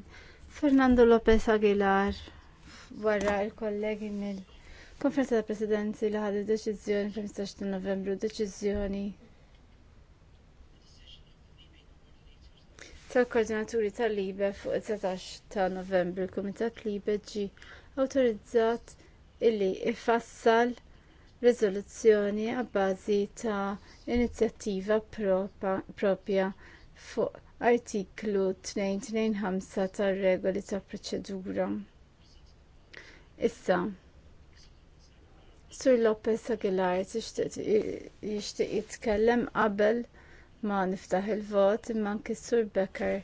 Fernando Lopez Aguilar wara l-kollegi mill-Konferenza ta' Presidenzi li ħadu deċiżjoni fl 15 Novembru, deċiżjoni tal-Koordinaturi tal-Libe fuq 19 ta' Novembru il-Kumitat Libe ġi awtorizzat illi ifassal riżoluzzjoni għabbażi ta' inizjattiva propja fuq artiklu 225 tar-regoli ta' proċedura. Issa, Sur Lopez Aguilar jixtieq jitkellem qabel ma niftaħ il-vot imma anke Sur Becker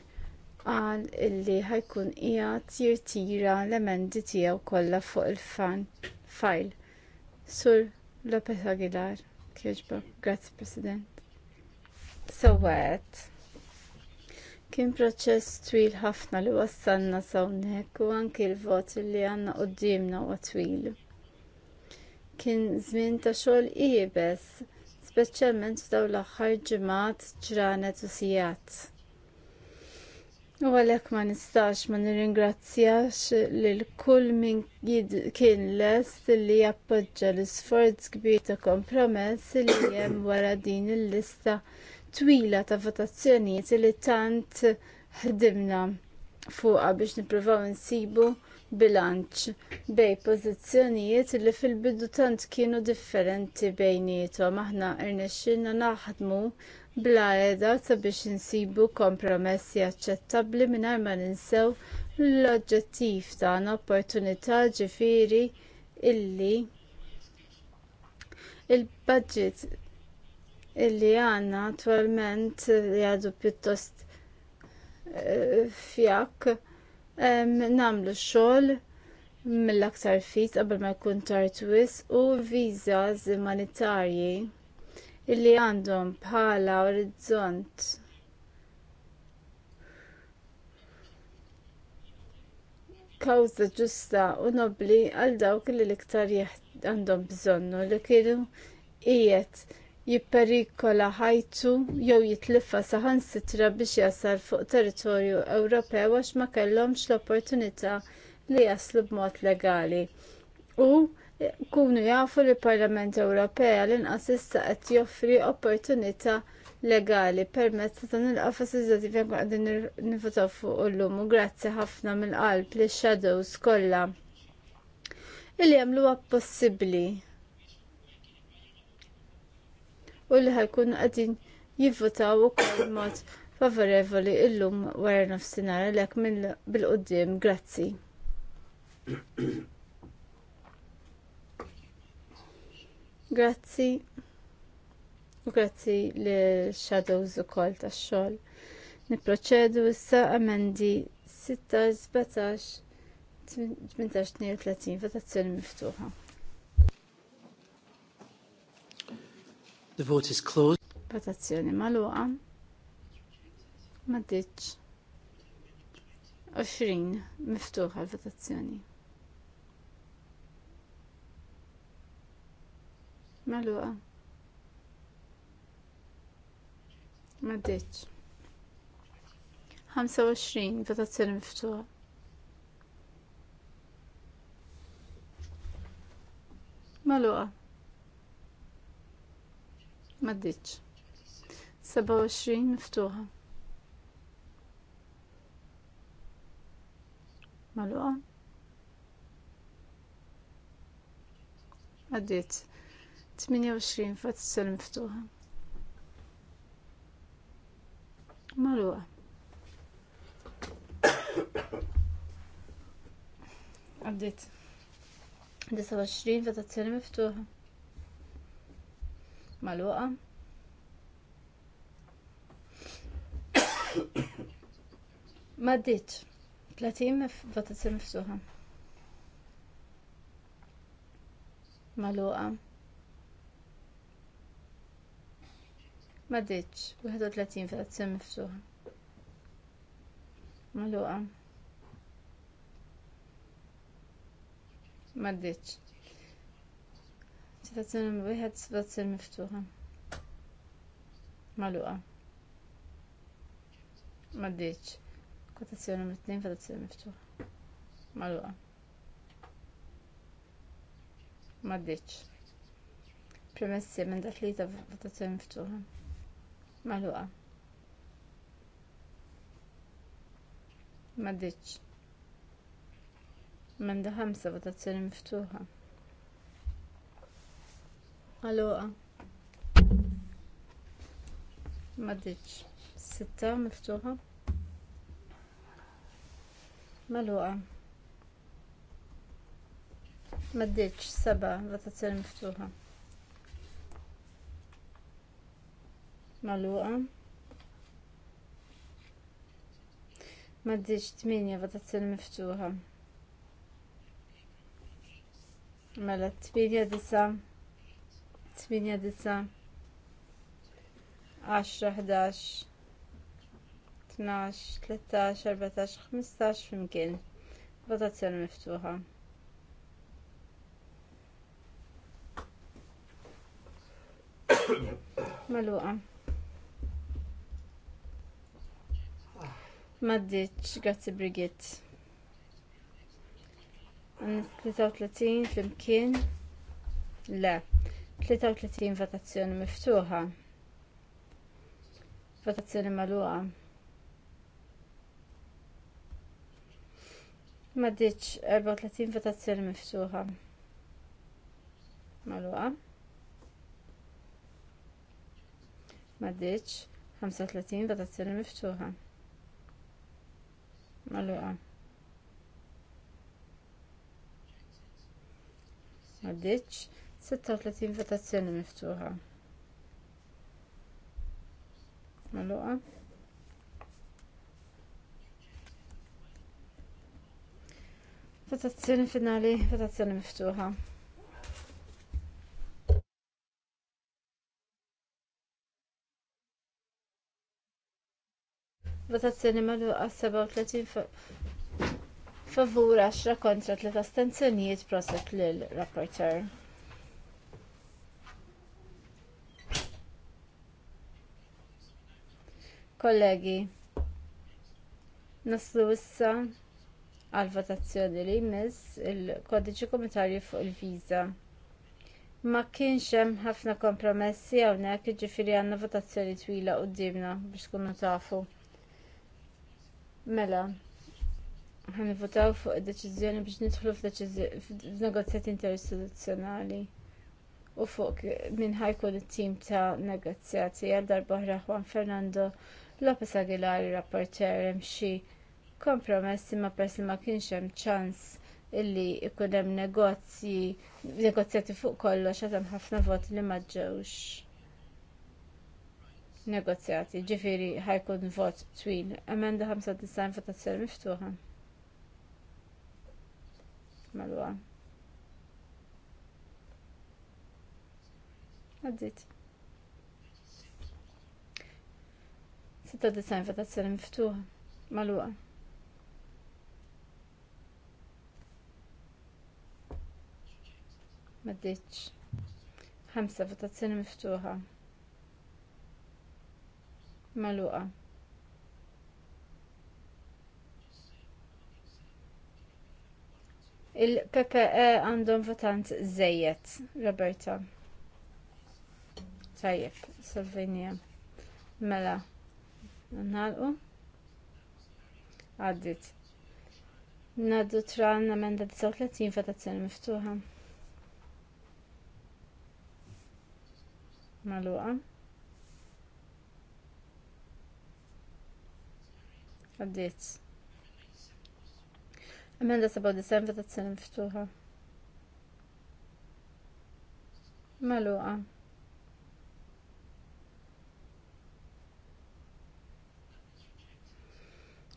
qal illi ħajkun qiegħed jirtira l-emendi tiegħu kollha fuq il-file. Sur Lopez Aguilar, kieġba, grazzi President. Sowet. Kien proċess twil ħafna li wassalna sawnek u anki l-vot li għandna quddiemna huwa twil. Kien żmien ta' xogħol ibes speċjalment f'dawn l-aħħar ġimgħat ġranet u sigħat. U għalhekk ma nistax ma nirringrazzjax lil kull min kien lest li jappoġġa l-isforz kbir ta' kompromess li hemm wara din il-lista twila ta' votazzjonijiet li tant ħdimna fuqha biex nippruvaw insibu bilanċ bej pożizzjonijiet li fil-bidu tant kienu differenti bejnietom aħna rnexxilna naħdmu bla edha sabiex insibu kompromessi aċċettabbli mingħajr ma ninsew l-oġġettiv tagħna opportunità ġifieri illi il-budget illi għandna attwalment li għadu pjuttost eh, fjak namlu xogħol mill-aktar fit qabel ma jkun tard wisq u viza zimanitarji illi għandhom bħala orizzont kawża ġusta u nobbli għal dawk li l-iktar għandhom bżonnu li kienu qiegħed jipperikola ħajtu jew jitliffa saħansitra biex jasal fuq territorju Ewropew għax ma kellhomx l-opportunità li jaslu b'mod legali. U kunu jafu li l-Parlament Ewropea l-inqas issa qed joffri opportunità legali permezz ta' dan il-qafas iżdativ jekk qegħdin nifutaw fuq illum u grazzi ħafna mill-qalb li shadows kollha illi jagħmluha possibbli u li ħajkun għadin jivvotaw ukoll mod favorevoli illum wara nofsinhar għalhekk minn bil-qudiem. Grazzi. Grazzi. U grazzi li shadows ukoll tax-xogħol. Niproċedu issa amendi 16, 17, 18, 32, votazzjoni miftuħa. The vote is closed. Votazzjoni maluqa. Ma ditx. 20 miftuħa l-votazzjoni. Maluqa. Ma 25 votazzjoni miftuħa. Maluqa maddiċ. 27 miftuħa. Maluqa. Għaddit. 28 fazzal miftuħa. Maluqa. Għaddit. 29 fazzal miftuħa maluqa. Maddit. 30 votazzjoni mifsuħa. Maluqa. Maddit. 31 votazzjoni mifsuħa. Maluqa. Maddit. Sitazzjoni wieħed sitazzjoni miftuħa. Maluqa. Ma ddiċ. Kotazzjoni mit-tnejn votazzjoni miftuħa. Maluqa. Ma ddiċ. Premessi minn dak li ta' votazzjoni miftuħa. Maluqa. Ma ddiċ. Minn da' ħamsa votazzjoni miftuħa. Aloha Maddiċ. Sitta miftuħa. Maluqa. Maddiċ. Saba Votazzjoni miftuħa. Maluqa. Maddiċ. Tminja. Votazzjoni miftuħa. Mela. Tminja. Disa. Disa. 8 9 10 11 12 13 14 15 flimkien votazzjoni miftuħa Maluqa. Maddiċ, grazzi Brigitte Għan 33 flimkien. Le. 33 votazzjoni miftuħa. Votazzjoni magħluqa. Ma ditx 34 votazzjoni miftuħa. Magħluqa. Ma ditx 35 votazzjoni miftuħa. Magħluqa. Ma ditx 36 votazzjoni miftuħa. Allora. Votazzjoni finali, votazzjoni miftuħa. votazzjoni magħluqa 37 favur 10 kontra 3 astenzjonijiet proset lil rapporter. Kollegi, naslu issa għal votazzjoni li jmiss il-kodiċi komunitarju fuq il-viża. Ma kienx hemm ħafna kompromessi hawnhekk jiġifieri għandna votazzjoni twila quddiemna biex tkunu tafu. Mela, ħanivvotaw fuq id-deċiżjoni biex nidħlu f'negozjati interistituzzjonali u fuq minn ħajkun it-tim ta' negozjati għal darba Juan Fernando Lopez Aguilar rapporter hemm xi kompromess imma persi li ma kienx hemm ċans illi ikun hemm negozji negozjati fuq kollox għadhom ħafna voti li ma ġewx negozjati. Ġifieri ħajkun vot twil. Emenda 95 votazzjoni miftuħa. Malwa. Għaddit. fa' ta' 96 votazzjoni miftuħa. Maluqa. Maddiċ. 5 votazzjoni miftuħa. Maluqa. Il-PPE għandhom votant zejjed, Roberta. Tajjeb, Salvinia. Mela. Mela. Nħalqu. Għaddit. Naddu tran amenda 39 votazzjoni miftuħa. Maluqa. Għaddit. Amenda 97 votazzjoni miftuħa. Maluqa.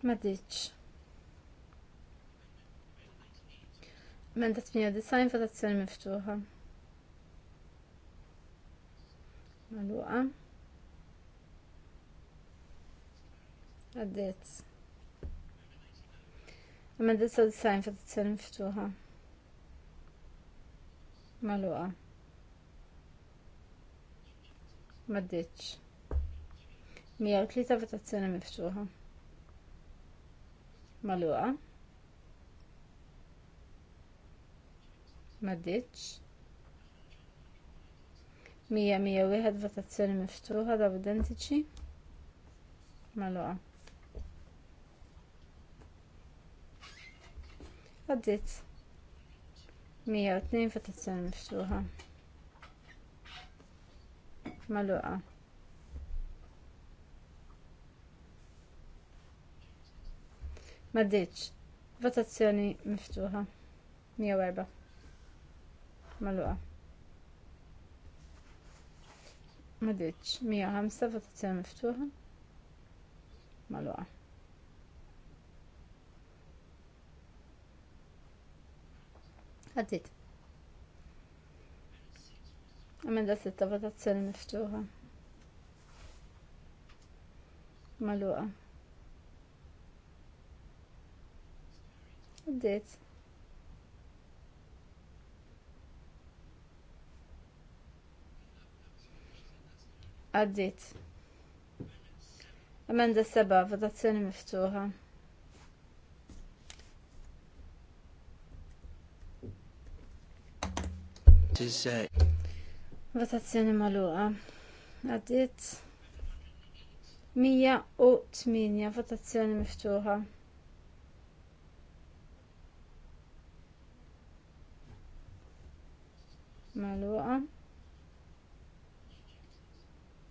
Ma ditx. Menta 98 votazzjoni miftuħa. Maluqa. Għaddiet. Menta 99 votazzjoni miftuħa. Maluqa. Ma diċ. Mija ditx. 103 votazzjoni miftuħa maluqa maddiċ mija mija wieħed votazzjoni miftuħa da identiċi maluqa għaddit 102 votazzjoni miftuħa maluqa Maddiċ. Votazzjoni miftuħa. 104. Maluqa. Maddiċ. 105. Votazzjoni miftuħa. Maluqa. Għaddit. Amenda sitta votazzjoni miftuħa. Maluqa. Għaddit. Għaddit. Amenda seba, votazzjoni miftuħa. Eh, votazzjoni maluqa. Għaddit. 108 votazzjoni miftuħa. maluqa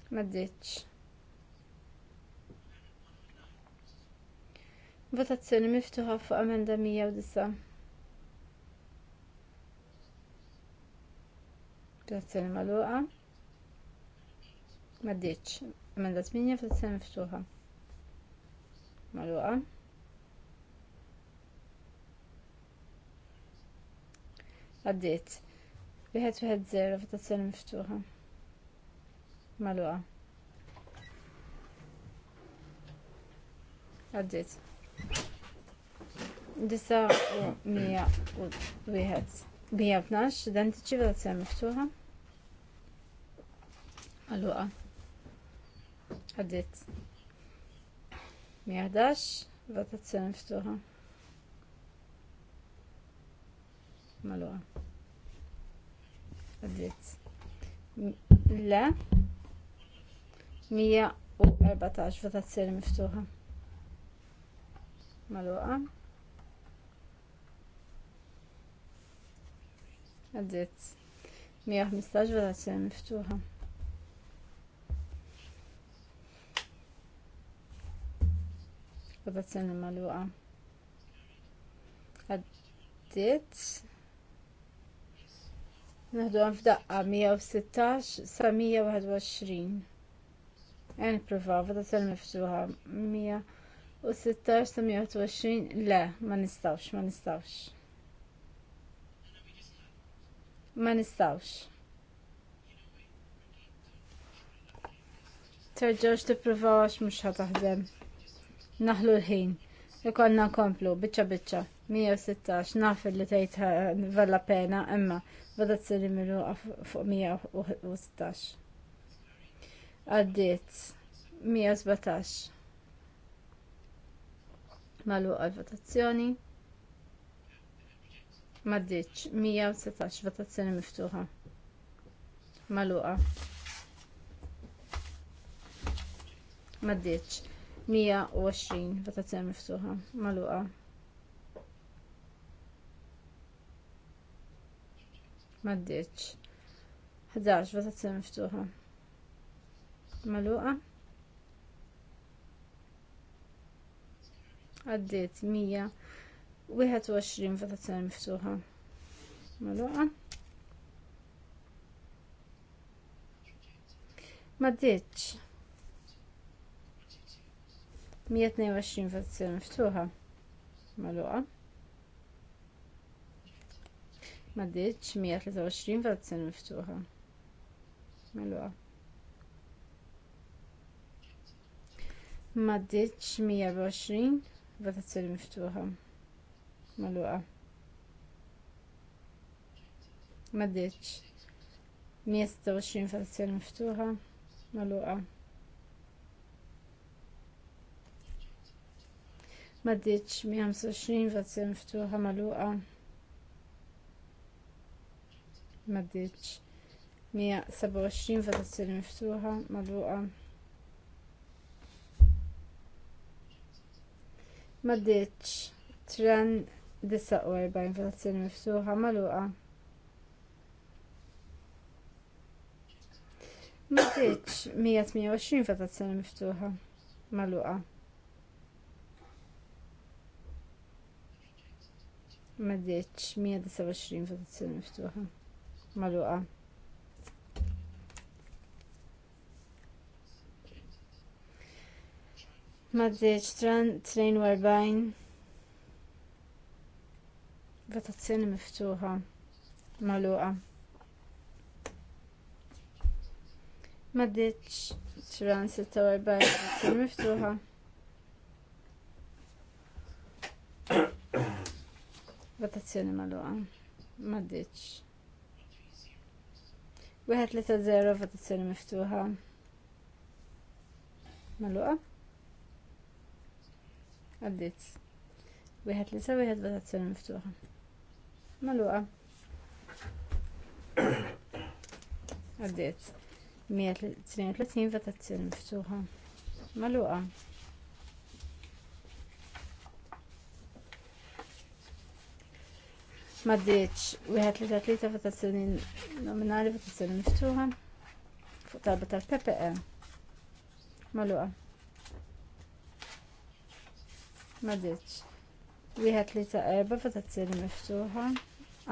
Ma maddiċ votazzjoni miftuħa fuq amenda 109 votazzjoni maluqa Ma maddiċ amenda 8 votazzjoni miftuħa maluqa għaddiet Biħet uħed zero votazzjoni miftuħa. Maluqa. Għaddit. Disa u mija u biħet. Bija b'nax, dan identiċi votazzjoni miftuħa. Maluqa. Għaddit. Mija votazzjoni miftuħa. Maluqa għaddit. Le, 114 votazzjoni miftuħa. Maluqa. Għaddit. 115 votazzjoni miftuħa. Votazzjoni maluqa. Għaddit. Naħdu għan f'daqqa 116 sa 121. Għan prova, vada tal-miftuħa 116 sa 121. Le, ma nistawx, ma nistawx. Ma nistawx. Terġawx tipprovaw għax mux ħataħdem. Naħlu l-ħin. Ikollna komplu, bicċa bicċa. 116 naf li tgħid valla pena imma bada tsiri milu fuq 116. Għaddiet 117 maluqa l-votazzjoni maddiċ 116 votazzjoni miftuħa maluqa maddiċ 120 votazzjoni miftuħa maluqa Maddiċ. 11 votazzjoni miftuħa. Maluqa. Għaddiet 121 votazzjoni miftuħa. Maluqa. Maddiċ. 122 votazzjoni miftuħa. Maluqa ma ditx 123 votazzjoni miftuħa. Melwa. Ma ditx 120 votazzjoni miftuħa. Melwa. Ma ditx 126 votazzjoni miftuħa. Melwa. Ma ditx 125 votazzjoni miftuħa mela maddiċ. 127 votazzjoni miftuħa magħluqa. Maddiċ tren 49 votazzjoni miftuħa magħluqa. Maddiċ 128 votazzjoni miftuħa magħluqa. Maddiċ 127 votazzjoni miftuħa. Maluqa. Maddeċ tran warbajn. Votazzjoni miftuħa Maluqa Maddeċ tran sitta warbajn. Votazzjoni miftuħa Votazzjoni maluqa Maddeċ Wieħed li ta' zero votazzjoni miftuħa. Maluqa? Għaddit. Wieħed li sa' wieħed votazzjoni miftuħa. Maluqa? Għaddit. 132 votazzjoni miftuħa. Maluqa? Maddiċ, wieħed li ta' tlieta votazzjoni nominali votazzjoni miftuħa fuq talba tal-PPE. Maluqa. Maddiċ. Wieħed li ta' erba votazzjoni miftuħa.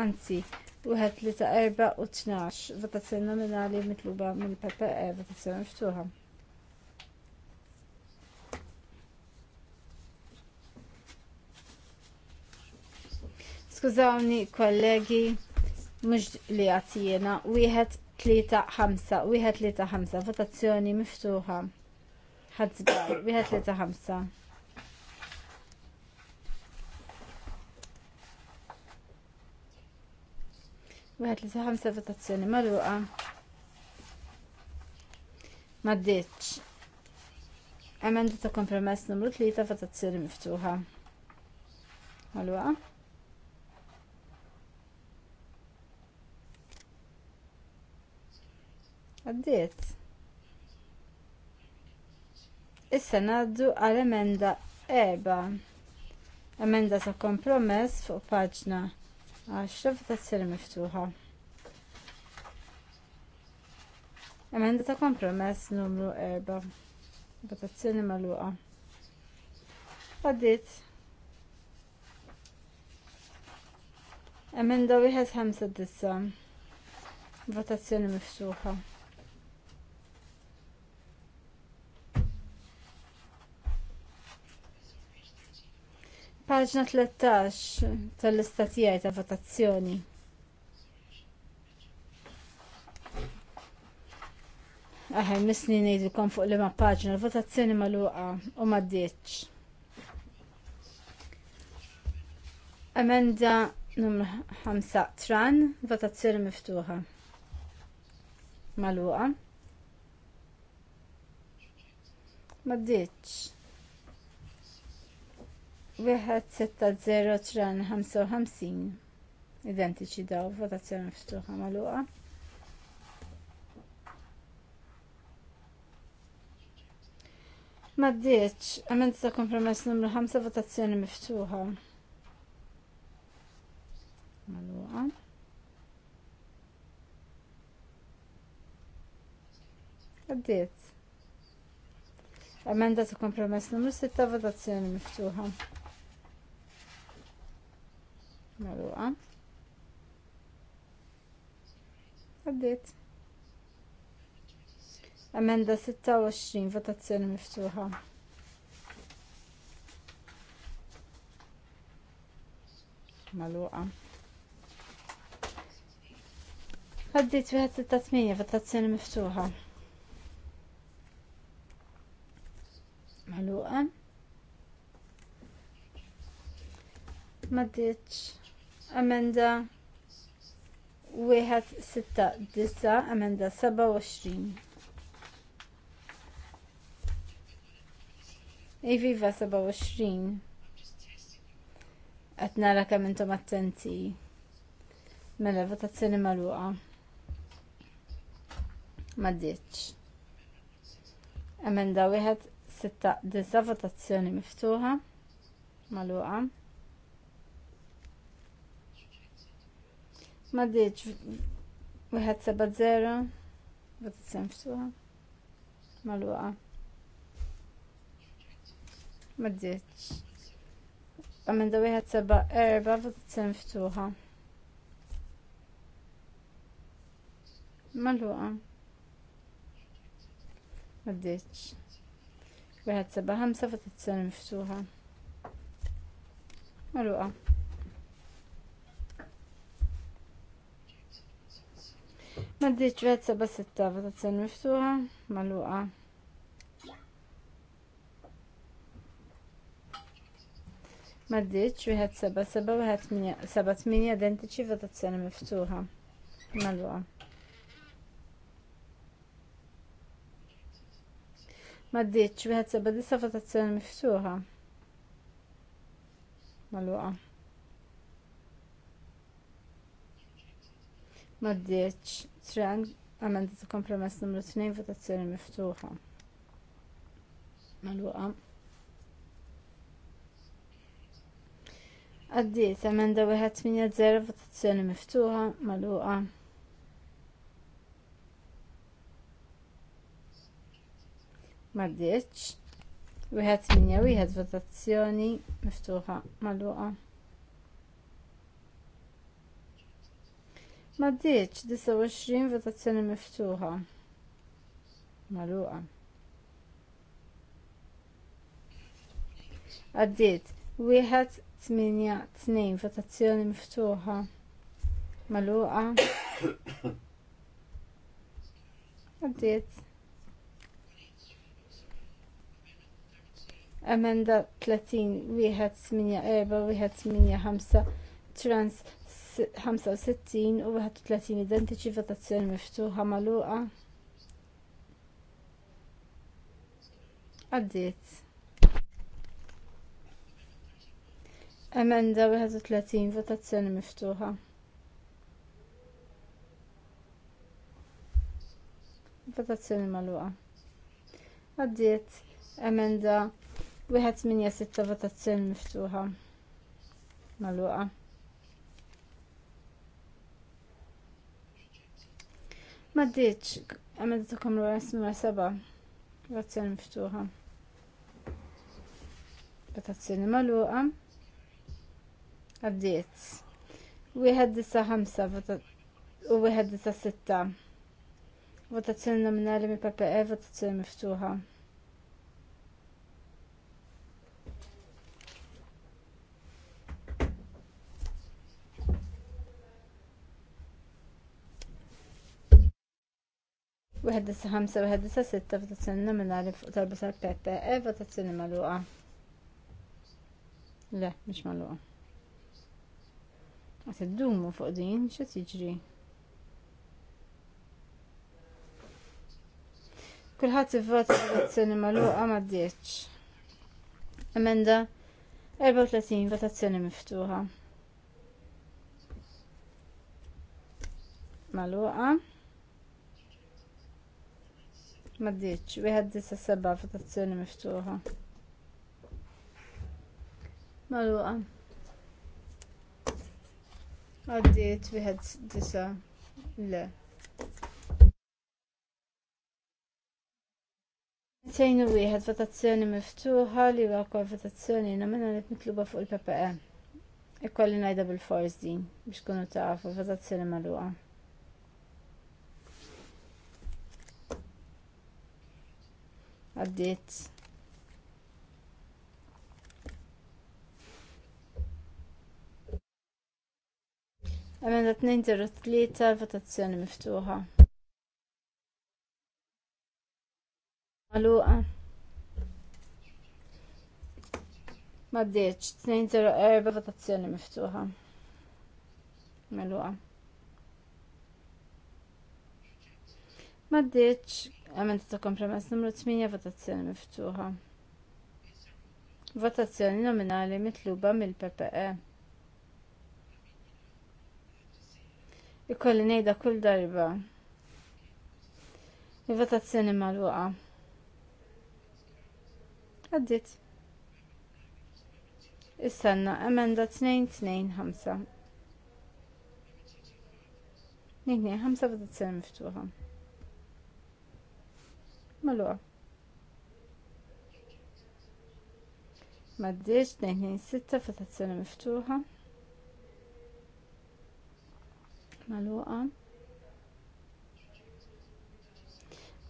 Anzi, wieħed li ta' erba u tnax votazzjoni nominali mitluba mill-PPE votazzjoni miftuħa. Skużawni kollegi, mux li għatijena, wieħed tlieta ħamsa, wieħed tlieta ħamsa, votazzjoni miftuħa. Ħadżbar, wieħed tlieta ħamsa. Wieħed tlieta ħamsa votazzjoni magħluqa. Maddiċ. Emenda ta' kompromess numru tlieta votazzjoni miftuħa. Magħluqa. Għaddiet. Issa naddu għal emenda eba. Emenda ta' kompromess fuq paġna 10 votazzjoni miftuħa. Emenda ta' kompromess numru 4. Votazzjoni magħluqa. Għaddiet. Emenda wieħed ħamsa disa. Votazzjoni miftuħa. Paġna 13 tal-istatijaj ta' votazzjoni. Aħe, misni nejdilkom fuq li ma' paġna, l-votazzjoni luqa u ma' d-dieċ. Amenda numru 5 tran, votazzjoni miftuħa. luqa. Ma' d-dieċ. Wieħed setta zero tran ħamsin identiċi daw votazzjoni miftuħa magħluqa. Ma ddiċ, ta' kompromess numru 5 votazzjoni miftuħa. Magħluqa. Għaddiet. Amenda ta' kompromess numru 6 votazzjoni miftuħa. Maluqa. Għaddit. Amenda 26, votazzjoni miftuħa. Maluqa. Għaddit 168, votazzjoni miftuħa. Maluqa. Maddiċ. Amenda wieħed sitta disa, amenda 27. Iviva 27. Qed nara kemm intom attenti. Mela votazzjoni magħluqa. Ma ditx. Amenda wieħed sitta disa votazzjoni miftuħa. maluqa. Ma diċ, wieħed seba' zero, votazzjoni ftuħa, maluqa. Ma diċ. da wieħed seba' erba' votazzjoni ftuħa. Maluqa. Ma diċ. Wieħed seba' ħamsa votazzjoni miftuħa. Maluqa. Maddiċ wet seba sitta votazzjoni miftuħa maluqa. Maddiċ wieħed seba seba wieħed seba tminja identiċi votazzjoni miftuħa maluqa. Maddiċ wieħed seba disa votazzjoni miftuħa maluqa. Maddiċ, trang, amenda ta' kompromess numru 2, votazzjoni miftuħa. Maluqa. Għaddiet, amenda 180, votazzjoni miftuħa, maluqa. Maddiċ, 181, votazzjoni miftuħa, maluqa. Ma ddiċ 29 votazzjoni miftuħa. Maluqa. Għaddiet, wieħed 8-2 votazzjoni miftuħa. Maluqa. Għaddiet. Emenda 30, wieħed 8-4, wieħed 8-5, trans 65 u 31 identiċi votazzjoni miftuħa magħluqa. Għaddiet. Emenda 31 votazzjoni miftuħa. Votazzjoni magħluqa. Għaddiet. Emenda 186 votazzjoni miftuħa. Magħluqa. Ma ditx, għamil t-kom l-għan għas seba. Votazzjoni miftuħa. Votazzjoni maluqa. Għaddiet. Wieħed disa ħamsa u wieħed disa sitta. Votazzjoni nominali mi papa PPE, votazzjoni miftuħa. 195 u 196 votazzjoni nominali fuq talba tal e votazzjoni magħluqa. Le, mhux magħluqa. Qed fuq din jiġri. ivvota votazzjoni magħluqa ma ddietx. Emenda 34 votazzjoni miftuħa. Maluqa. Ma Maddiċ, wieħed disa seba votazzjoni miftuħa. Maluqa. Għaddiet wieħed disa le. Tejn u wieħed votazzjoni miftuħa li huwa wkoll votazzjoni nominali mitluba fuq il-PPE. Ikkolli ngħidha bil-fors din biex kunu tafu votazzjoni magħluqa. għaddit. Emenda Maddiċ, 2-4 votazzjoni miftuħa. Maluqa. Maddiċ, erba votazzjoni miftuħa. Maluqa. Maddiċ, Għament ta' kompromess numru 8 votazzjoni miftuħa. Votazzjoni nominali mitluba mill-PPE. Ikolli nejda kull darba. Il-votazzjoni mal-waqa. Għaddit. Issanna, emenda 2 2 225. 2-5 votazzjoni miftuħa. Maluqa. Maddiġ 226 votazzjoni miftuħa. Maluqa.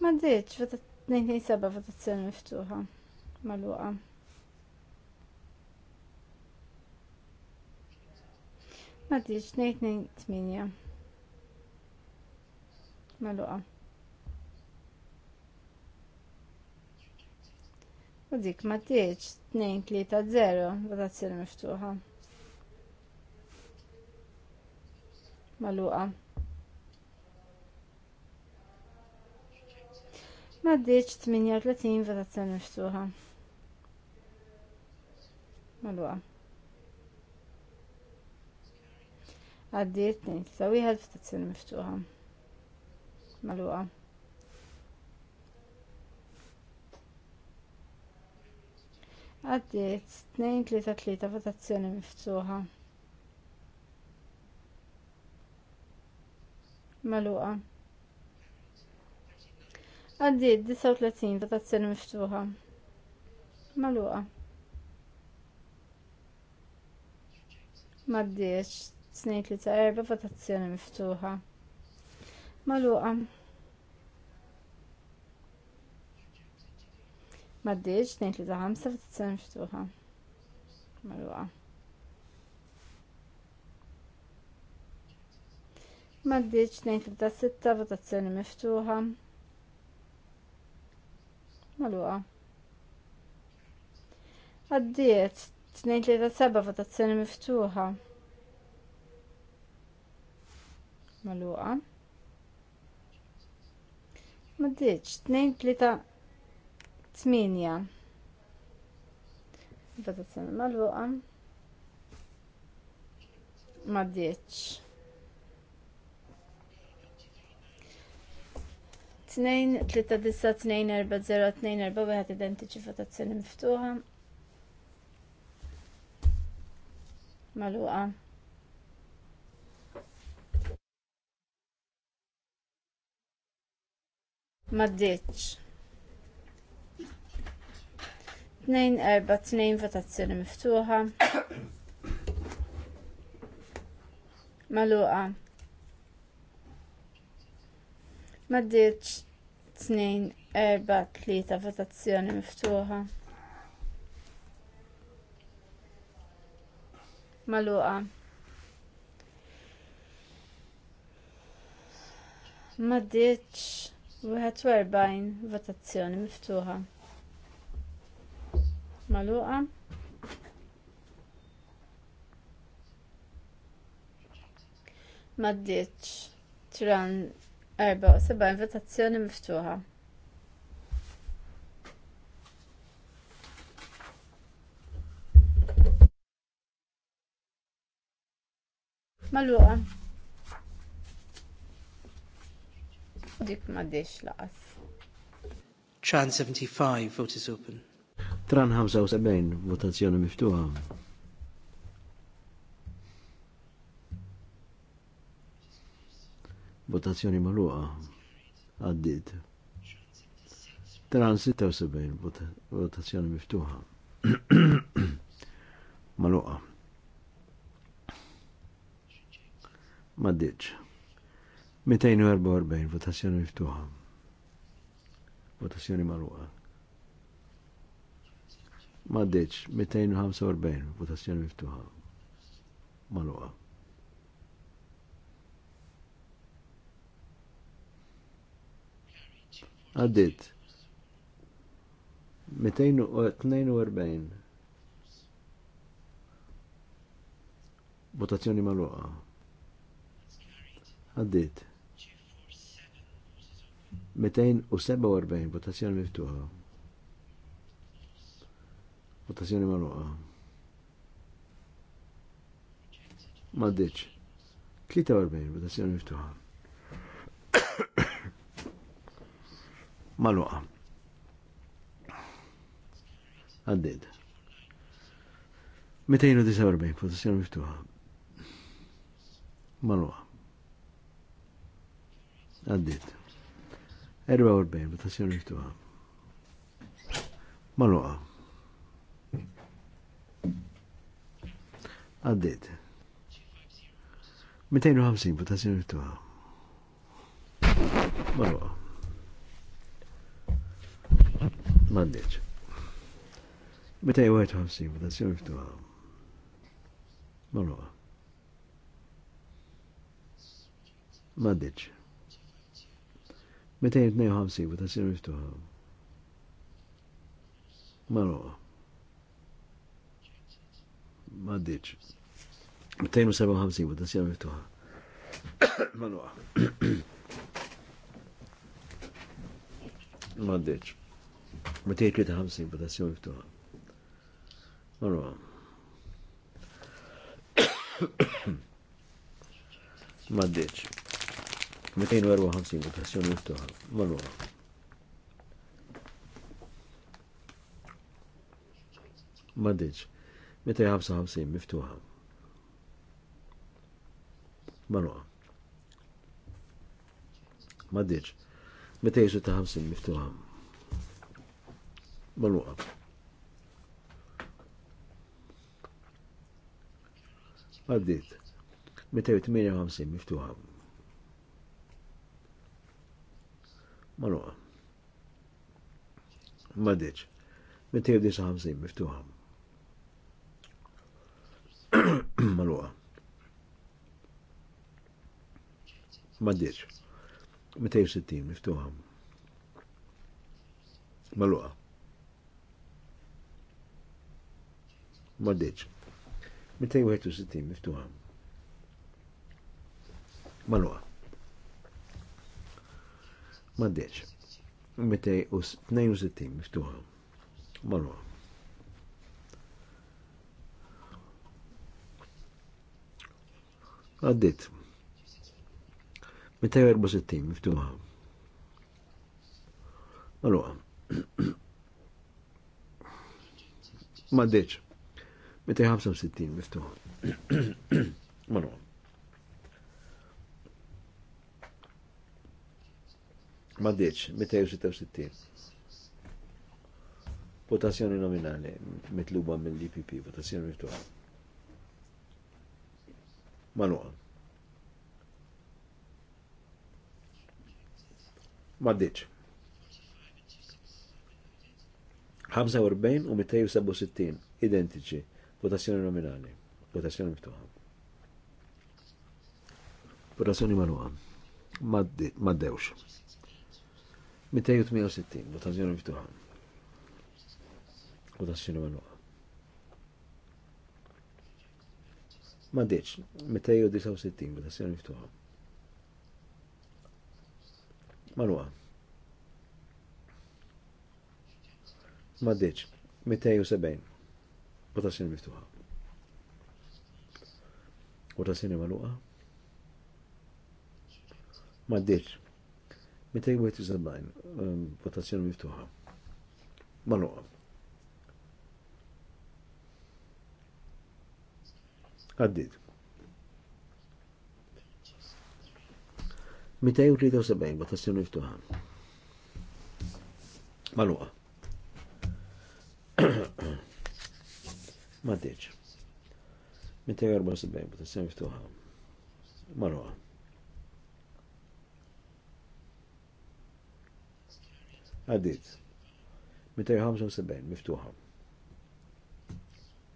Maddiġ 227 votazzjoni miftuħa. Maluqa. Maddiġ 228. Maluqa. U dik ma tieċ 2-3-0 votazzjoni miftuħa. Maluqa. Ma tieċ 38 votazzjoni miftuħa. Maluqa. Għaddiet 2-3-1 votazzjoni miftuħa. Maluqa. Għaddiet 2 3 votazzjoni miftuħa. Maluqa. Għaddiet 39 votazzjoni miftuħa. Maluqa. Maddiex 2 3 votazzjoni miftuħa. Maluqa. Maddiġ, 235 f'tizzan ftuħa. Marwa. Maddiġ, 236 votazzjoni miftuħa. Marwa. Għaddiet, 237 votazzjoni miftuħa. Marwa. Maddiġ, 236 Tminja. Votazzjoni mal-luqa. Ma dieċ. Tnejn, tlitta dissa, tnejn, erba, zero, tnejn, erba, wieħed identiċi votazzjoni miftuħa. Maluqa. Ma dieċ. Tnejn erba' tnejn votazzjoni miftuħa. Maluqa. Maddiċ tnejn erba' tlieta votazzjoni miftuħa. Maluqa. Maddiċ 41 votazzjoni miftuħa maluqa maddiċ tran 74 votazzjoni miftuħa maluqa dik maddiċ laqas Tran 75 vote is open. Tran 75, votazzjoni miftuħa. Votazzjoni maluqa. Għaddit. Tran 76, votazzjoni miftuħa. maluqa. Maddiċ. 244, votazzjoni miftuħa. Votazzjoni maluqa Maddeċ, 245, votazzjoni miftuħa. Maluqa. Għaddit. 242. Votazzjoni maluqa. Għaddit. 247 votazzjoni miftuħa. Votazzjoni maluqa. Maddiċ. 43, votazzjoni miftuħa. maluqa. Għaddid. 249, votazzjoni miftuħa. Maluqa. Għaddit. 44, votazzjoni miftuħa. Maluqa. Għaddit. 250 votazzjoni miftuħa. Marwa. Mandiċ. 251 votazzjoni miftuħa. Marwa. Mandiċ. 252 votazzjoni miftuħa. Marwa. Mandiċ. 257 votazzjoni miftuħa. Manuqa. Maddeċ. 253 votazzjoni miftuħa. Manuqa. Maddeċ. 254 votazzjoni miftuħa. Manuqa. Maddeċ. 255 miftuħa. Marwa. Maddiċ. 250 miftuħa. Marwa. ta' 258 miftuħa. Marwa. Maddiċ. 259 miftuħa. Marwa. Maddiċ. 260 miftuħa. Maluqa. Maddiċ. 261 miftuħa. Maluqa. Maddiċ. 262 miftuħa. Maluqa. Għaddit. 264 miftuħa. Allora. Ma deċ. 265 miftuħa. Ma no. Ma deċ. 266. Votazzjoni nominali mitluba mill-IPP, votazzjoni miftuħa. Manuqa. Maddiċ. 45 u 267 identiċi. Votazzjoni nominali. Votazzjoni miftuħa. Votazzjoni manuħa Maddewx. 268 votazzjoni miftuħa. Votazzjoni manuħa Maddiċ. 269 votazzjoni miftuħa. Marwa. Maddeċ, 270. Votazzjoni miftuħa. Votazzjoni maluqa. Maddiċ. 271. Um, votazzjoni miftuħa. Maluqa. Għaddit. 273 votazzjoni miftuħa. Maluqa. Ma ddeċ. ma tassinu iftuħa. Maluqa. Għaddit. 275 miftuħa.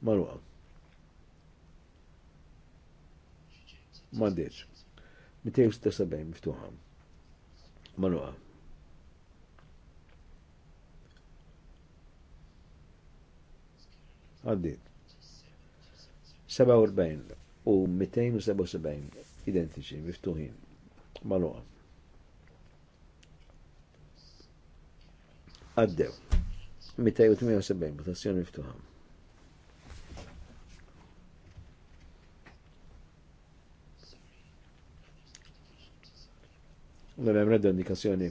Maluqa. Ma ddeċ. 276 miftuħa. Manuqa. Għaddit. 47 u 277 identiċi miftuħin. Manuqa. Għaddew. 278 votazzjoni miftuħam. l-għem redda indikazzjoni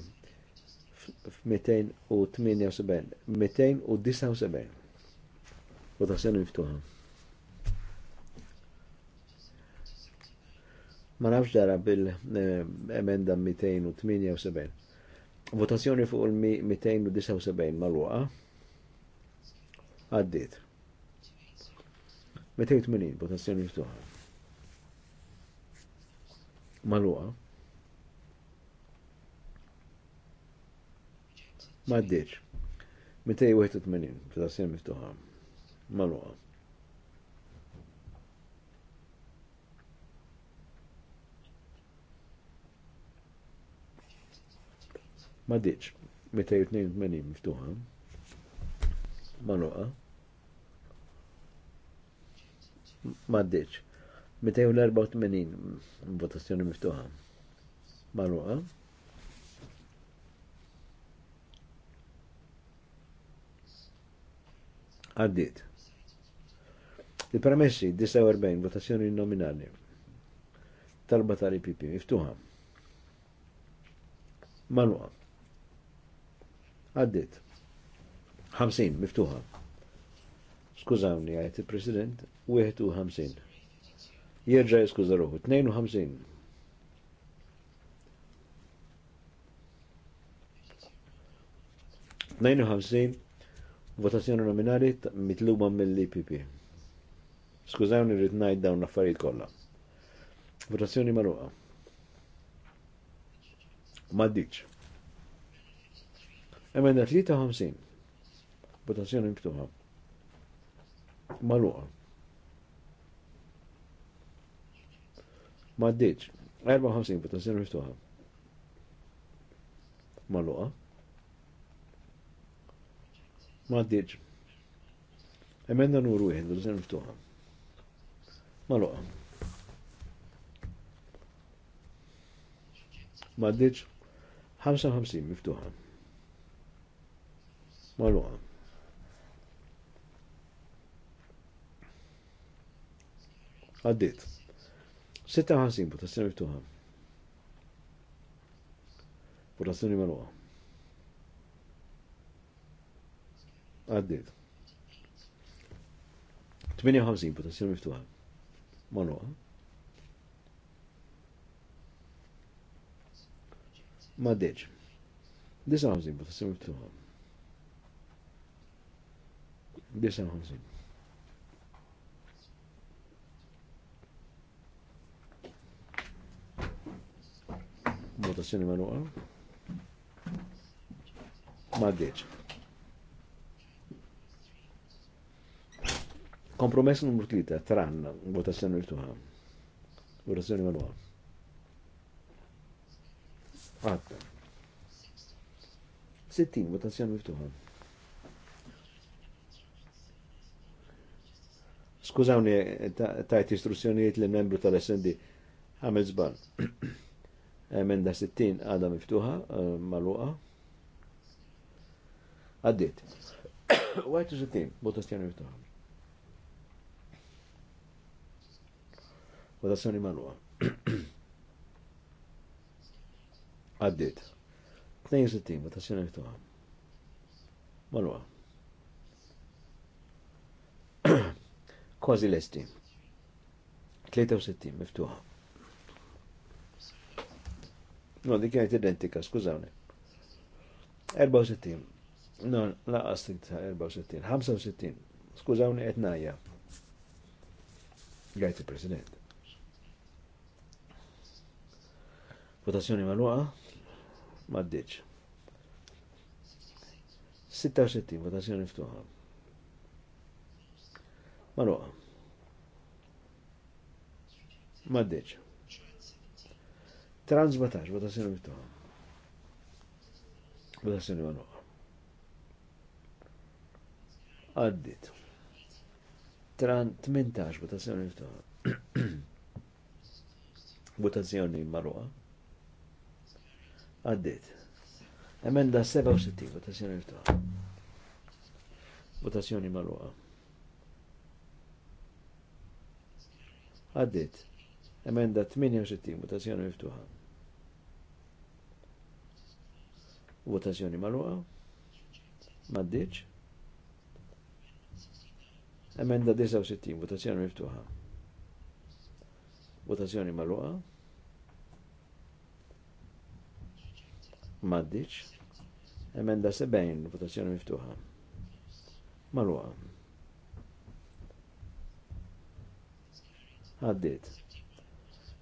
278 279. Votazzjoni miftuħa. Ma nafx dara bil-emenda eh, 278. Votazzjoni fuq il-279 mal-waqa. Għaddit. 280 votazzjoni miftuħa. Mal-waqa. Maddiċ. 281, fil sem miftuħa. Manuqa. Maddiċ. 282 miftuħa. Manuqa. Maddiċ. 284 votazzjoni miftuħa. Manuqa. għaddit. Il-premessi 49 votazzjoni nominali. Talba tal-IPP, miftuħa. Manuqa. Għaddit. 50, miftuħa. Skużawni, għajt il-President, 51. Jerġa jiskuza ruħu, 52. Nejnu ħamsin Votazzjoni nominali mitluba mill-IPP. Skużawni rrit najt dawn l-affarijiet kollha. Votazzjoni magħluqa. M'għaddiċ. Emenda 53. Votazzjoni miftuħa. Magħluqa. M'għaddiċ. 54 votazzjoni miftuħa. Magħluqa. Ma għaddiġ. Emenda nuru jħed, votazzjoni miftuħa. Maluqa. Ma għaddiġ. 55 miftuħa. Maluqa. Għaddit. 56 votazzjoni miftuħa. Votazzjoni maluqa. Għaddit. 58 votazzjoni miftuħa. Manuqa. Ma deċ. 59 votazzjoni miftuħa. 59. Votazzjoni manuqa. Ma deċ. Kompromess numru tlita, tran, votazzjoni miftuħa. Votazzjoni manual. Għatta. 60, votazzjoni miftuħa. Skużawni, tajt istruzzjonijiet li membru tal-SND għamil zbal. Emenda 60 għadha miftuħa, eh, maluqa. Għaddit. Għajtu 61, votazzjoni miftuħa. Votazzjoni magħluqa. Għaddit. 62 votazzjoni miftuħa. Magħluqa. Kważi l-esti. 63 miftuħa. No, dik kienet identika, skużawni. 64. No, laqas 64. 65. Skużawni etnaja. Għajti president Votazzjoni maluqa. Maddiċ. 66 votazzjoni ftuħa. ma ddiċ Trans batax, votazzjoni ftuħa. Votazzjoni maluqa. Għaddit. Tran 18 votazzjoni ftuħa. votazzjoni maluqa għaddit. Emenda 67, votazzjoni miftuħa. Votazzjoni marruqa. Għaddit. Emenda 68, votazzjoni miftuħa. Votazzjoni marruqa. Maddiċ. Emenda 69, votazzjoni miftuħa. Votazzjoni marruqa. maddiċ. Emenda 70, votazzjoni miftuħa. Marwa. Għaddit.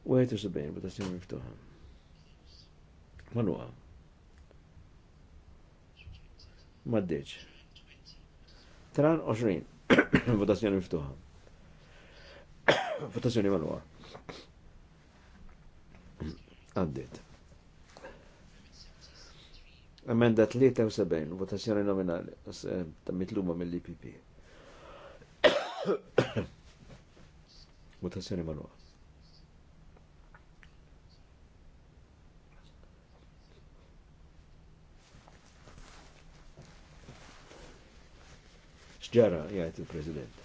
71, votazzjoni miftuħa. Marwa. Maddiċ. Tran 23, votazzjoni miftuħa. Votazzjoni marwa. Għaddit. Emenda 73, votazzjoni nominali, eh, ta' mitluma mill-IPP. votazzjoni manuali. ċġara, jgħajt il-President.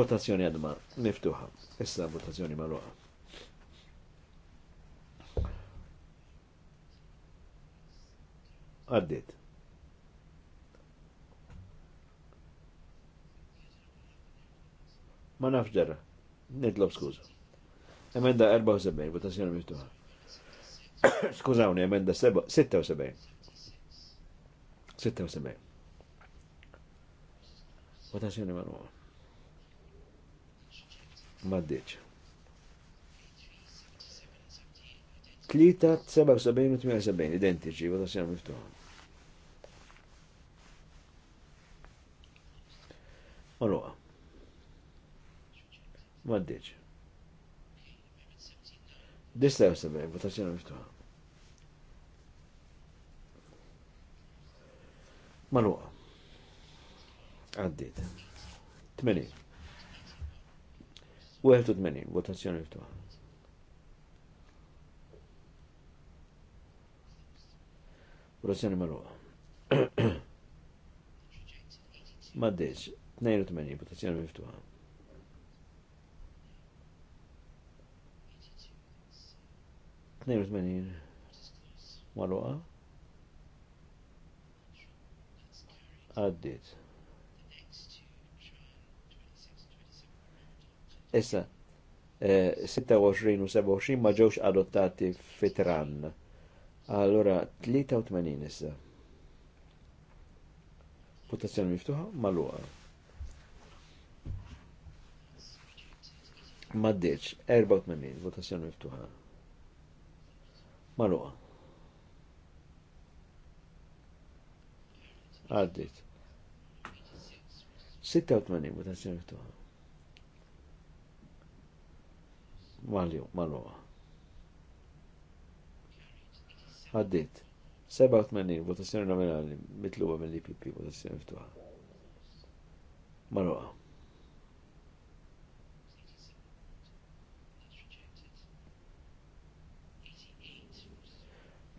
Votazzjoni għadma, niftuħa, issa votazzjoni maluħa. għaddit. Ma nafx ġerra, nitlob skuza. Emenda 74, votazzjoni miftuħa. Skużawni, emenda 76. 76. Votazzjoni manuħa. Maddiċ. 3, 77 u 78, identiċi, votazzjoni miftuħa. Oroqa. Maddiċ. Dista jew sebej, votazzjoni miftuħa. Maluqa. Għaddit. 80. 81, votazzjoni miftuħa. Votazzjoni maluqa. Maddiċ. 82 votazzjoni miftuħa. Maluqa? Għaddit. Issa, 26 eh, u 27 ma ġewx adottati fitran. Allora, 83 issa. Votazzjoni miftuħa, maluqa. Maddeċ, 84, votazzjoni miftuħa. Maluqa. Għaddit. 86, votazzjoni miftuħa. Malju, maluqa. Għaddit. 87, votazzjoni nominali, mitluba mill-IPP, votazzjoni miftuħa. Maluqa.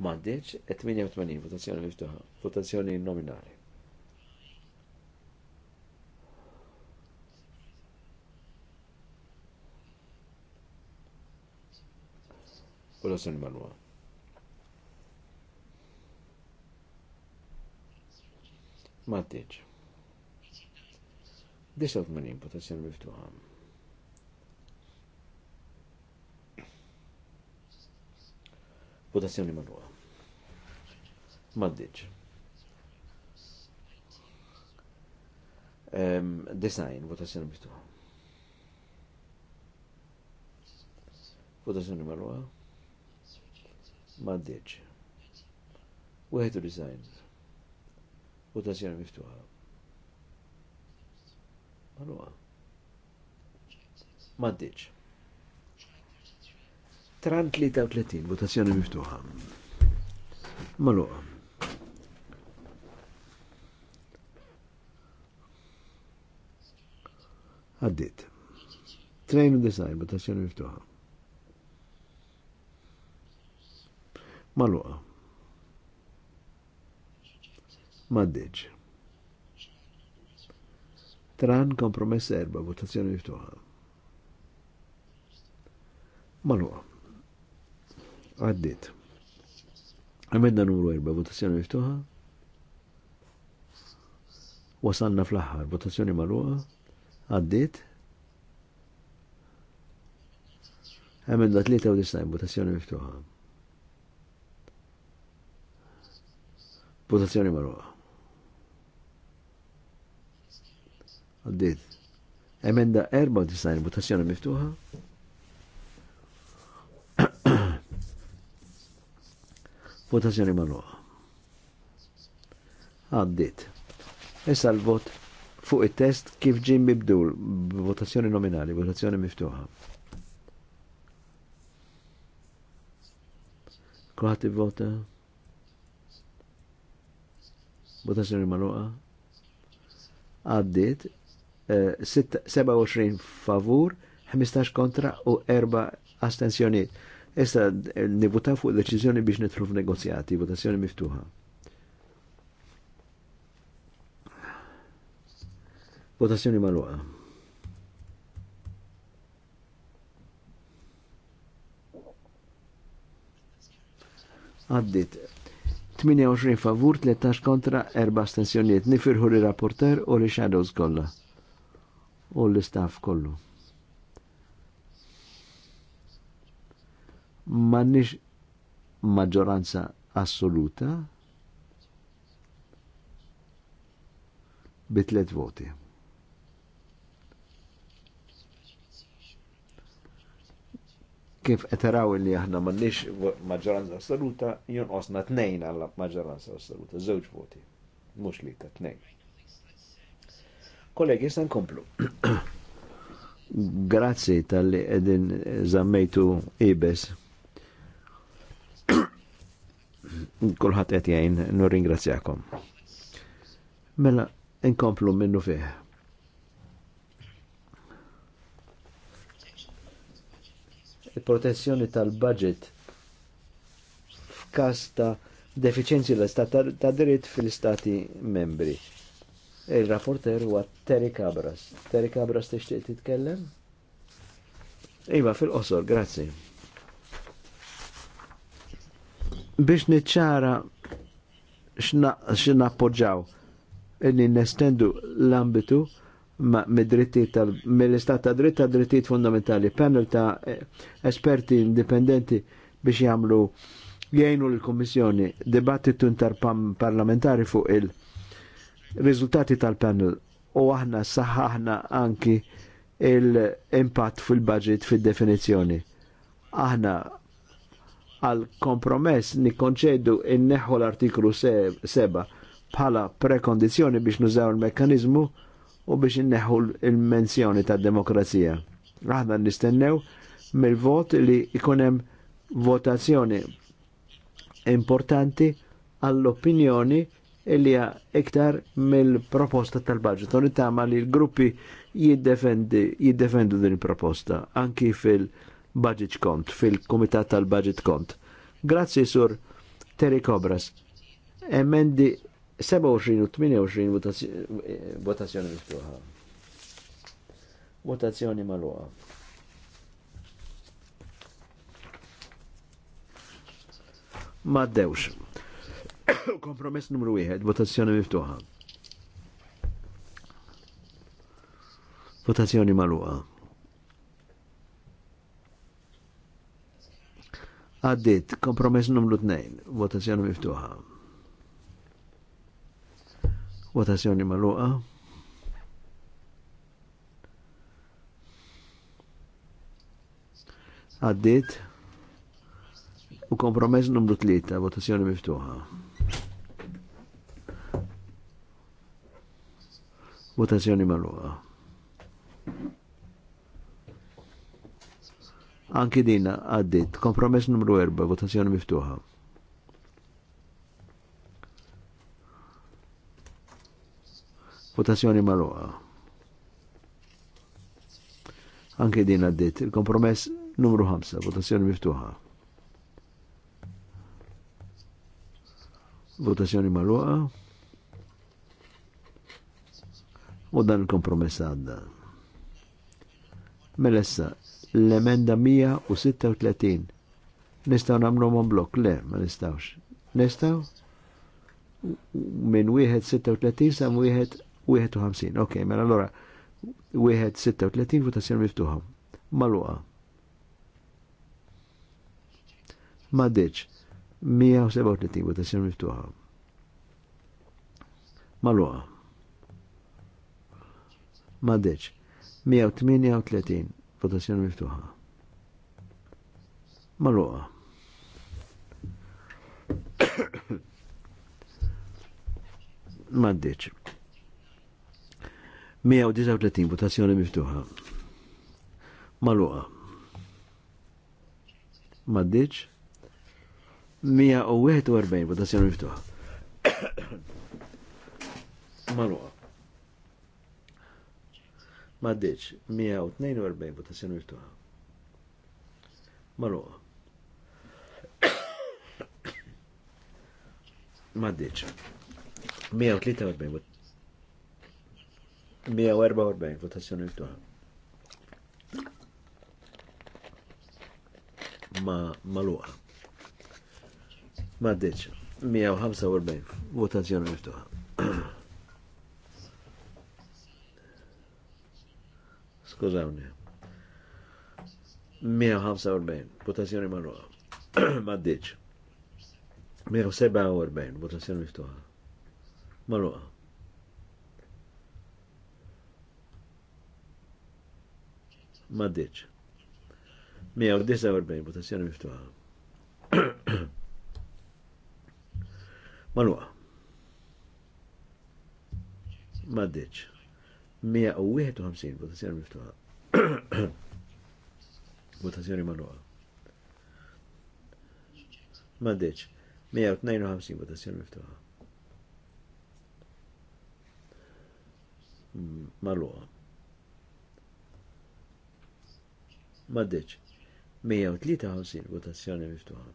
Mandiċ, et 88 votazzjoni miftuħa, votazzjoni nominali. Votazzjoni manwa. Mandiċ. manin, votazzjoni miftuħa. Votazzjoni manwa. Maddiċ. Um, design, votazzjoni miftuħa. Votazzjoni marwa. Maddiċ. to design. Votazzjoni miftuħa. Marwa. Maddiċ. Tran 33, votazzjoni miftuħa. Maluqa. Għaddit. design, 92 votazzjoni miftuħa. Maluqa. Maddiċ. Tran kompromess erba, votazzjoni miftuħa. Maluqa. Għaddit. Għamedna numru erba, votazzjoni miftuħa. Wasanna fl-aħħar, votazzjoni maluqa għaddit. Għamil da 93 votazzjoni miftuħa. Votazzjoni marruħa. Għaddit. Emenda 94 votazzjoni miftuħa. votazzjoni marruħa. Għaddit. Issa l-vot fuq il test kif ġim mibdul, votazzjoni nominali, votazzjoni miftuħa. Kulħat vota votazzjoni maluqa, għaddit 27 eh, favur, 15 kontra u 4 astensjoniet. Issa eh, nivutaw fuq deċiżjoni biex nitru f'negozjati, votazzjoni miftuħa. Votazzjoni maluqa. Għaddit. 28 favur, 13 kontra, 4 stensjoniet. Nifirħu li rapporter u li shadows kolla. U li staff kollu. Mannix maġġoranza assoluta bitlet voti. kif eteraw li aħna mannix maġġoranza assoluta, t-nejn għalla maġġoranza assoluta, zewġ voti, mux li ta' t-nejn. Kollegi, jistan nkomplu. Grazzi tal-li edin zammejtu ibes. Kulħat qed jgħin, nur ringrazzjakom. Mela, inkomplu minnu fih. il-protezzjoni tal-budget f'kas ta' deficienzi l-istat ta' dritt fil-istati membri. Il-rapporter huwa Terry Cabras. Terry Cabras tixtieq titkellem? Iva fil-qosor, grazzi. Biex niċċara x'nappoġġaw inni nestendu l-ambitu mill-istat ta' dritt ta' drittijiet fundamentali, panel ta' esperti indipendenti biex jagħmlu jgħinu l-Kommissjoni dibattitu Parlamentari fuq il-riżultati tal-panel u aħna saħħaħna anki l impatt fil-budget fil-definizjoni. Aħna għal kompromess nikkonċedu inneħħu l-artiklu 7 bħala prekondizjoni biex nużaw il-mekkanizmu u biex inneħu il-menzjoni ta' demokrazija. Aħna nistennew mill-vot li ikunem votazzjoni importanti għall-opinjoni illi hija iktar mill-proposta tal-budget. U nittama li l-gruppi jiddefendu din il-proposta anki fil-budget kont, fil-komitat tal-budget kont. Grazzi sur Terry Cobras. Emendi 27 u 28 votazzjoni miftuħa. Votazzjoni maluqa. Ma ddewx. Kompromess numru 1, votazzjoni miftuħa. Votazzjoni maluqa. Għaddit, kompromess numru 2, votazzjoni miftuħa. Votazzjoni maluqa. Għaddit. U kompromess numru 3, votazzjoni miftuħa. Votazzjoni maluqa. Anki din għaddit. Kompromess numru 4, votazzjoni miftuħa. Votazzjoni maluqa. Anke din għaddit. Il-kompromess numru 5, votazzjoni miftuħa. Votazzjoni maluqa. U dan il-kompromess għadda. Melessa, l-emenda 136. Nistaw namlu mon blok, le, ma nistawx. Nistaw? Minn 136 sam 1 51, ok, mela allora 136 votazzjoni miftuħa. Maluqa. Ma deċ, 137 votazzjoni miftuħa. Maluqa. Ma deċ, 138 votazzjoni miftuħa. Maluqa. Ma 139 votazzjoni miftuħa. Maluqa. Maddiċ. 141 votazzjoni miftuħa. Maluqa. Maddiċ. 142 votazzjoni miftuħa. Maluqa. Maddiċ. 143 votazzjoni 144 votazzjoni miftuħa. Ma maluqa. Ma ddeċ. 145 votazzjoni miftuħa. Skużawni. 145 votazzjoni maluqa. Ma ddeċ. 147 votazzjoni miftuħa. Maluqa. ma 149 votazzjoni miftuħa. Manuqa. Ma 151 votazzjoni miftuħa. votazzjoni manuqa. Ma ditx. 152 votazzjoni miftuħa. Malwa. maddeċ. 153 votazzjoni miftuħa.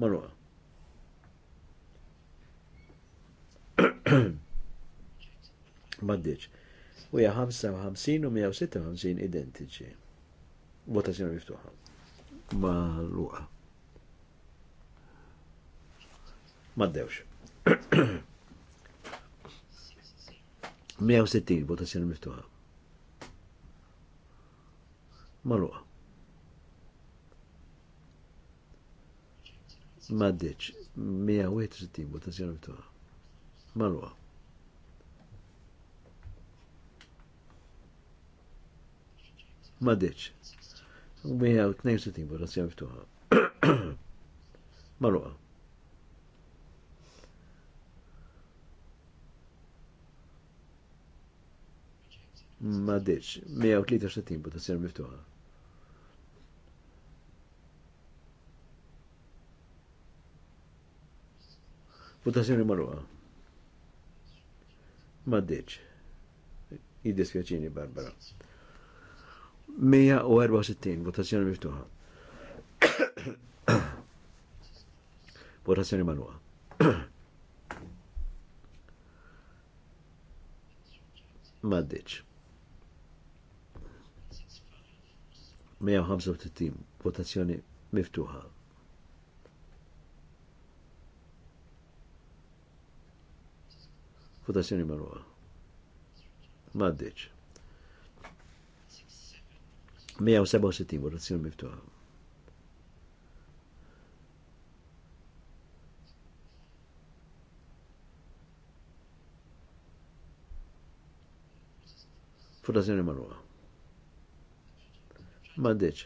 Marwa. maddeċ. U ja 55 u 156 identiċi. Votazzjoni miftuħa. Marwa. Maddeċ. 160 votazzjoni miftuħa. Maluqa. Maddeċ, 161 votazzjoni miftuħa. Maluqa. Maddeċ, 162 votazzjoni miftuħa. Maluqa. Ma Maddiċ, 163 votazzjoni miftuħa. u ta' Votazzjoni marruqa. Maddeċ. id Jiddispjaċini Barbara. 164 votazzjoni miftuħa. votazzjoni marruqa. Maddeċ. 165 votazzjoni miftuħa. U Votazzjoni marruqa. Maddiċ. 167 votazzjoni miftuħa. Votazzjoni marruqa. Maddiċ.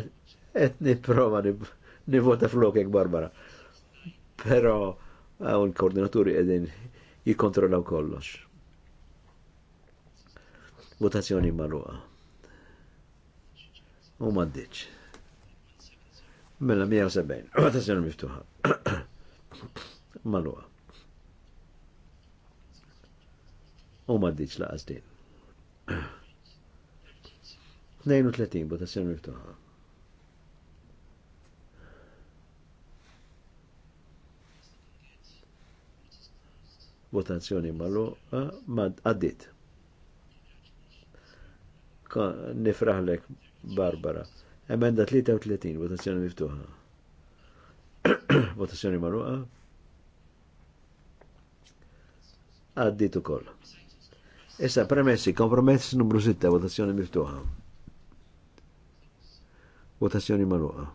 Et niprova nivota flok Barbara. Pero għaw eh, il-koordinaturi edin jikontrollaw kollox. Votazzjoni marruqa. U maddiċ. Mela 170. Votazzjoni miftuħa. marruqa. U maddiċ laqas din. 32 votazzjoni miftuħa. votazzjoni maluqa ma għaddit. Nifraħlek Barbara. Emenda 33, votazzjoni miftuħa. votazzjoni maluqa. Għaddit u koll. Issa premessi, kompromessi numru 6, votazzjoni miftuħa. Votazzjoni maluqa.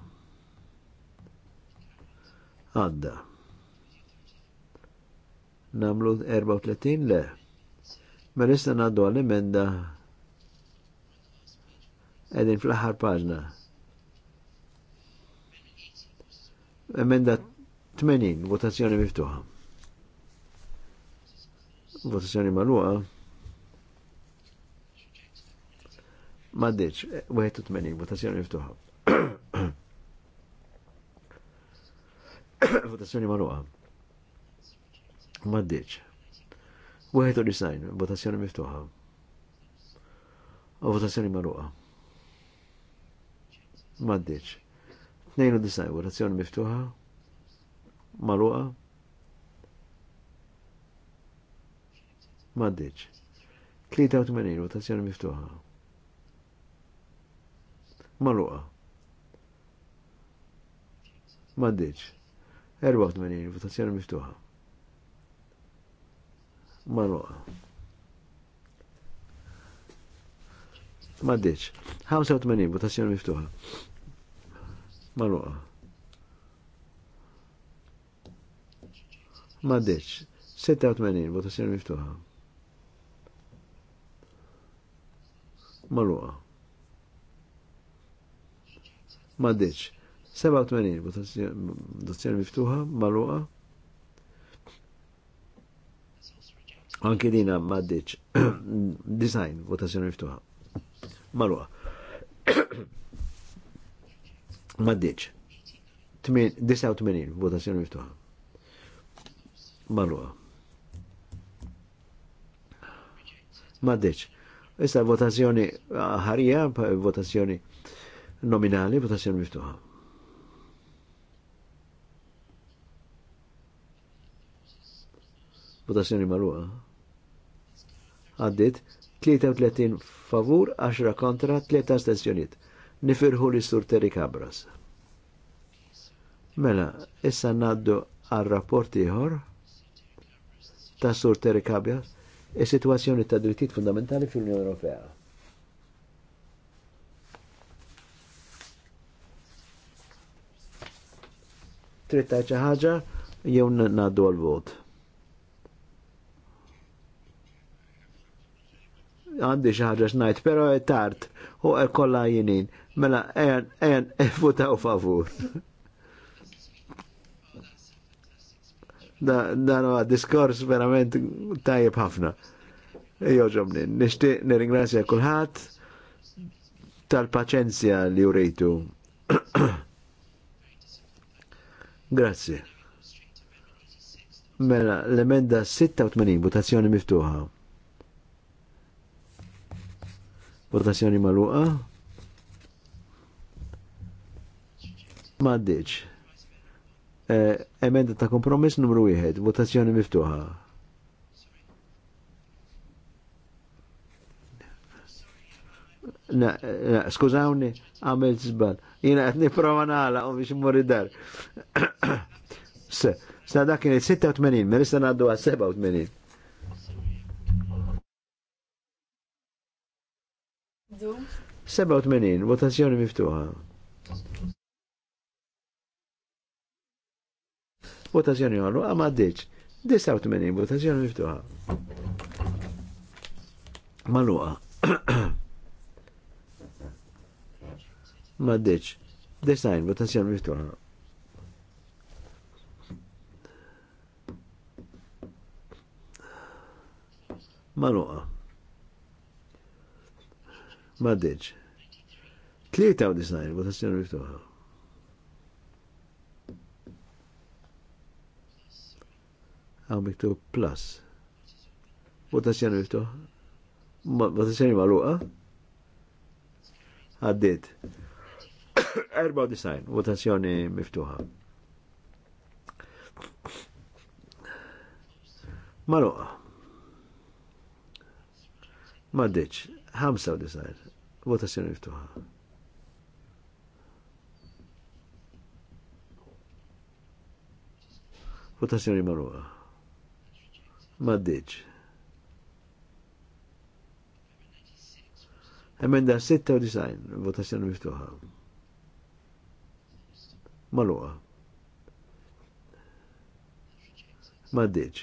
Għadda namlu 34 le. Ma nista naddu għal-emenda edin fl-ħar paġna. Emenda 80, votazzjoni miftuħa. Votazzjoni maluqa. Maddiċ, 81, votazzjoni miftuħa. votazzjoni maluqa maddiċ. 91, votazzjoni miftuħa. U votazzjoni marruqa. Maddiċ. 92, votazzjoni miftuħa. Marruqa. Maddiċ. t-menin, votazzjoni miftuħa. Marruqa. Maddiċ. t-menin, votazzjoni miftuħa Manuqa. Ma ddiċ. 85 votazzjoni miftuħa. Manuqa. Ma ddiċ. 86 votazzjoni miftuħa. Manuqa. Ma ddiċ. 87 votazzjoni miftuħa. Maluqa. Anki dina maddiċ design votazzjoni miftuħa. Marwa. maddiċ. 89 votazzjoni miftuħa. Marwa. Maddiċ. Issa votazzjoni ah, ħarija, votazzjoni nominali, votazzjoni miftuħa. Votazzjoni marruqa għaddit 33 favur, 10 kontra, 3 astensjoniet. Nifirħu li sur Terry Cabras. Mela, issa naddu għal rapport ieħor ta' sur Terry Cabras is-sitwazzjoni ta' drittijiet fundamentali fil-Unjoni Ewropea. Tritta tajċa jew naddu għal-vot. għandi xaħġa xnajt, pero e tart, u e kolla jinin, mela ejan, ejan, e votaw favur. Da, dan huwa diskors verament tajjeb ħafna. ġomni, nishtiq nirringrazzja kulħadd tal-paċenzja li urejtu. Grazie. Mela, l-emenda 86 votazzjoni miftuħa. Votazzjoni maluqa. Maddiċ. Eh, emenda ta' kompromess numru 1, votazzjoni miftuħa. skużawni, għamil zbal. Jina għetni prova naħla u biex mmurri dar. Sa, sa dak kien 86, merista għaddu għal 87. 87, votazzjoni miftuħa. Votazzjoni għallu, għamma ah, għaddiċ. 89, votazzjoni miftuħa. Maluqa. Ma għaddiċ. Design, votazzjoni miftuħa. Maluqa. Ma għaddiċ. 93 votazzjoni miftuħa. Għaw miktub plus. Votazzjoni miftuħa. Votazzjoni maluqa. Għaddit. 94 votazzjoni miftuħa. Maluqa. Maddiċ. 95 votazzjoni miftuħa. Ma' d-dieċ. Votazzjoni marruqa. Maddiċ. Emenda 96, votazzjoni miftuħa. Maluqa. Maddiċ.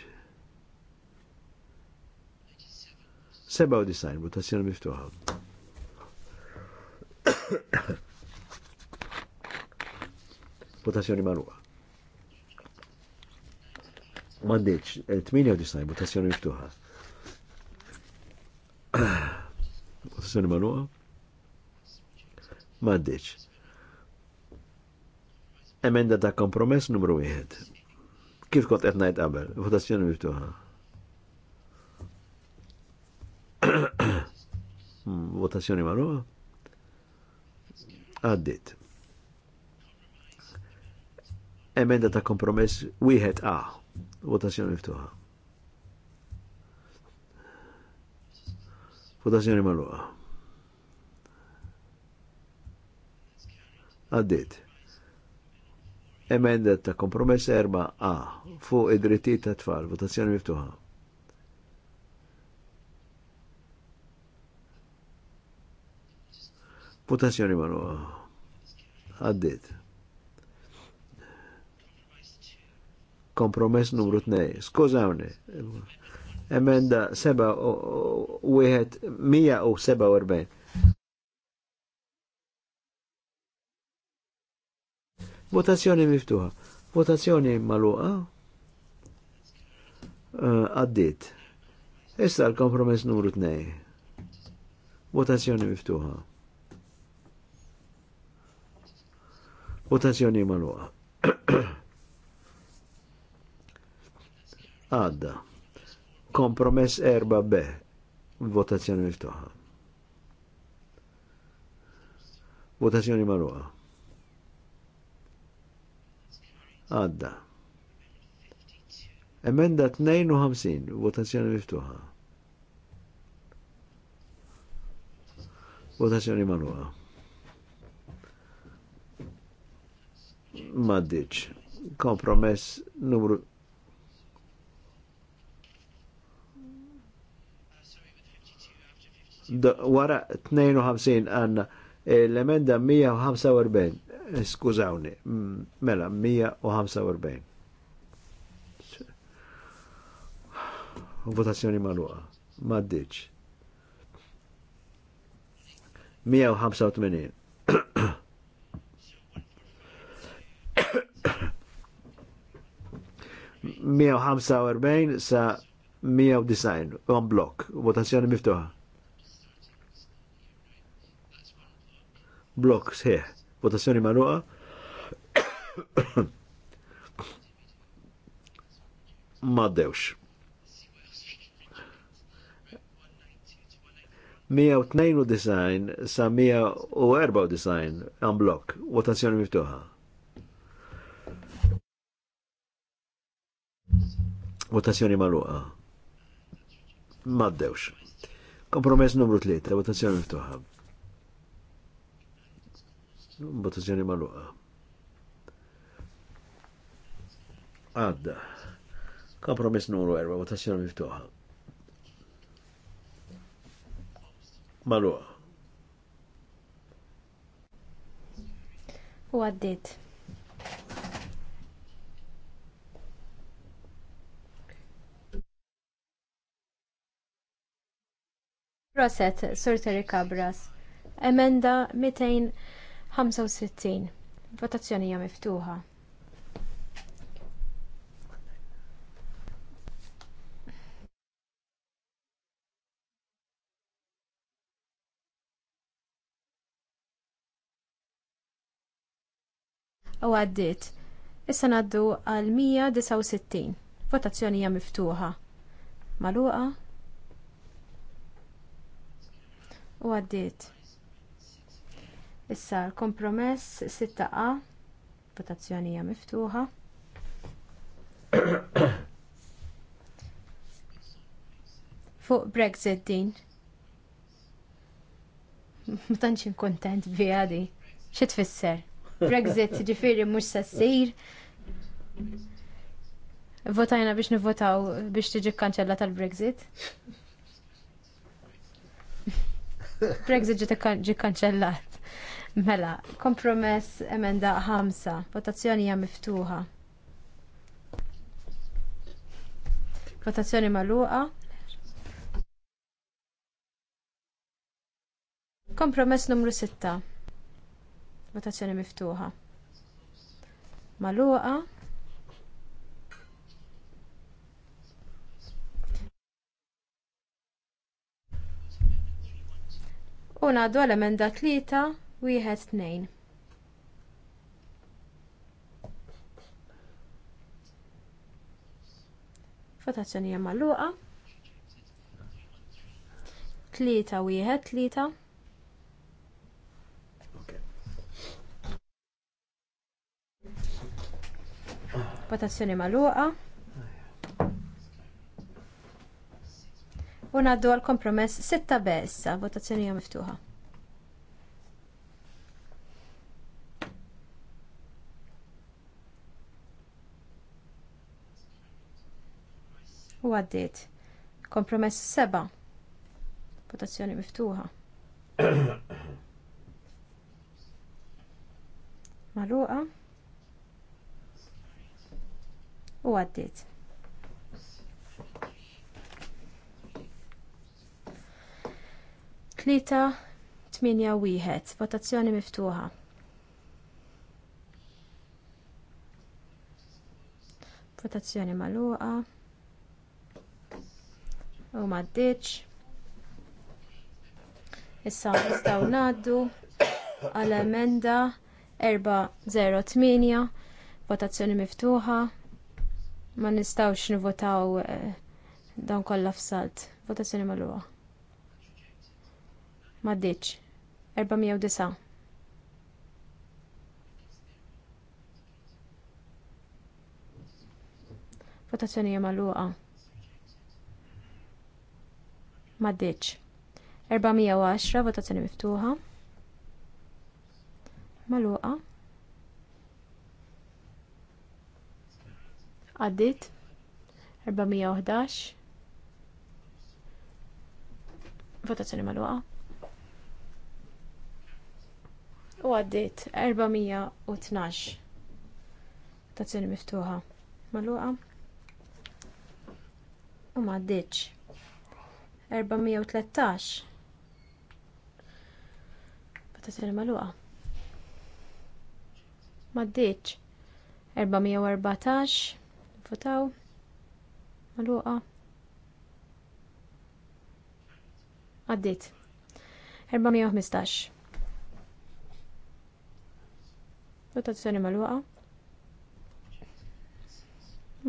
97, votazzjoni miftuħa. votazzjoni marruqa. Mandiċ, 98 eh, votazzjoni miftuħa. Votazzjoni manuħa? Mandiċ. Emenda ta' kompromess numru 1. Kif kont etnajt għabel? qabel, votazzjoni miftuħa. votazzjoni manuqa? Għaddit emenda ta' kompromess 1 A. Votazzjoni miftuħa. Votazzjoni maluqa. Għaddit. Emendet ta' kompromess erba' A fuq id dritti ta' tfal. Votazzjoni miftuħa. Votazzjoni magħluqa. Għaddit. kompromess numru 2. Skużawni, emenda 7 u 147. Votazzjoni miftuħa. Votazzjoni maluqa. Eh, għaddit. Uh, Issa l-kompromess numru 2. Votazzjoni miftuħa. Votazzjoni maluqa. għadda. Kompromess erba b votazzjoni miftuħa. Votazzjoni marruħa. Għadda. Emenda 52, votazzjoni miftuħa. Votazzjoni marruħa. Maddiċ. Kompromess numru wara 52 għanna eh, l-emenda 145, skużawni, mela 145. Votazzjoni maluqa, maddiċ. 185. 145 sa 190 on block votazzjoni miftuħa. blok sħiħ. Votazzjoni magħluqa. Maddewx. 192 sa 194 għan blok, votazzjoni miftuħa. Votazzjoni maluqa. Maddewx. Kompromess numru 3, votazzjoni miftuħa votazzjoni maluqa. Għadda. Kompromess numru 4, votazzjoni miftuħa. Maluqa. U għaddit. Proset, Sorteri Cabras. Emenda 200 65. Votazzjoni hija miftuħa. U għaddiet. Issa ngħaddu għal 169. Votazzjoni hija miftuħa. Maluqa. U għaddiet. Issa kompromess 6A, votazzjoni hija miftuħa. Fuq Brexit din. Ma tantx kontent biha għadi. Xi tfisser? Brexit ġifieri mhux se ssir. Votajna biex nivvotaw biex tiġi kkanċella tal-Brexit. Brexit ġi kkanċellat. Mela, kompromess emenda ħamsa, votazzjoni hija miftuħa. Votazzjoni magħluqa. Kompromess numru 6. Votazzjoni miftuħa. Magħluqa. U ngħaddu l-emenda tlieta Wieħed tnejn. Votazzjoni hija magħluqa. Tlieta wieħed tlieta. Votazzjoni magħluqa. U ngħaddu għall kompromess sitta bessa, votazzjoni hija miftuħa. u għaddiet. Kompromess seba. Votazzjoni miftuħa. Maluqa. U għaddiet. Tlita, tminja wieħed. Votazzjoni miftuħa. Votazzjoni maluqa u maddiċ. Issa nistgħu ngħaddu għal emenda 408 votazzjoni miftuħa ma nistgħux nivotaw eh, dawn kollha f'salt. Votazzjoni magħluqa. M'għaddiċ. 409. Votazzjoni magħluqa. Maddiċ. 410 votazzjoni miftuħa. Maluqa. Għaddit. 411. Votazzjoni maluqa. U għaddit 412. Votazzjoni miftuħa. Maluqa. U maddiċ. 413. Votazzjoni magħluqa. Maddiċ. 414. Votaw. Magħluqa. Għaddit. 415. Votazzjoni magħluqa.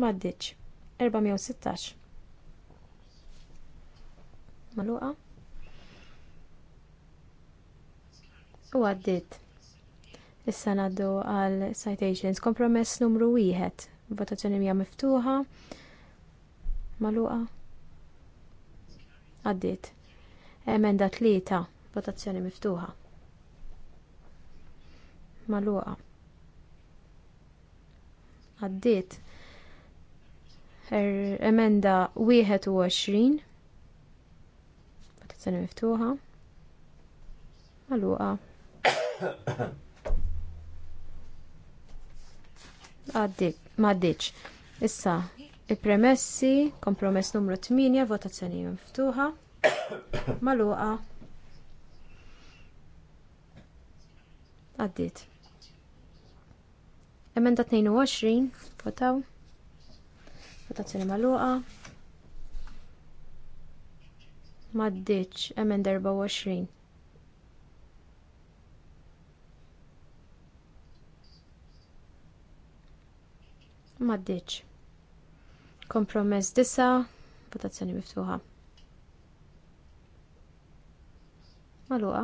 Maddiċ. 416 maluqa. U għaddit. Issa naddu għal citations. Kompromess numru wieħed. Votazzjoni mija miftuħa. Maluqa. Għaddit. Emenda tlieta. Votazzjoni miftuħa. Maluqa. Għaddit. Er, wieħed emenda 21. Votazzjoni miftuħa. Maluqa. maddiċ. Issa, il-premessi, kompromess numru 8, votazzjoni miftuħa. Maluqa. Għaddit. Emenda 22, votaw. Votazzjoni maluqa. Maddiċ, emen 24. Maddiċ. Kompromess disa, votazzjoni miftuħa. Maluqa.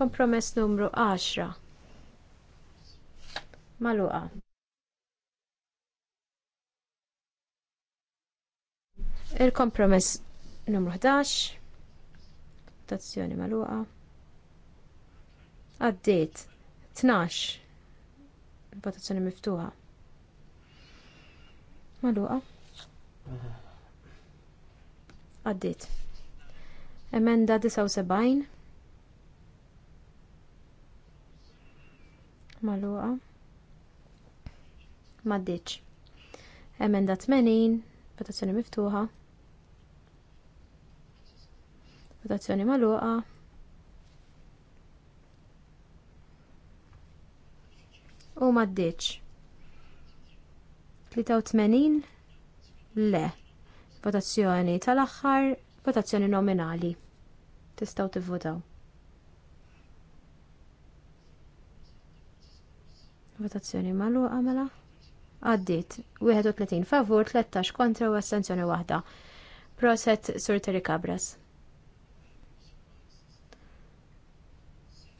Kompromess numru 10. Maluqa. Il-kompromess numru 11. tazzjoni maluqa. Għaddiet. 12. Votazzjoni miftuħa. Maluqa. Għaddiet. Emenda 79. Maluqa. Maddiċ. Emenda 80. Votazzjoni miftuħa. Votazzjoni magħluqa. U maddiċ. 83 le. Votazzjoni tal-aħħar, votazzjoni nominali. Tistgħu tivvotaw. Votazzjoni malu mela. Għaddit 31 favur, 13 kontra u astensjoni waħda. Proset Sur kabras Cabras.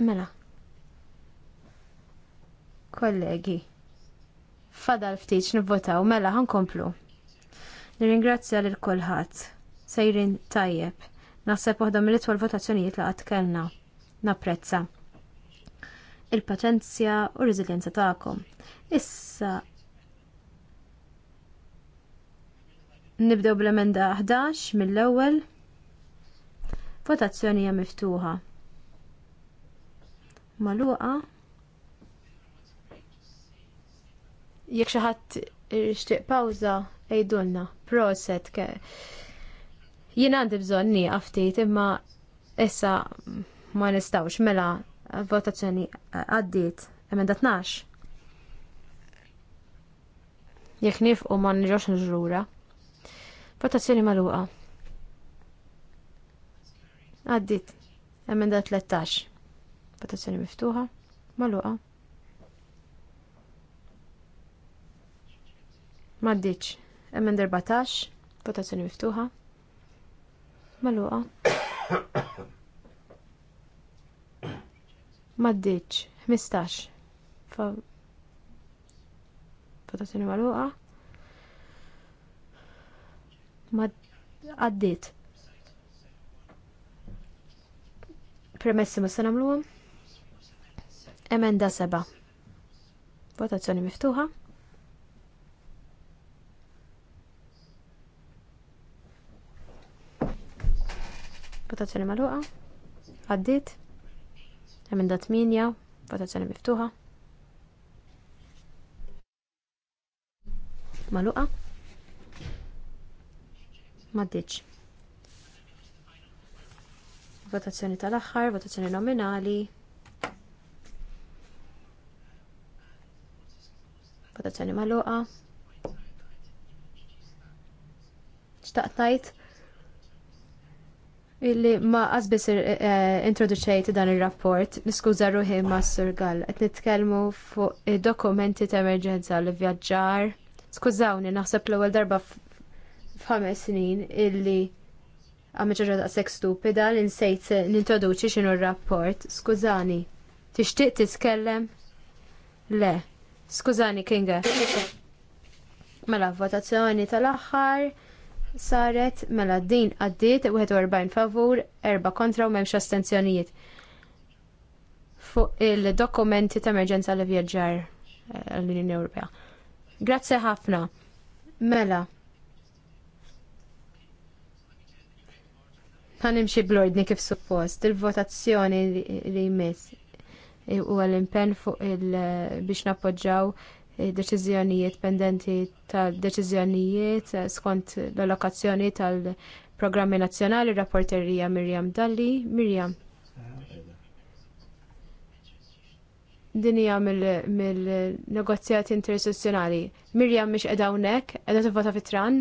Mela. Kollegi. Fadal ftit nivvotaw, mela ħankomplu. Nirringrazzja lil kulħadd. Sejrin tajjeb. Naħseb waħda mill-itwal votazzjonijiet li qatt kellna. Napprezza. Il-paċenzja u r-reżiljenza tagħkom. Issa Nibdew bl-emenda 11 mill-ewwel. Votazzjoni hija miftuħa maluqa. Jekk xi ħadd ixtieq pawża ejdulna, proset ke. Jien għandi bżonn nieqa' ftit imma issa ma nistawx mela votazzjoni għaddiet emenda 12. Jekk nifqu ma nġox nġrura. Votazzjoni magħluqa. Għaddiet emenda 13 patazzjoni miftuħa, maluqa. Maddiċ, emmen derbatax, patazzjoni miftuħa, maluqa. Maddiċ, 15, fa... patazzjoni maluqa. Mad... Għaddit. Premessi ma s-sanamluħom? Emenda seba. Votazzjoni miftuħa. Votazzjoni magħluqa. Għaddiet. Emenda 8. Votazzjoni miftuħa. Magħluqa. M'għaddiċ. Votazzjoni tal-aħħar, votazzjoni nominali, votazzjoni magħluqa. Xtaqtajt illi ma biss eh, eh, introduċejt dan ir-rapport, niskuża ruħi ma' Sur Gall, qed nitkellmu fuq dokumenti ta' emerġenza li vjaġġar. Skużawni, naħseb l-ewwel darba f'ħames snin illi għamil ċaġa daqseg stupida li nsejt nintroduċi xinu r-rapport. Skużani, tixtieq titkellem? Le. Skużani, Kinga. Mela, votazzjoni tal-axħar saret mela din għaddiet 41 favur, 4 kontra u memx astenzjonijiet. Fuq il-dokumenti ta' emerġenza li vjaġġar eh, l-Unjoni Ewropea. Grazzi ħafna. Mela. Ħanimxi bl-ordni kif suppost, il-votazzjoni li jmiss u għal-impen fuq il biex nappoġġaw deċizjonijiet pendenti tal deċizjonijiet skont l-allokazzjoni tal-programmi nazjonali rapporterija Mirjam Dalli. Mirjam. dinija mill-negozjati interistituzzjonali. Mirjam miex qiegħda hawnhekk, qiegħda t-vota fitran.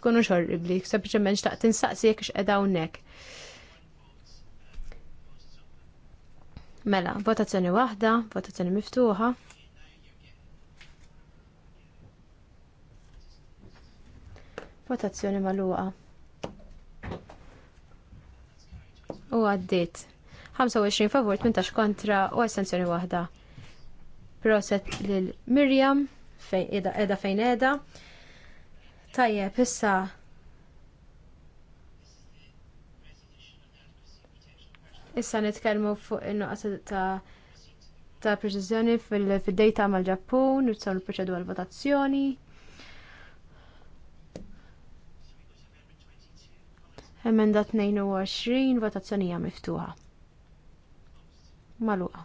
Tkunu xorribli, sempliċement xtaqt insaqsi jekk x'qiegħda hawnhekk. Mela, votazzjoni waħda, votazzjoni miftuħa. Votazzjoni maluqa. U għaddit. 25 favur, 18 kontra u assenzjoni waħda. Proset lil Mirjam, fej edha edha fejn edha. Tajjeb, issa Issa nitkellmu fuq in noqgħa ta' ta' preċiżjoni fil-dejta mal-Ġappun, nitsaw l-proċedura l-votazzjoni. Emenda 22, votazzjonija miftuħa. Maluqa.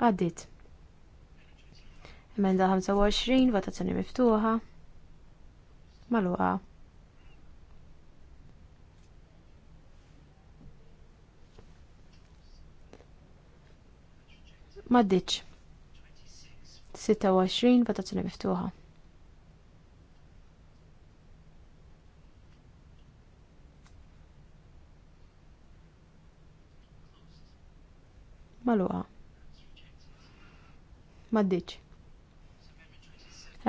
Għaddit. Emenda 25, votazzjoni miftuħa. Maluqa. ma Maddiċ. 26 votazzjoni miftuħa. Maluqa. Maddiċ.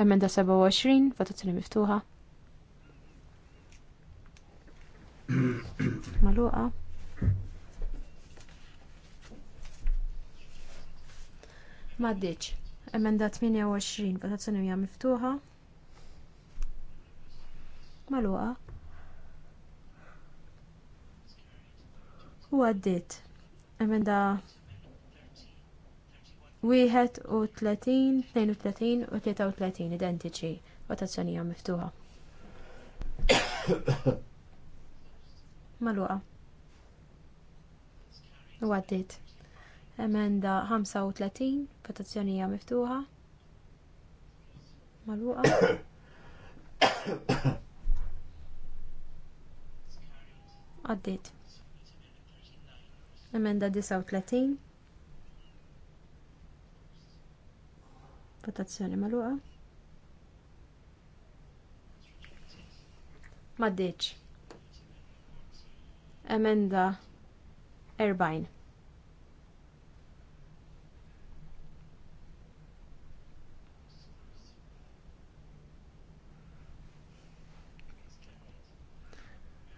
Emenda 27, votazzjoni miftuħa. Maluqa. Maddiċ. Emenda 28, votazzjoni hija miftuħa. Maluqa. U għaddit. Emenda 31, 32 u 33 identiċi. Votazzjoni hija miftuħa. Maluqa. U għaddit. Emenda 35, votazzjoni miftuħa. Magħluqa. Għaddit. Emenda 39. Votazzjoni magħluqa. Maddiċ. Emenda 40.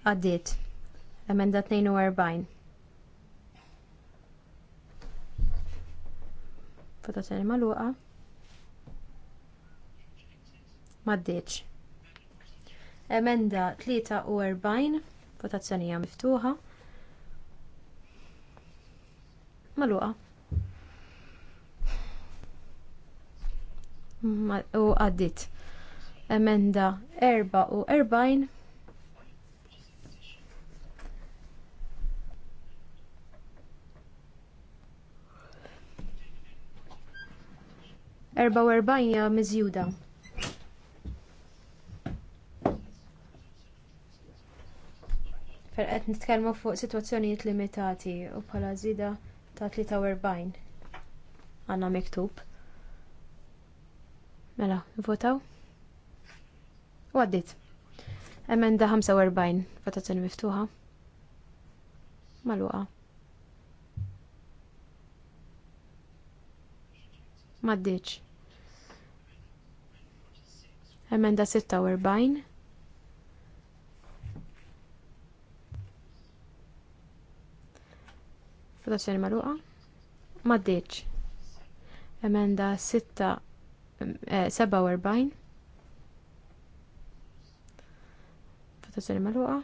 Għaddiet. Emenda 42. Votazzjoni maluqa. Maddiċ. Emenda 43. Votazzjoni hija miftuħa. Maluqa. U għaddit. Emenda 44. 44 miżjuda. Ferqet nitkellmu fuq sitwazzjonijiet limitati u bħala żida ta' 43 għandna miktub. Mela, votaw? U għaddit. Emenda 45, votazzjoni miftuħa. Maluqa. Maddiċ. Emenda 46. Votazzjoni magħluqa. Maddiċ. Emenda 6 47. Eh, Votazzjoni magħluqa.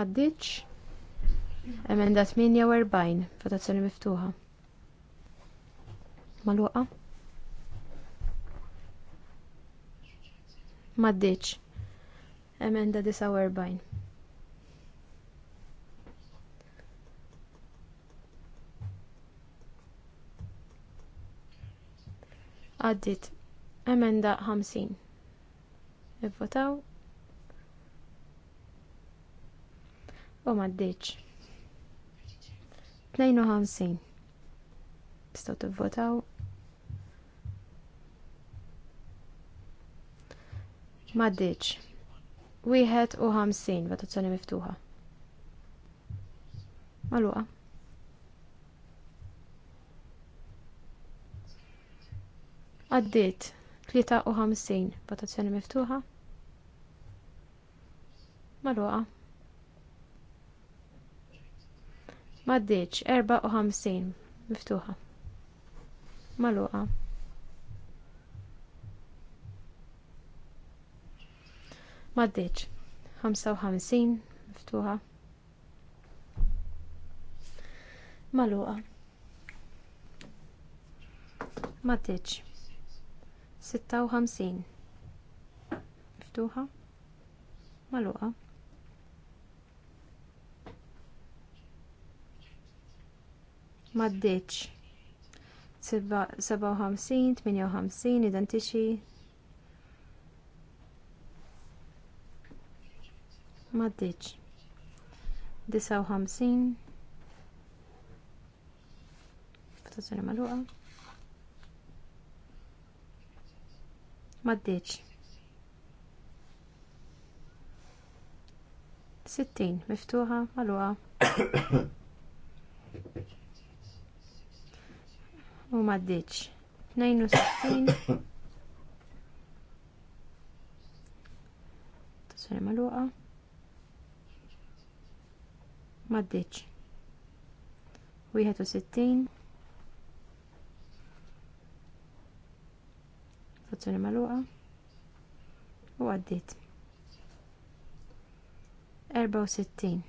Maddiċ. Emenda 48. Votazzjoni miftuħa. Maluqa. Maddiċ. Emenda 49. Għaddit. Emenda 50. Ivvotaw. U maddiċ. 52. Tistaw tivvotaw. Maddiċ. Wieħed u ħamsin votazzjoni miftuħa. Maluqa. Għaddit. 53 votazzjoni miftuħa. Maluqa. Maddiċ. ħamsin miftuħa. Maluqa. Maddeċ, 55 miftuħa. Maluqa. Maddeċ, 56 miftuħa. Maluqa. Maddeċ, 57, 58, identiċi, Maddiċ. 59. Votazzjoni magħluqa. Maddiċ. 60 miftuħa magħluqa. U maddiċ. 62. Votazzjoni magħluqa. Maddiċ. 61. Fazzjoni maluqa. U għaddit. 64. Sittin.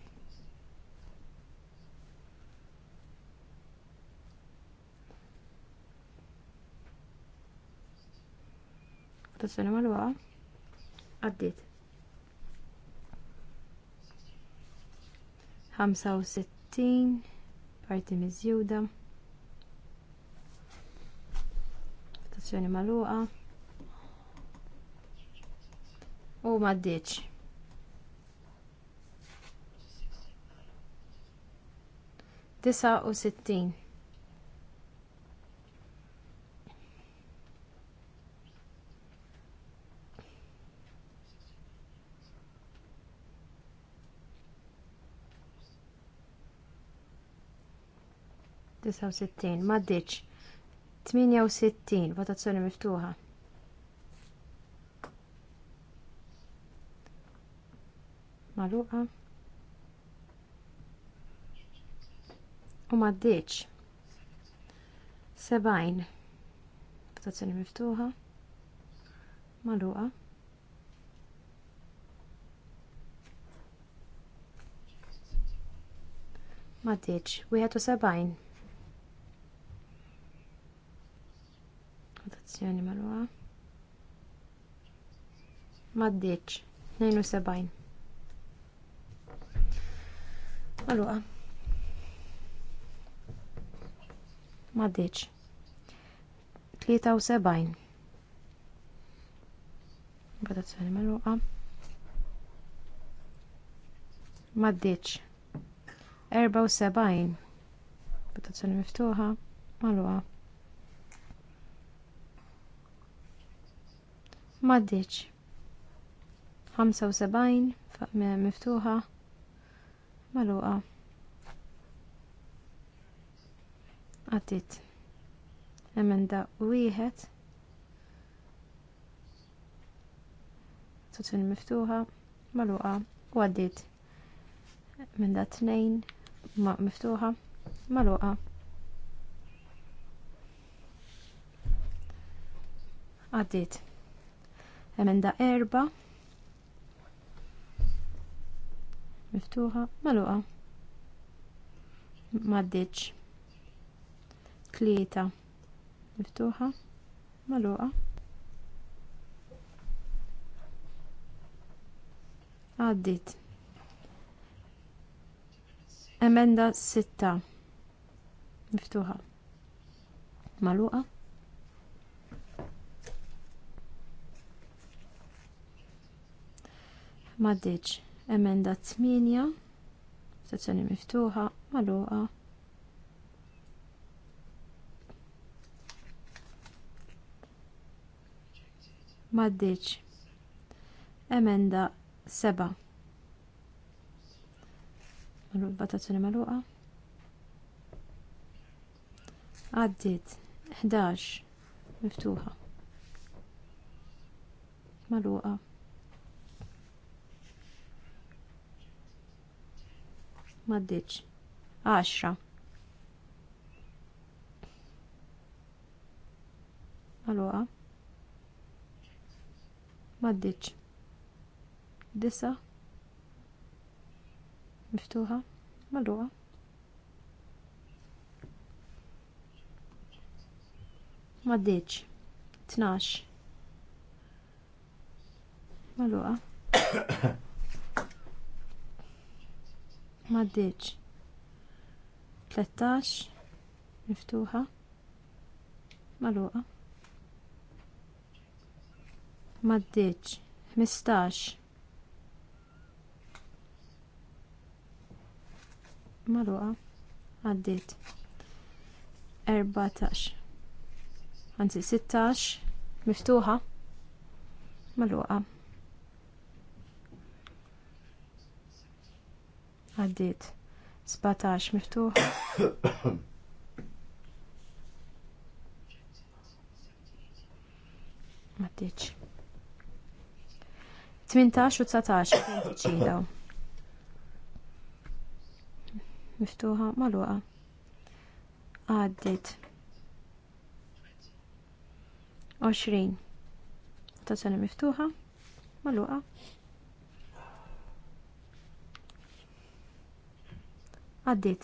mal-waqa għaddit. 65 parti mizjuda votazzjoni maluqa u m'għaddiex. Tisa u sittin. 69 maddiċ 68 votazzjoni miftuħa maluqa u maddiċ 70 votazzjoni miftuħa maluqa maddiċ 71 Votazzjoni maluqa. Maddiċ. 72. Maluqa. Maddiċ. 73. Votazzjoni maluqa. Maddiċ. 74. Votazzjoni miftuħa. Maluqa. Maddiċ. 75 miftuħa maluqa. Għaddit. Emenda wieħed. Tutfin miftuħa maluqa u għaddit. Emenda tnejn ma miftuħa maluqa. Għaddit. Emenda erba. Miftuħa. Maluqa. Maddiċ. Tlieta. Miftuħa. Maluqa. Għaddit. Emenda sitta. Miftuħa. Maluqa. maddiċ emenda 8 sezzjoni miftuħa maluqa maddiċ emenda 7 maluqa tazzjoni maluqa għaddit 11 miftuħa maluqa maddiċ 10 Allora maddiċ disa miftuħa madduqa maddiċ 12 madduqa maddiċ 13 miftuħa maluqa maddiċ 15 maluqa għaddit 14 għanzi 16 miftuħa maluqa Għaddit. 17 miftuħ. Għaddit. 18 u 19 identiċi Miftuħa maluqa. Għaddit. 20. ta' sena miftuħa maluqa. Għaddit.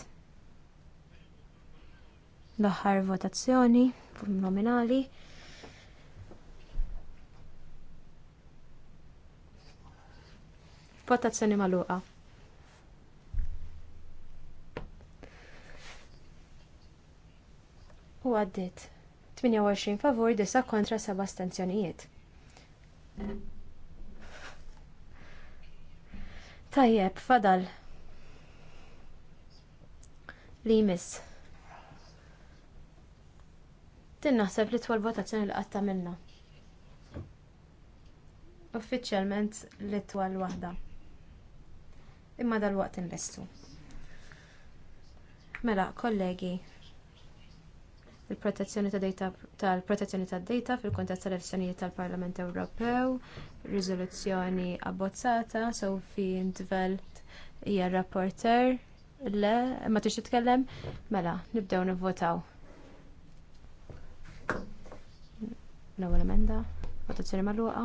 L-aħħar votazzjoni nominali. Votazzjoni magħluqa. U għaddit. 28 favur, 9 kontra 7 astenzjonijiet. Tajjeb, fadal, li jmiss. Tin naħseb li twal votazzjoni li qatta minna. Uffiċjalment li twal waħda. Imma dal-waqt investu. Mela, kollegi, il-protezzjoni ta' data tal-protezzjoni ta' data fil-kontest tal-elezzjonijiet tal-Parlament Ewropew, riżoluzzjoni abbozzata, Sofi Intveld hija rapporter Le, ma tix titkellem? Mela, nibdew nivvotaw. L-ewwel emenda, votazzjoni magħluqa.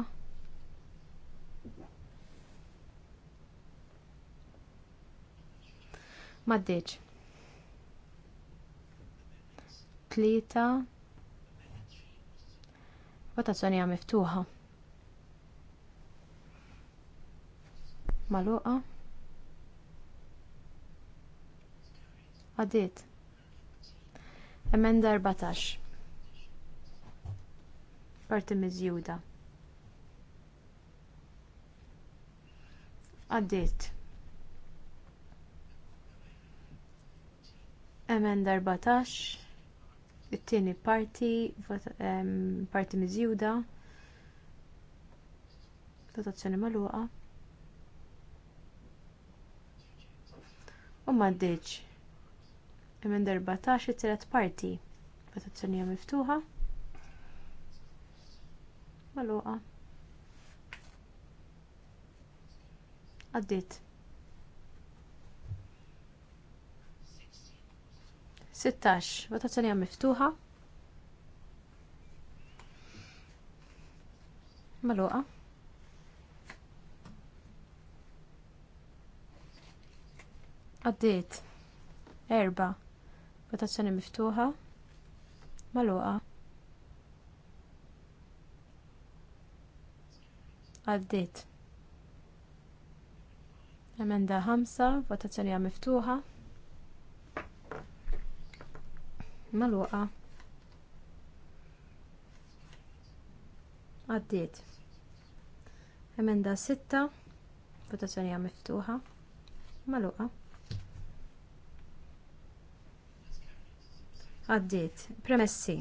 Maddiċ. Tlieta. Votazzjoni hija miftuħa. Maluqa. Għadiet. Emenda 14. Parti miżjuda. Għadiet. Emenda 14. It-tieni parti, parti miżjuda. Votazzjoni magħluqa. U deċ. Emenda 14 t tielet parti. Votazzjoni hija miftuħa. Maluqa. Għaddit. 16 votazzjoni għam miftuħa. Maluqa. Għaddit. Erba' Votazzjoni miftuħa. Maluqa. Għaddit. Emenda 5, votazzjoni miftuħa. Maluqa. Għaddit. Emenda 6, votazzjoni miftuħa. Maluqa. Għaddit, Premessi.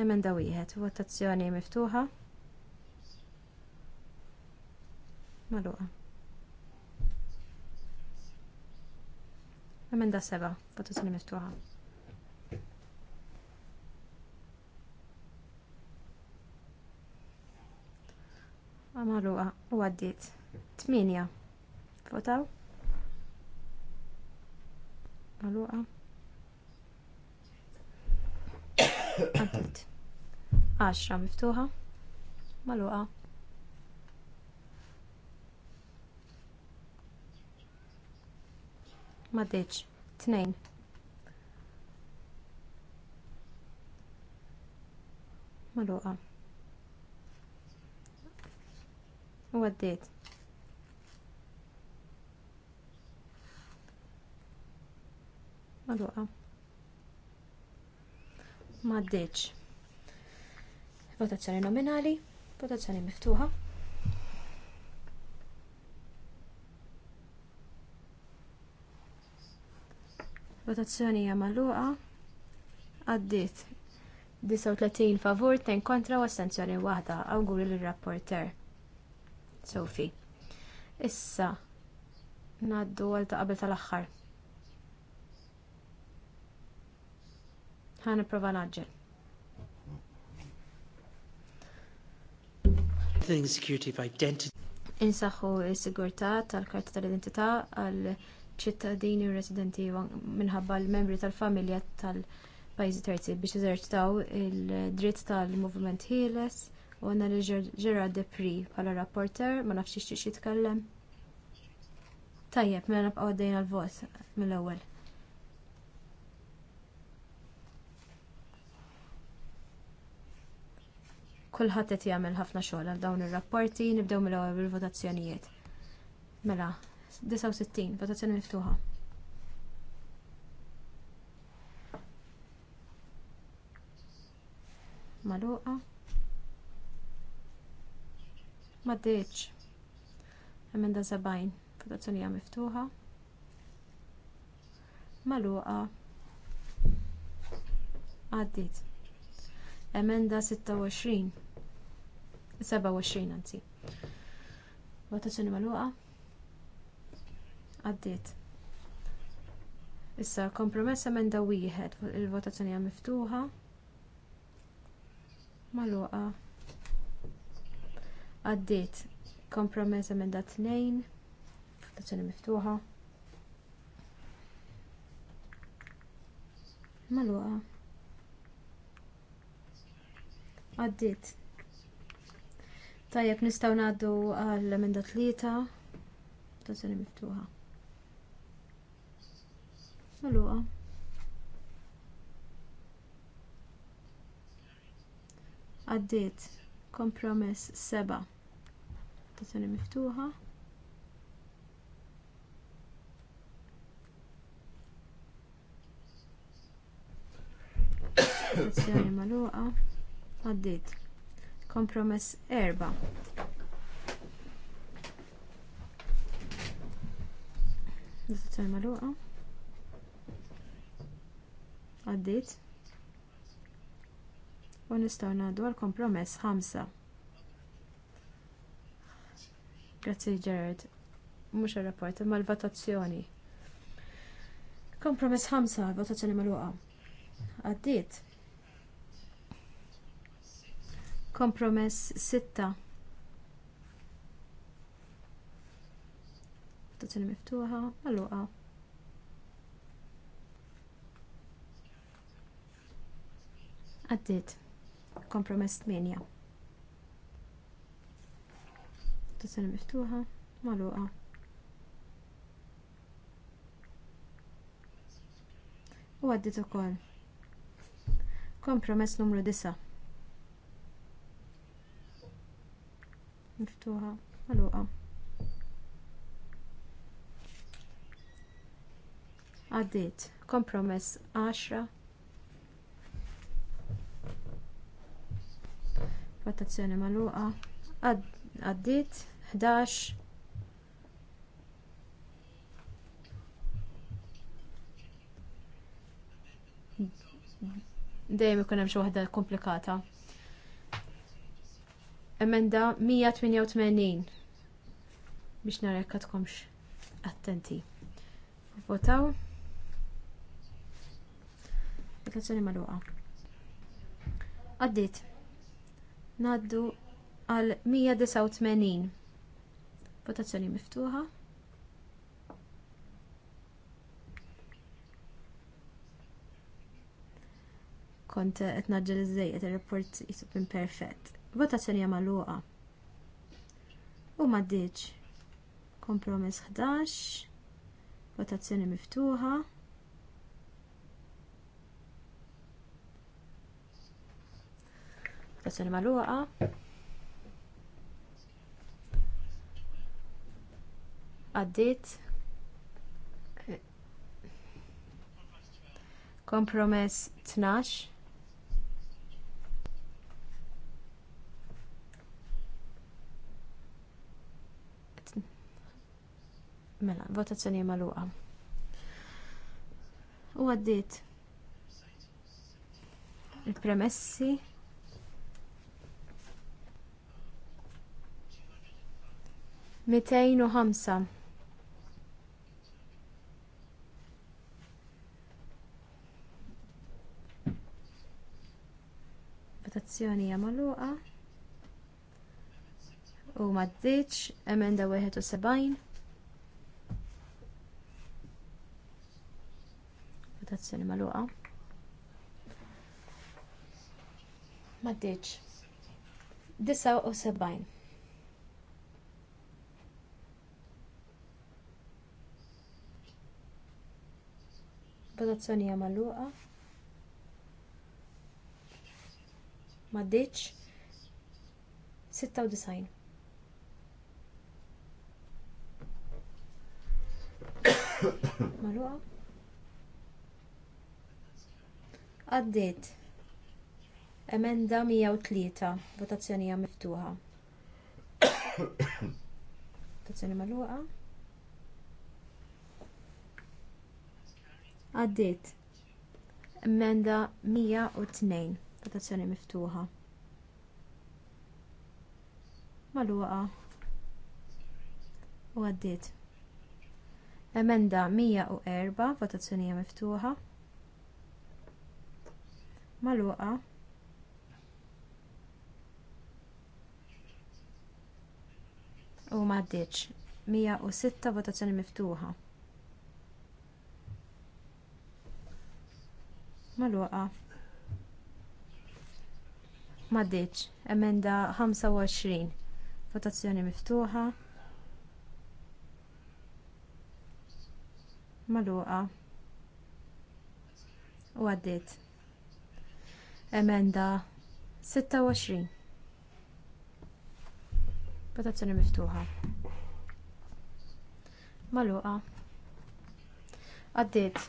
Emenda wieħed. Votazzjoni miftuħa. Maluqa. Emenda seba. Votazzjoni miftuħa. Maluqa. u għaddit. Tminja. Votaw. Maluqa. Għaddit. 10 miftuħa. Maluqa. Ma deċ. Maluqa. U għaddit. d-deċ. Votazzjoni nominali, votazzjoni miftuħa. Votazzjoni hija magħluqa. 39 favur, 10 kontra u astenzjoni waħda. Awguri l rapporter Sofi. Issa ngħaddu għal ta' qabel tal-aħħar. ħan nipprova naġġel. Security of identity. Insaħħu s-sigurtà tal-karta tal-identità għal ċittadini u residenti minħabba l-membri tal-familja tal-pajjiżi terzi biex eżerċitaw il-dritt tal-movement Healers u għanna li Gerard Depri bħala rapporter ma nafx xiex jitkellem. Tajjeb, mela nabqgħu għaddejna l-vot mill-ewwel. Kulħadd qed jagħmel ħafna xogħol għal dawn ir-rapporti, nibdew mill-ewwel bil-votazzjonijiet. Mela, 69, votazzjoni miftuħa. Maluqa. Ma Emenda 70, votazzjoni hija miftuħa. Maluqa. Għaddit. Emenda 26, 27 anzi. Votazzjoni magħluqa. Għaddiet. Issa kompromess emenda wieħed il-votazzjoni hija miftuħa. Magħluqa. Għaddiet. Kompromess emenda tnejn. Votazzjoni miftuħa. Magħluqa. Għaddiet Tajjeb nistgħu ngħaddu għall emenda tlieta ta' sena miftuħa. Maluqa. Għaddiet kompromess seba' ta' se miftuħa. Sezzjoni maluqa. Għaddiet. Kompromess erba. Nistazzjoni maluqa. Għaddit. U nistaw ngħaddu għal kompromess ħamsa. Grazzi Gerard. Mhux rapport imma l-votazzjoni. Kompromess ħamsa, votazzjoni maluqa. Għaddit. Kompromess 6. Votazzjoni miftuħa, alluqa. Għaddit. Kompromess 8. Votazzjoni miftuħa, maluqa. U għaddit ukoll. Kompromess numru 9. مفتوحة maluqa عديت kompromess عشرة votazzjoni magħluqa għaddiet 11 dejjem ikun hemm xi waħda komplikata. Emenda 188 biex nara jekk tkomx attenti. Votaw. Votazzjoni magħluqa. Għaddit. Naddu għal 189. Votazzjoni miftuħa. Kont qed naġġel iż-żejjed ir-rapport jisub imperfett. Votazzjoni l -uqa. U maddiċ. Kompromess 11. Votazzjoni miftuħa. Votazzjoni l-uqa. Għaddit. Kompromess 12 Mela, votazzjoni magħluqa. U għaddiet il-premessi Mitejn u ħamsa. votazzjoni hija magħluqa u m'għaddietx emenda 71 votazzjoni magħluqa. Maddiċ. 79. Votazzjoni hija magħluqa. Maddiċ. 96. Magħluqa. Għaddiet. Emenda 103. Votazzjoni hija miftuħa. Votazzjoni magħluqa. Għaddiet. Emenda 102. Votazzjoni miftuħa. Magħluqa. U għaddiet. Emenda 104. Votazzjoni hija miftuħa. Maluqa. U maddiċ. 106 votazzjoni miftuħa. Maluqa. Maddiċ. Emenda 25. Votazzjoni miftuħa. Maluqa. U għaddit. Emenda 26. Votazzjoni miftuħa. Maluqa. Għaddit.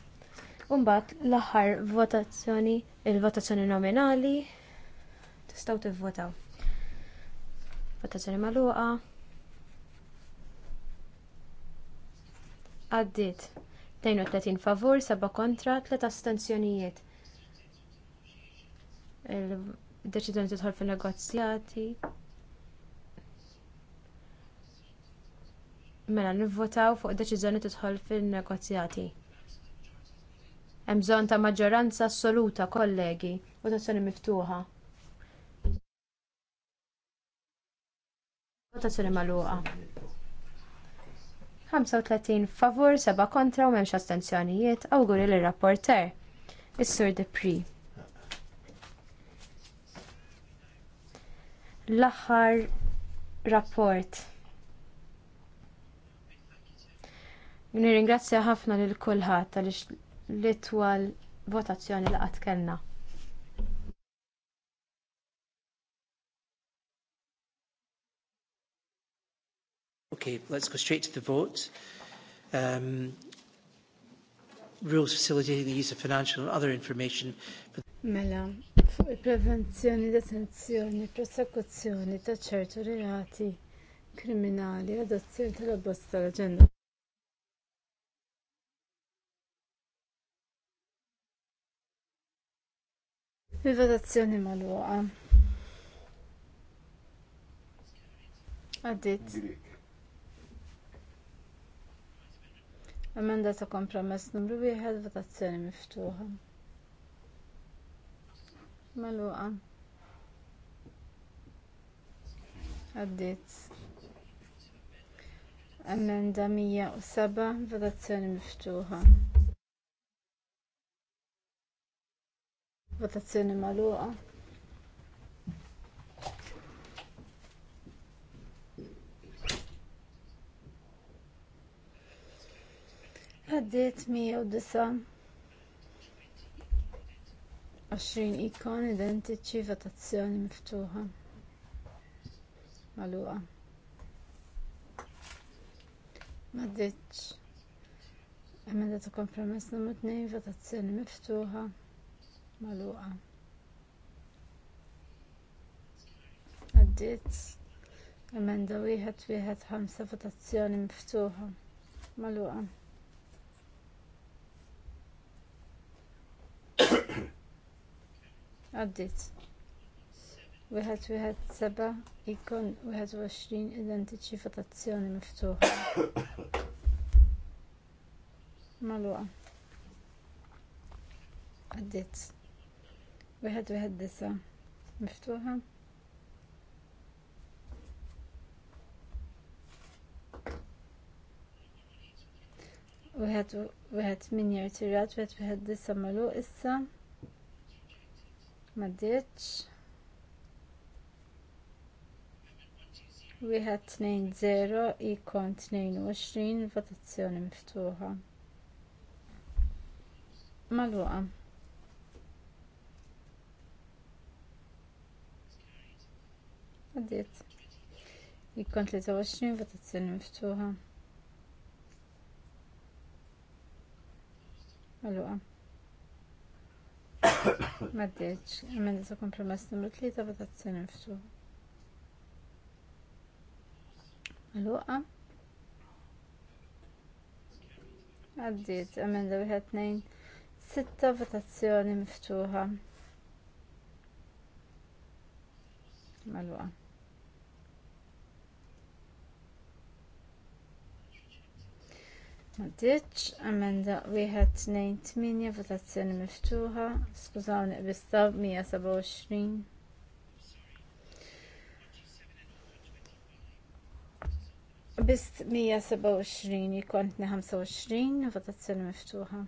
Umbat l-aħħar votazzjoni, il-votazzjoni nominali, tistgħu tivvotaw. Votazzjoni magħluqa. Għaddit. 32 favur, 7 kontra, 3 astenzjonijiet il-deċidjoni tidħol fil negozjati Mela nivvotaw fuq deċiżjoni tidħol fin-negozjati. Hemm bżonn ta' maġġoranza assoluta, kollegi, votazzjoni miftuħa. Votazzjoni magħluqa. 35 favur, 7 kontra u m'hemmx astenzjonijiet. Awguri l rapporter Is-Sur Depri. l-aħħar rapport. Nirringrazzja ħafna lil kulħadd għaliex l twal votazzjoni li qatt kellna. Okay, let's go straight to the vote. Um, rules facilitating the use of financial and other information. For the Mela, fuq il-prevenzjoni, detenzjoni, prosekuzzjoni ta' ċertu reati kriminali, adozzjoni tal-abbozz tal ġenda Il-votazzjoni mal-waqa. Għaddit. Amenda ta' kompromess numru 1, votazzjoni miftuħa. Maluqa. Għaddit. Emenda 107, votazzjoni miftuħa. Votazzjoni maluqa. Għaddit 109. 20 ikon identiċi votazzjoni miftuħa. Maluqa. Maddiċ. Emenda ta' kompromess numru 2 votazzjoni miftuħa. Maluqa. Maddiċ. Emenda wieħed wieħed ħamsa votazzjoni miftuħa. Maluqa. Għaddit. Wieħed wieħed seba' ikon wieħed għoxrin identiċi votazzjoni miftuħa. Malwa. Għaddit. Wieħed wieħed disa' miftuħa. Wieħed wieħed min jirtirat, wieħed wieħed disa' malu issa ma ditx wieħed tnejn zero ikon tnejn uxrin votazzjoni miftuħa Malwaqa. Għaddiet. Ikkon 23 votazzjoni miftuħa. Malwa Maddeċ, emenda ta' kompromess numru 3 bada t votazzjoni nifsu. Maluqa. Għaddiet, emenda wieħed nejn sitta votazzjoni miftuħa. Maluqa. Ditx, amenda 1 tnejn tminja votazzjoni miftuħa, skużawni qbista 127. Bist 127 jikont 25 votazzjoni miftuħa.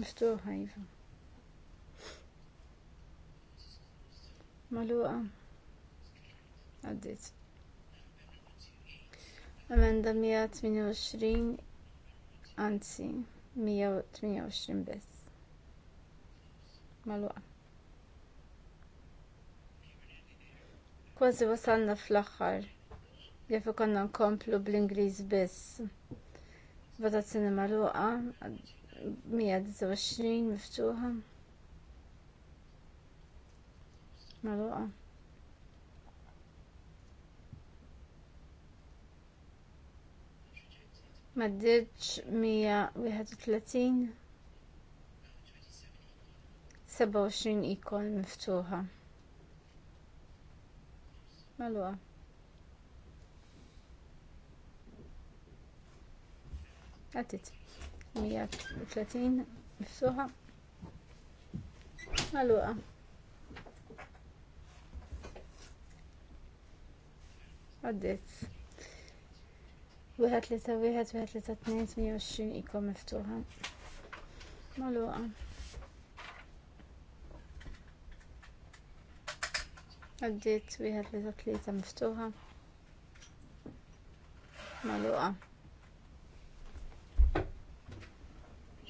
Miftuħa jiva. Maluqa. Għaddit. Amenda 128 anzi 128 Bis Malwa. Kważi wasalna fl axħar Jaf ikonna nkomplu bl-Ingliż biss. Votazzjoni magħluqa 129 miftuħa. Magħluqa. Maddiċ 131 27 ikon miftuħa. Malwa. Għatit. 130 miftuħa. Malwa. Għaddit. Wieħed li ta' wieħed wieħed li ta' tnejn tmija għoxrin ikom miftuħa. Maluqa. Għaddit wieħed li ta' tlieta miftuħa. Maluqa.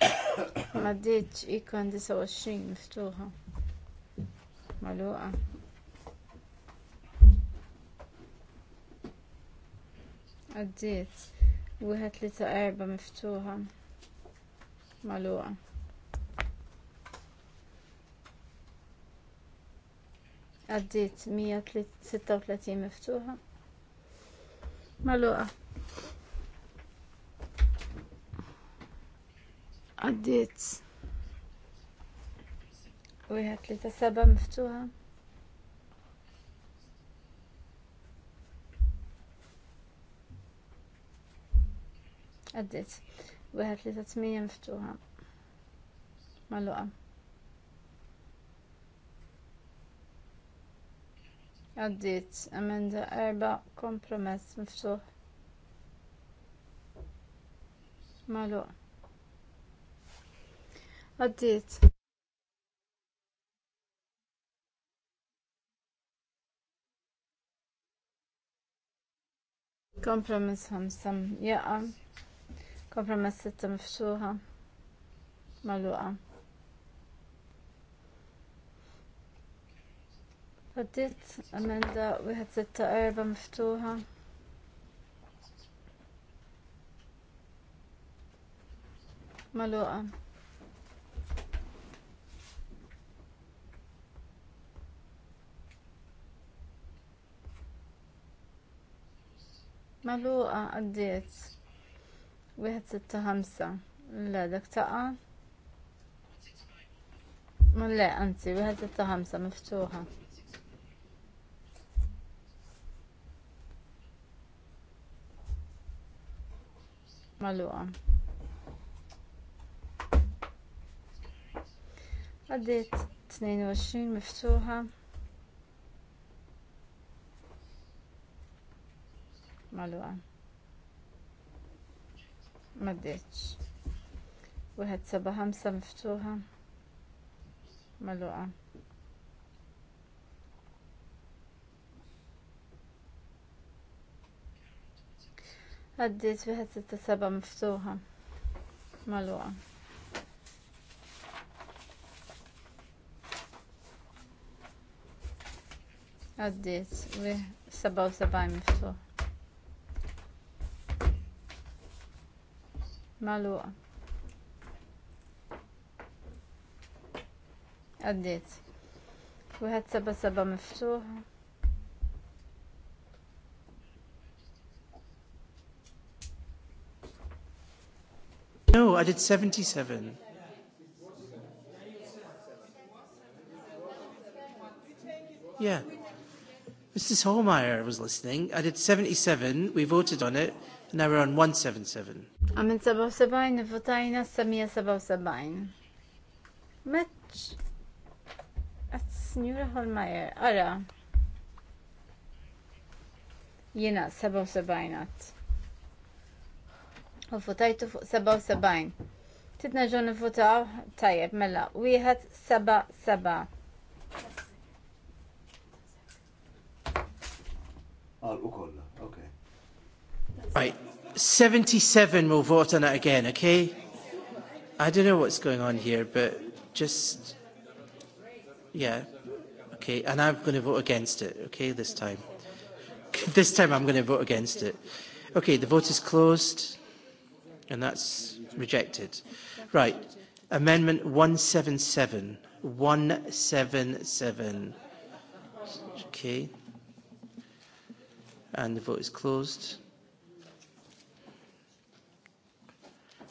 Għaddit ikon 29 miftuħa. Maluqa. għaddiet, wieħed li ta' erba miftuħa maluqa. Għaddiet 136 miftuħa maluqa. Għaddiet. Wieħed li ta' seba miftuħa. għaddit. Wieħed li ta' tmija miftuħa. Maluqa. Għaddit. Amenda erba kompromess miftuħ. Maluqa. Għaddit. Kompromiss ħamsa. Jaqa. Kompromess sitta mifsuħa Maluqa. Għaddit emenda wieħed sitta erba mifsuħa. Maluqa. Maluqa għaddiet. Wieħed sitta ħamsa. Le, dak لا Le, anzi, wieħed sitta ħamsa miftuħa. Maluqa. għaddit 22 مفتوحة malwa maddeċ. Wieħed seba' ħamsa miftuħa maluqa. Għaddit wieħed sitta seba' miftuħa maluqa. Għaddit wieħed seba' u sebgħin miftuħa. Maluqa. Għaddit. Wieħed seba seba miftuħ. No, I did 77. Yeah. Mrs. Holmeyer was listening. I did 77. We voted on it. And now we're on 177. Għamil 77, nifutajna 177. Meċ. Għat s signora Holmajer, għara. Jena 77 għat. U futajtu 77. Titna ġo nifutaw, tajjeb, mela, u jħat 77. Għal u kolla, ok. Right. 77 will vote on it again, okay? I don't know what's going on here, but just, yeah, okay, and I'm going to vote against it, okay, this time. this time I'm going to vote against it. Okay, the vote is closed, and that's rejected. Right, Amendment 177. 177. Okay. And the vote is closed.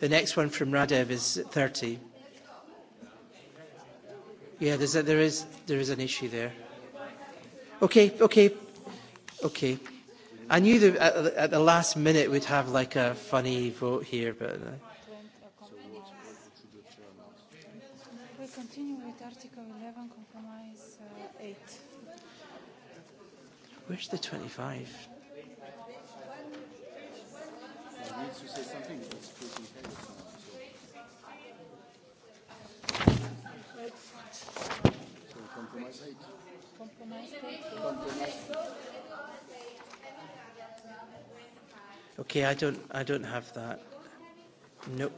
The next one from Radev is 30. Yeah, there's a, there, is, there is an issue there. Okay, okay, okay. I knew the, at, at the last minute we'd have like a funny vote here, but... Uh, continue with Article Compromise uh, Where's the 25? Okay, I don't, I don't have that. No.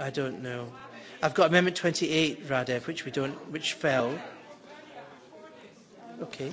I don't know. I've got Amendment twenty eight, Radev, which we don't, which fell. Okay.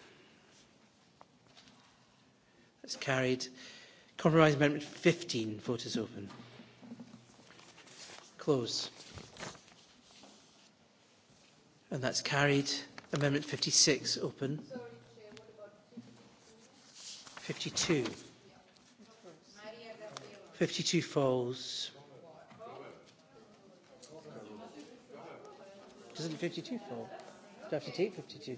That's carried. Compromise Amendment 15. Vote is open. Close. And that's carried. Amendment 56. Open. 52. two falls. Doesn't fifty two fall? Do I have to take fifty two?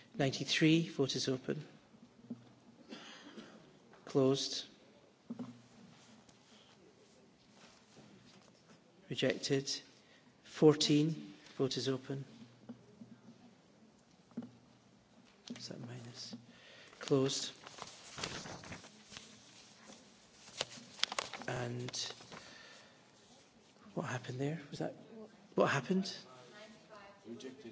93, vote is open. Closed. Rejected. 14, vote is open. Is that minus? Closed. And what happened there? Was that what happened? Rejected.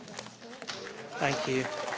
Thank you.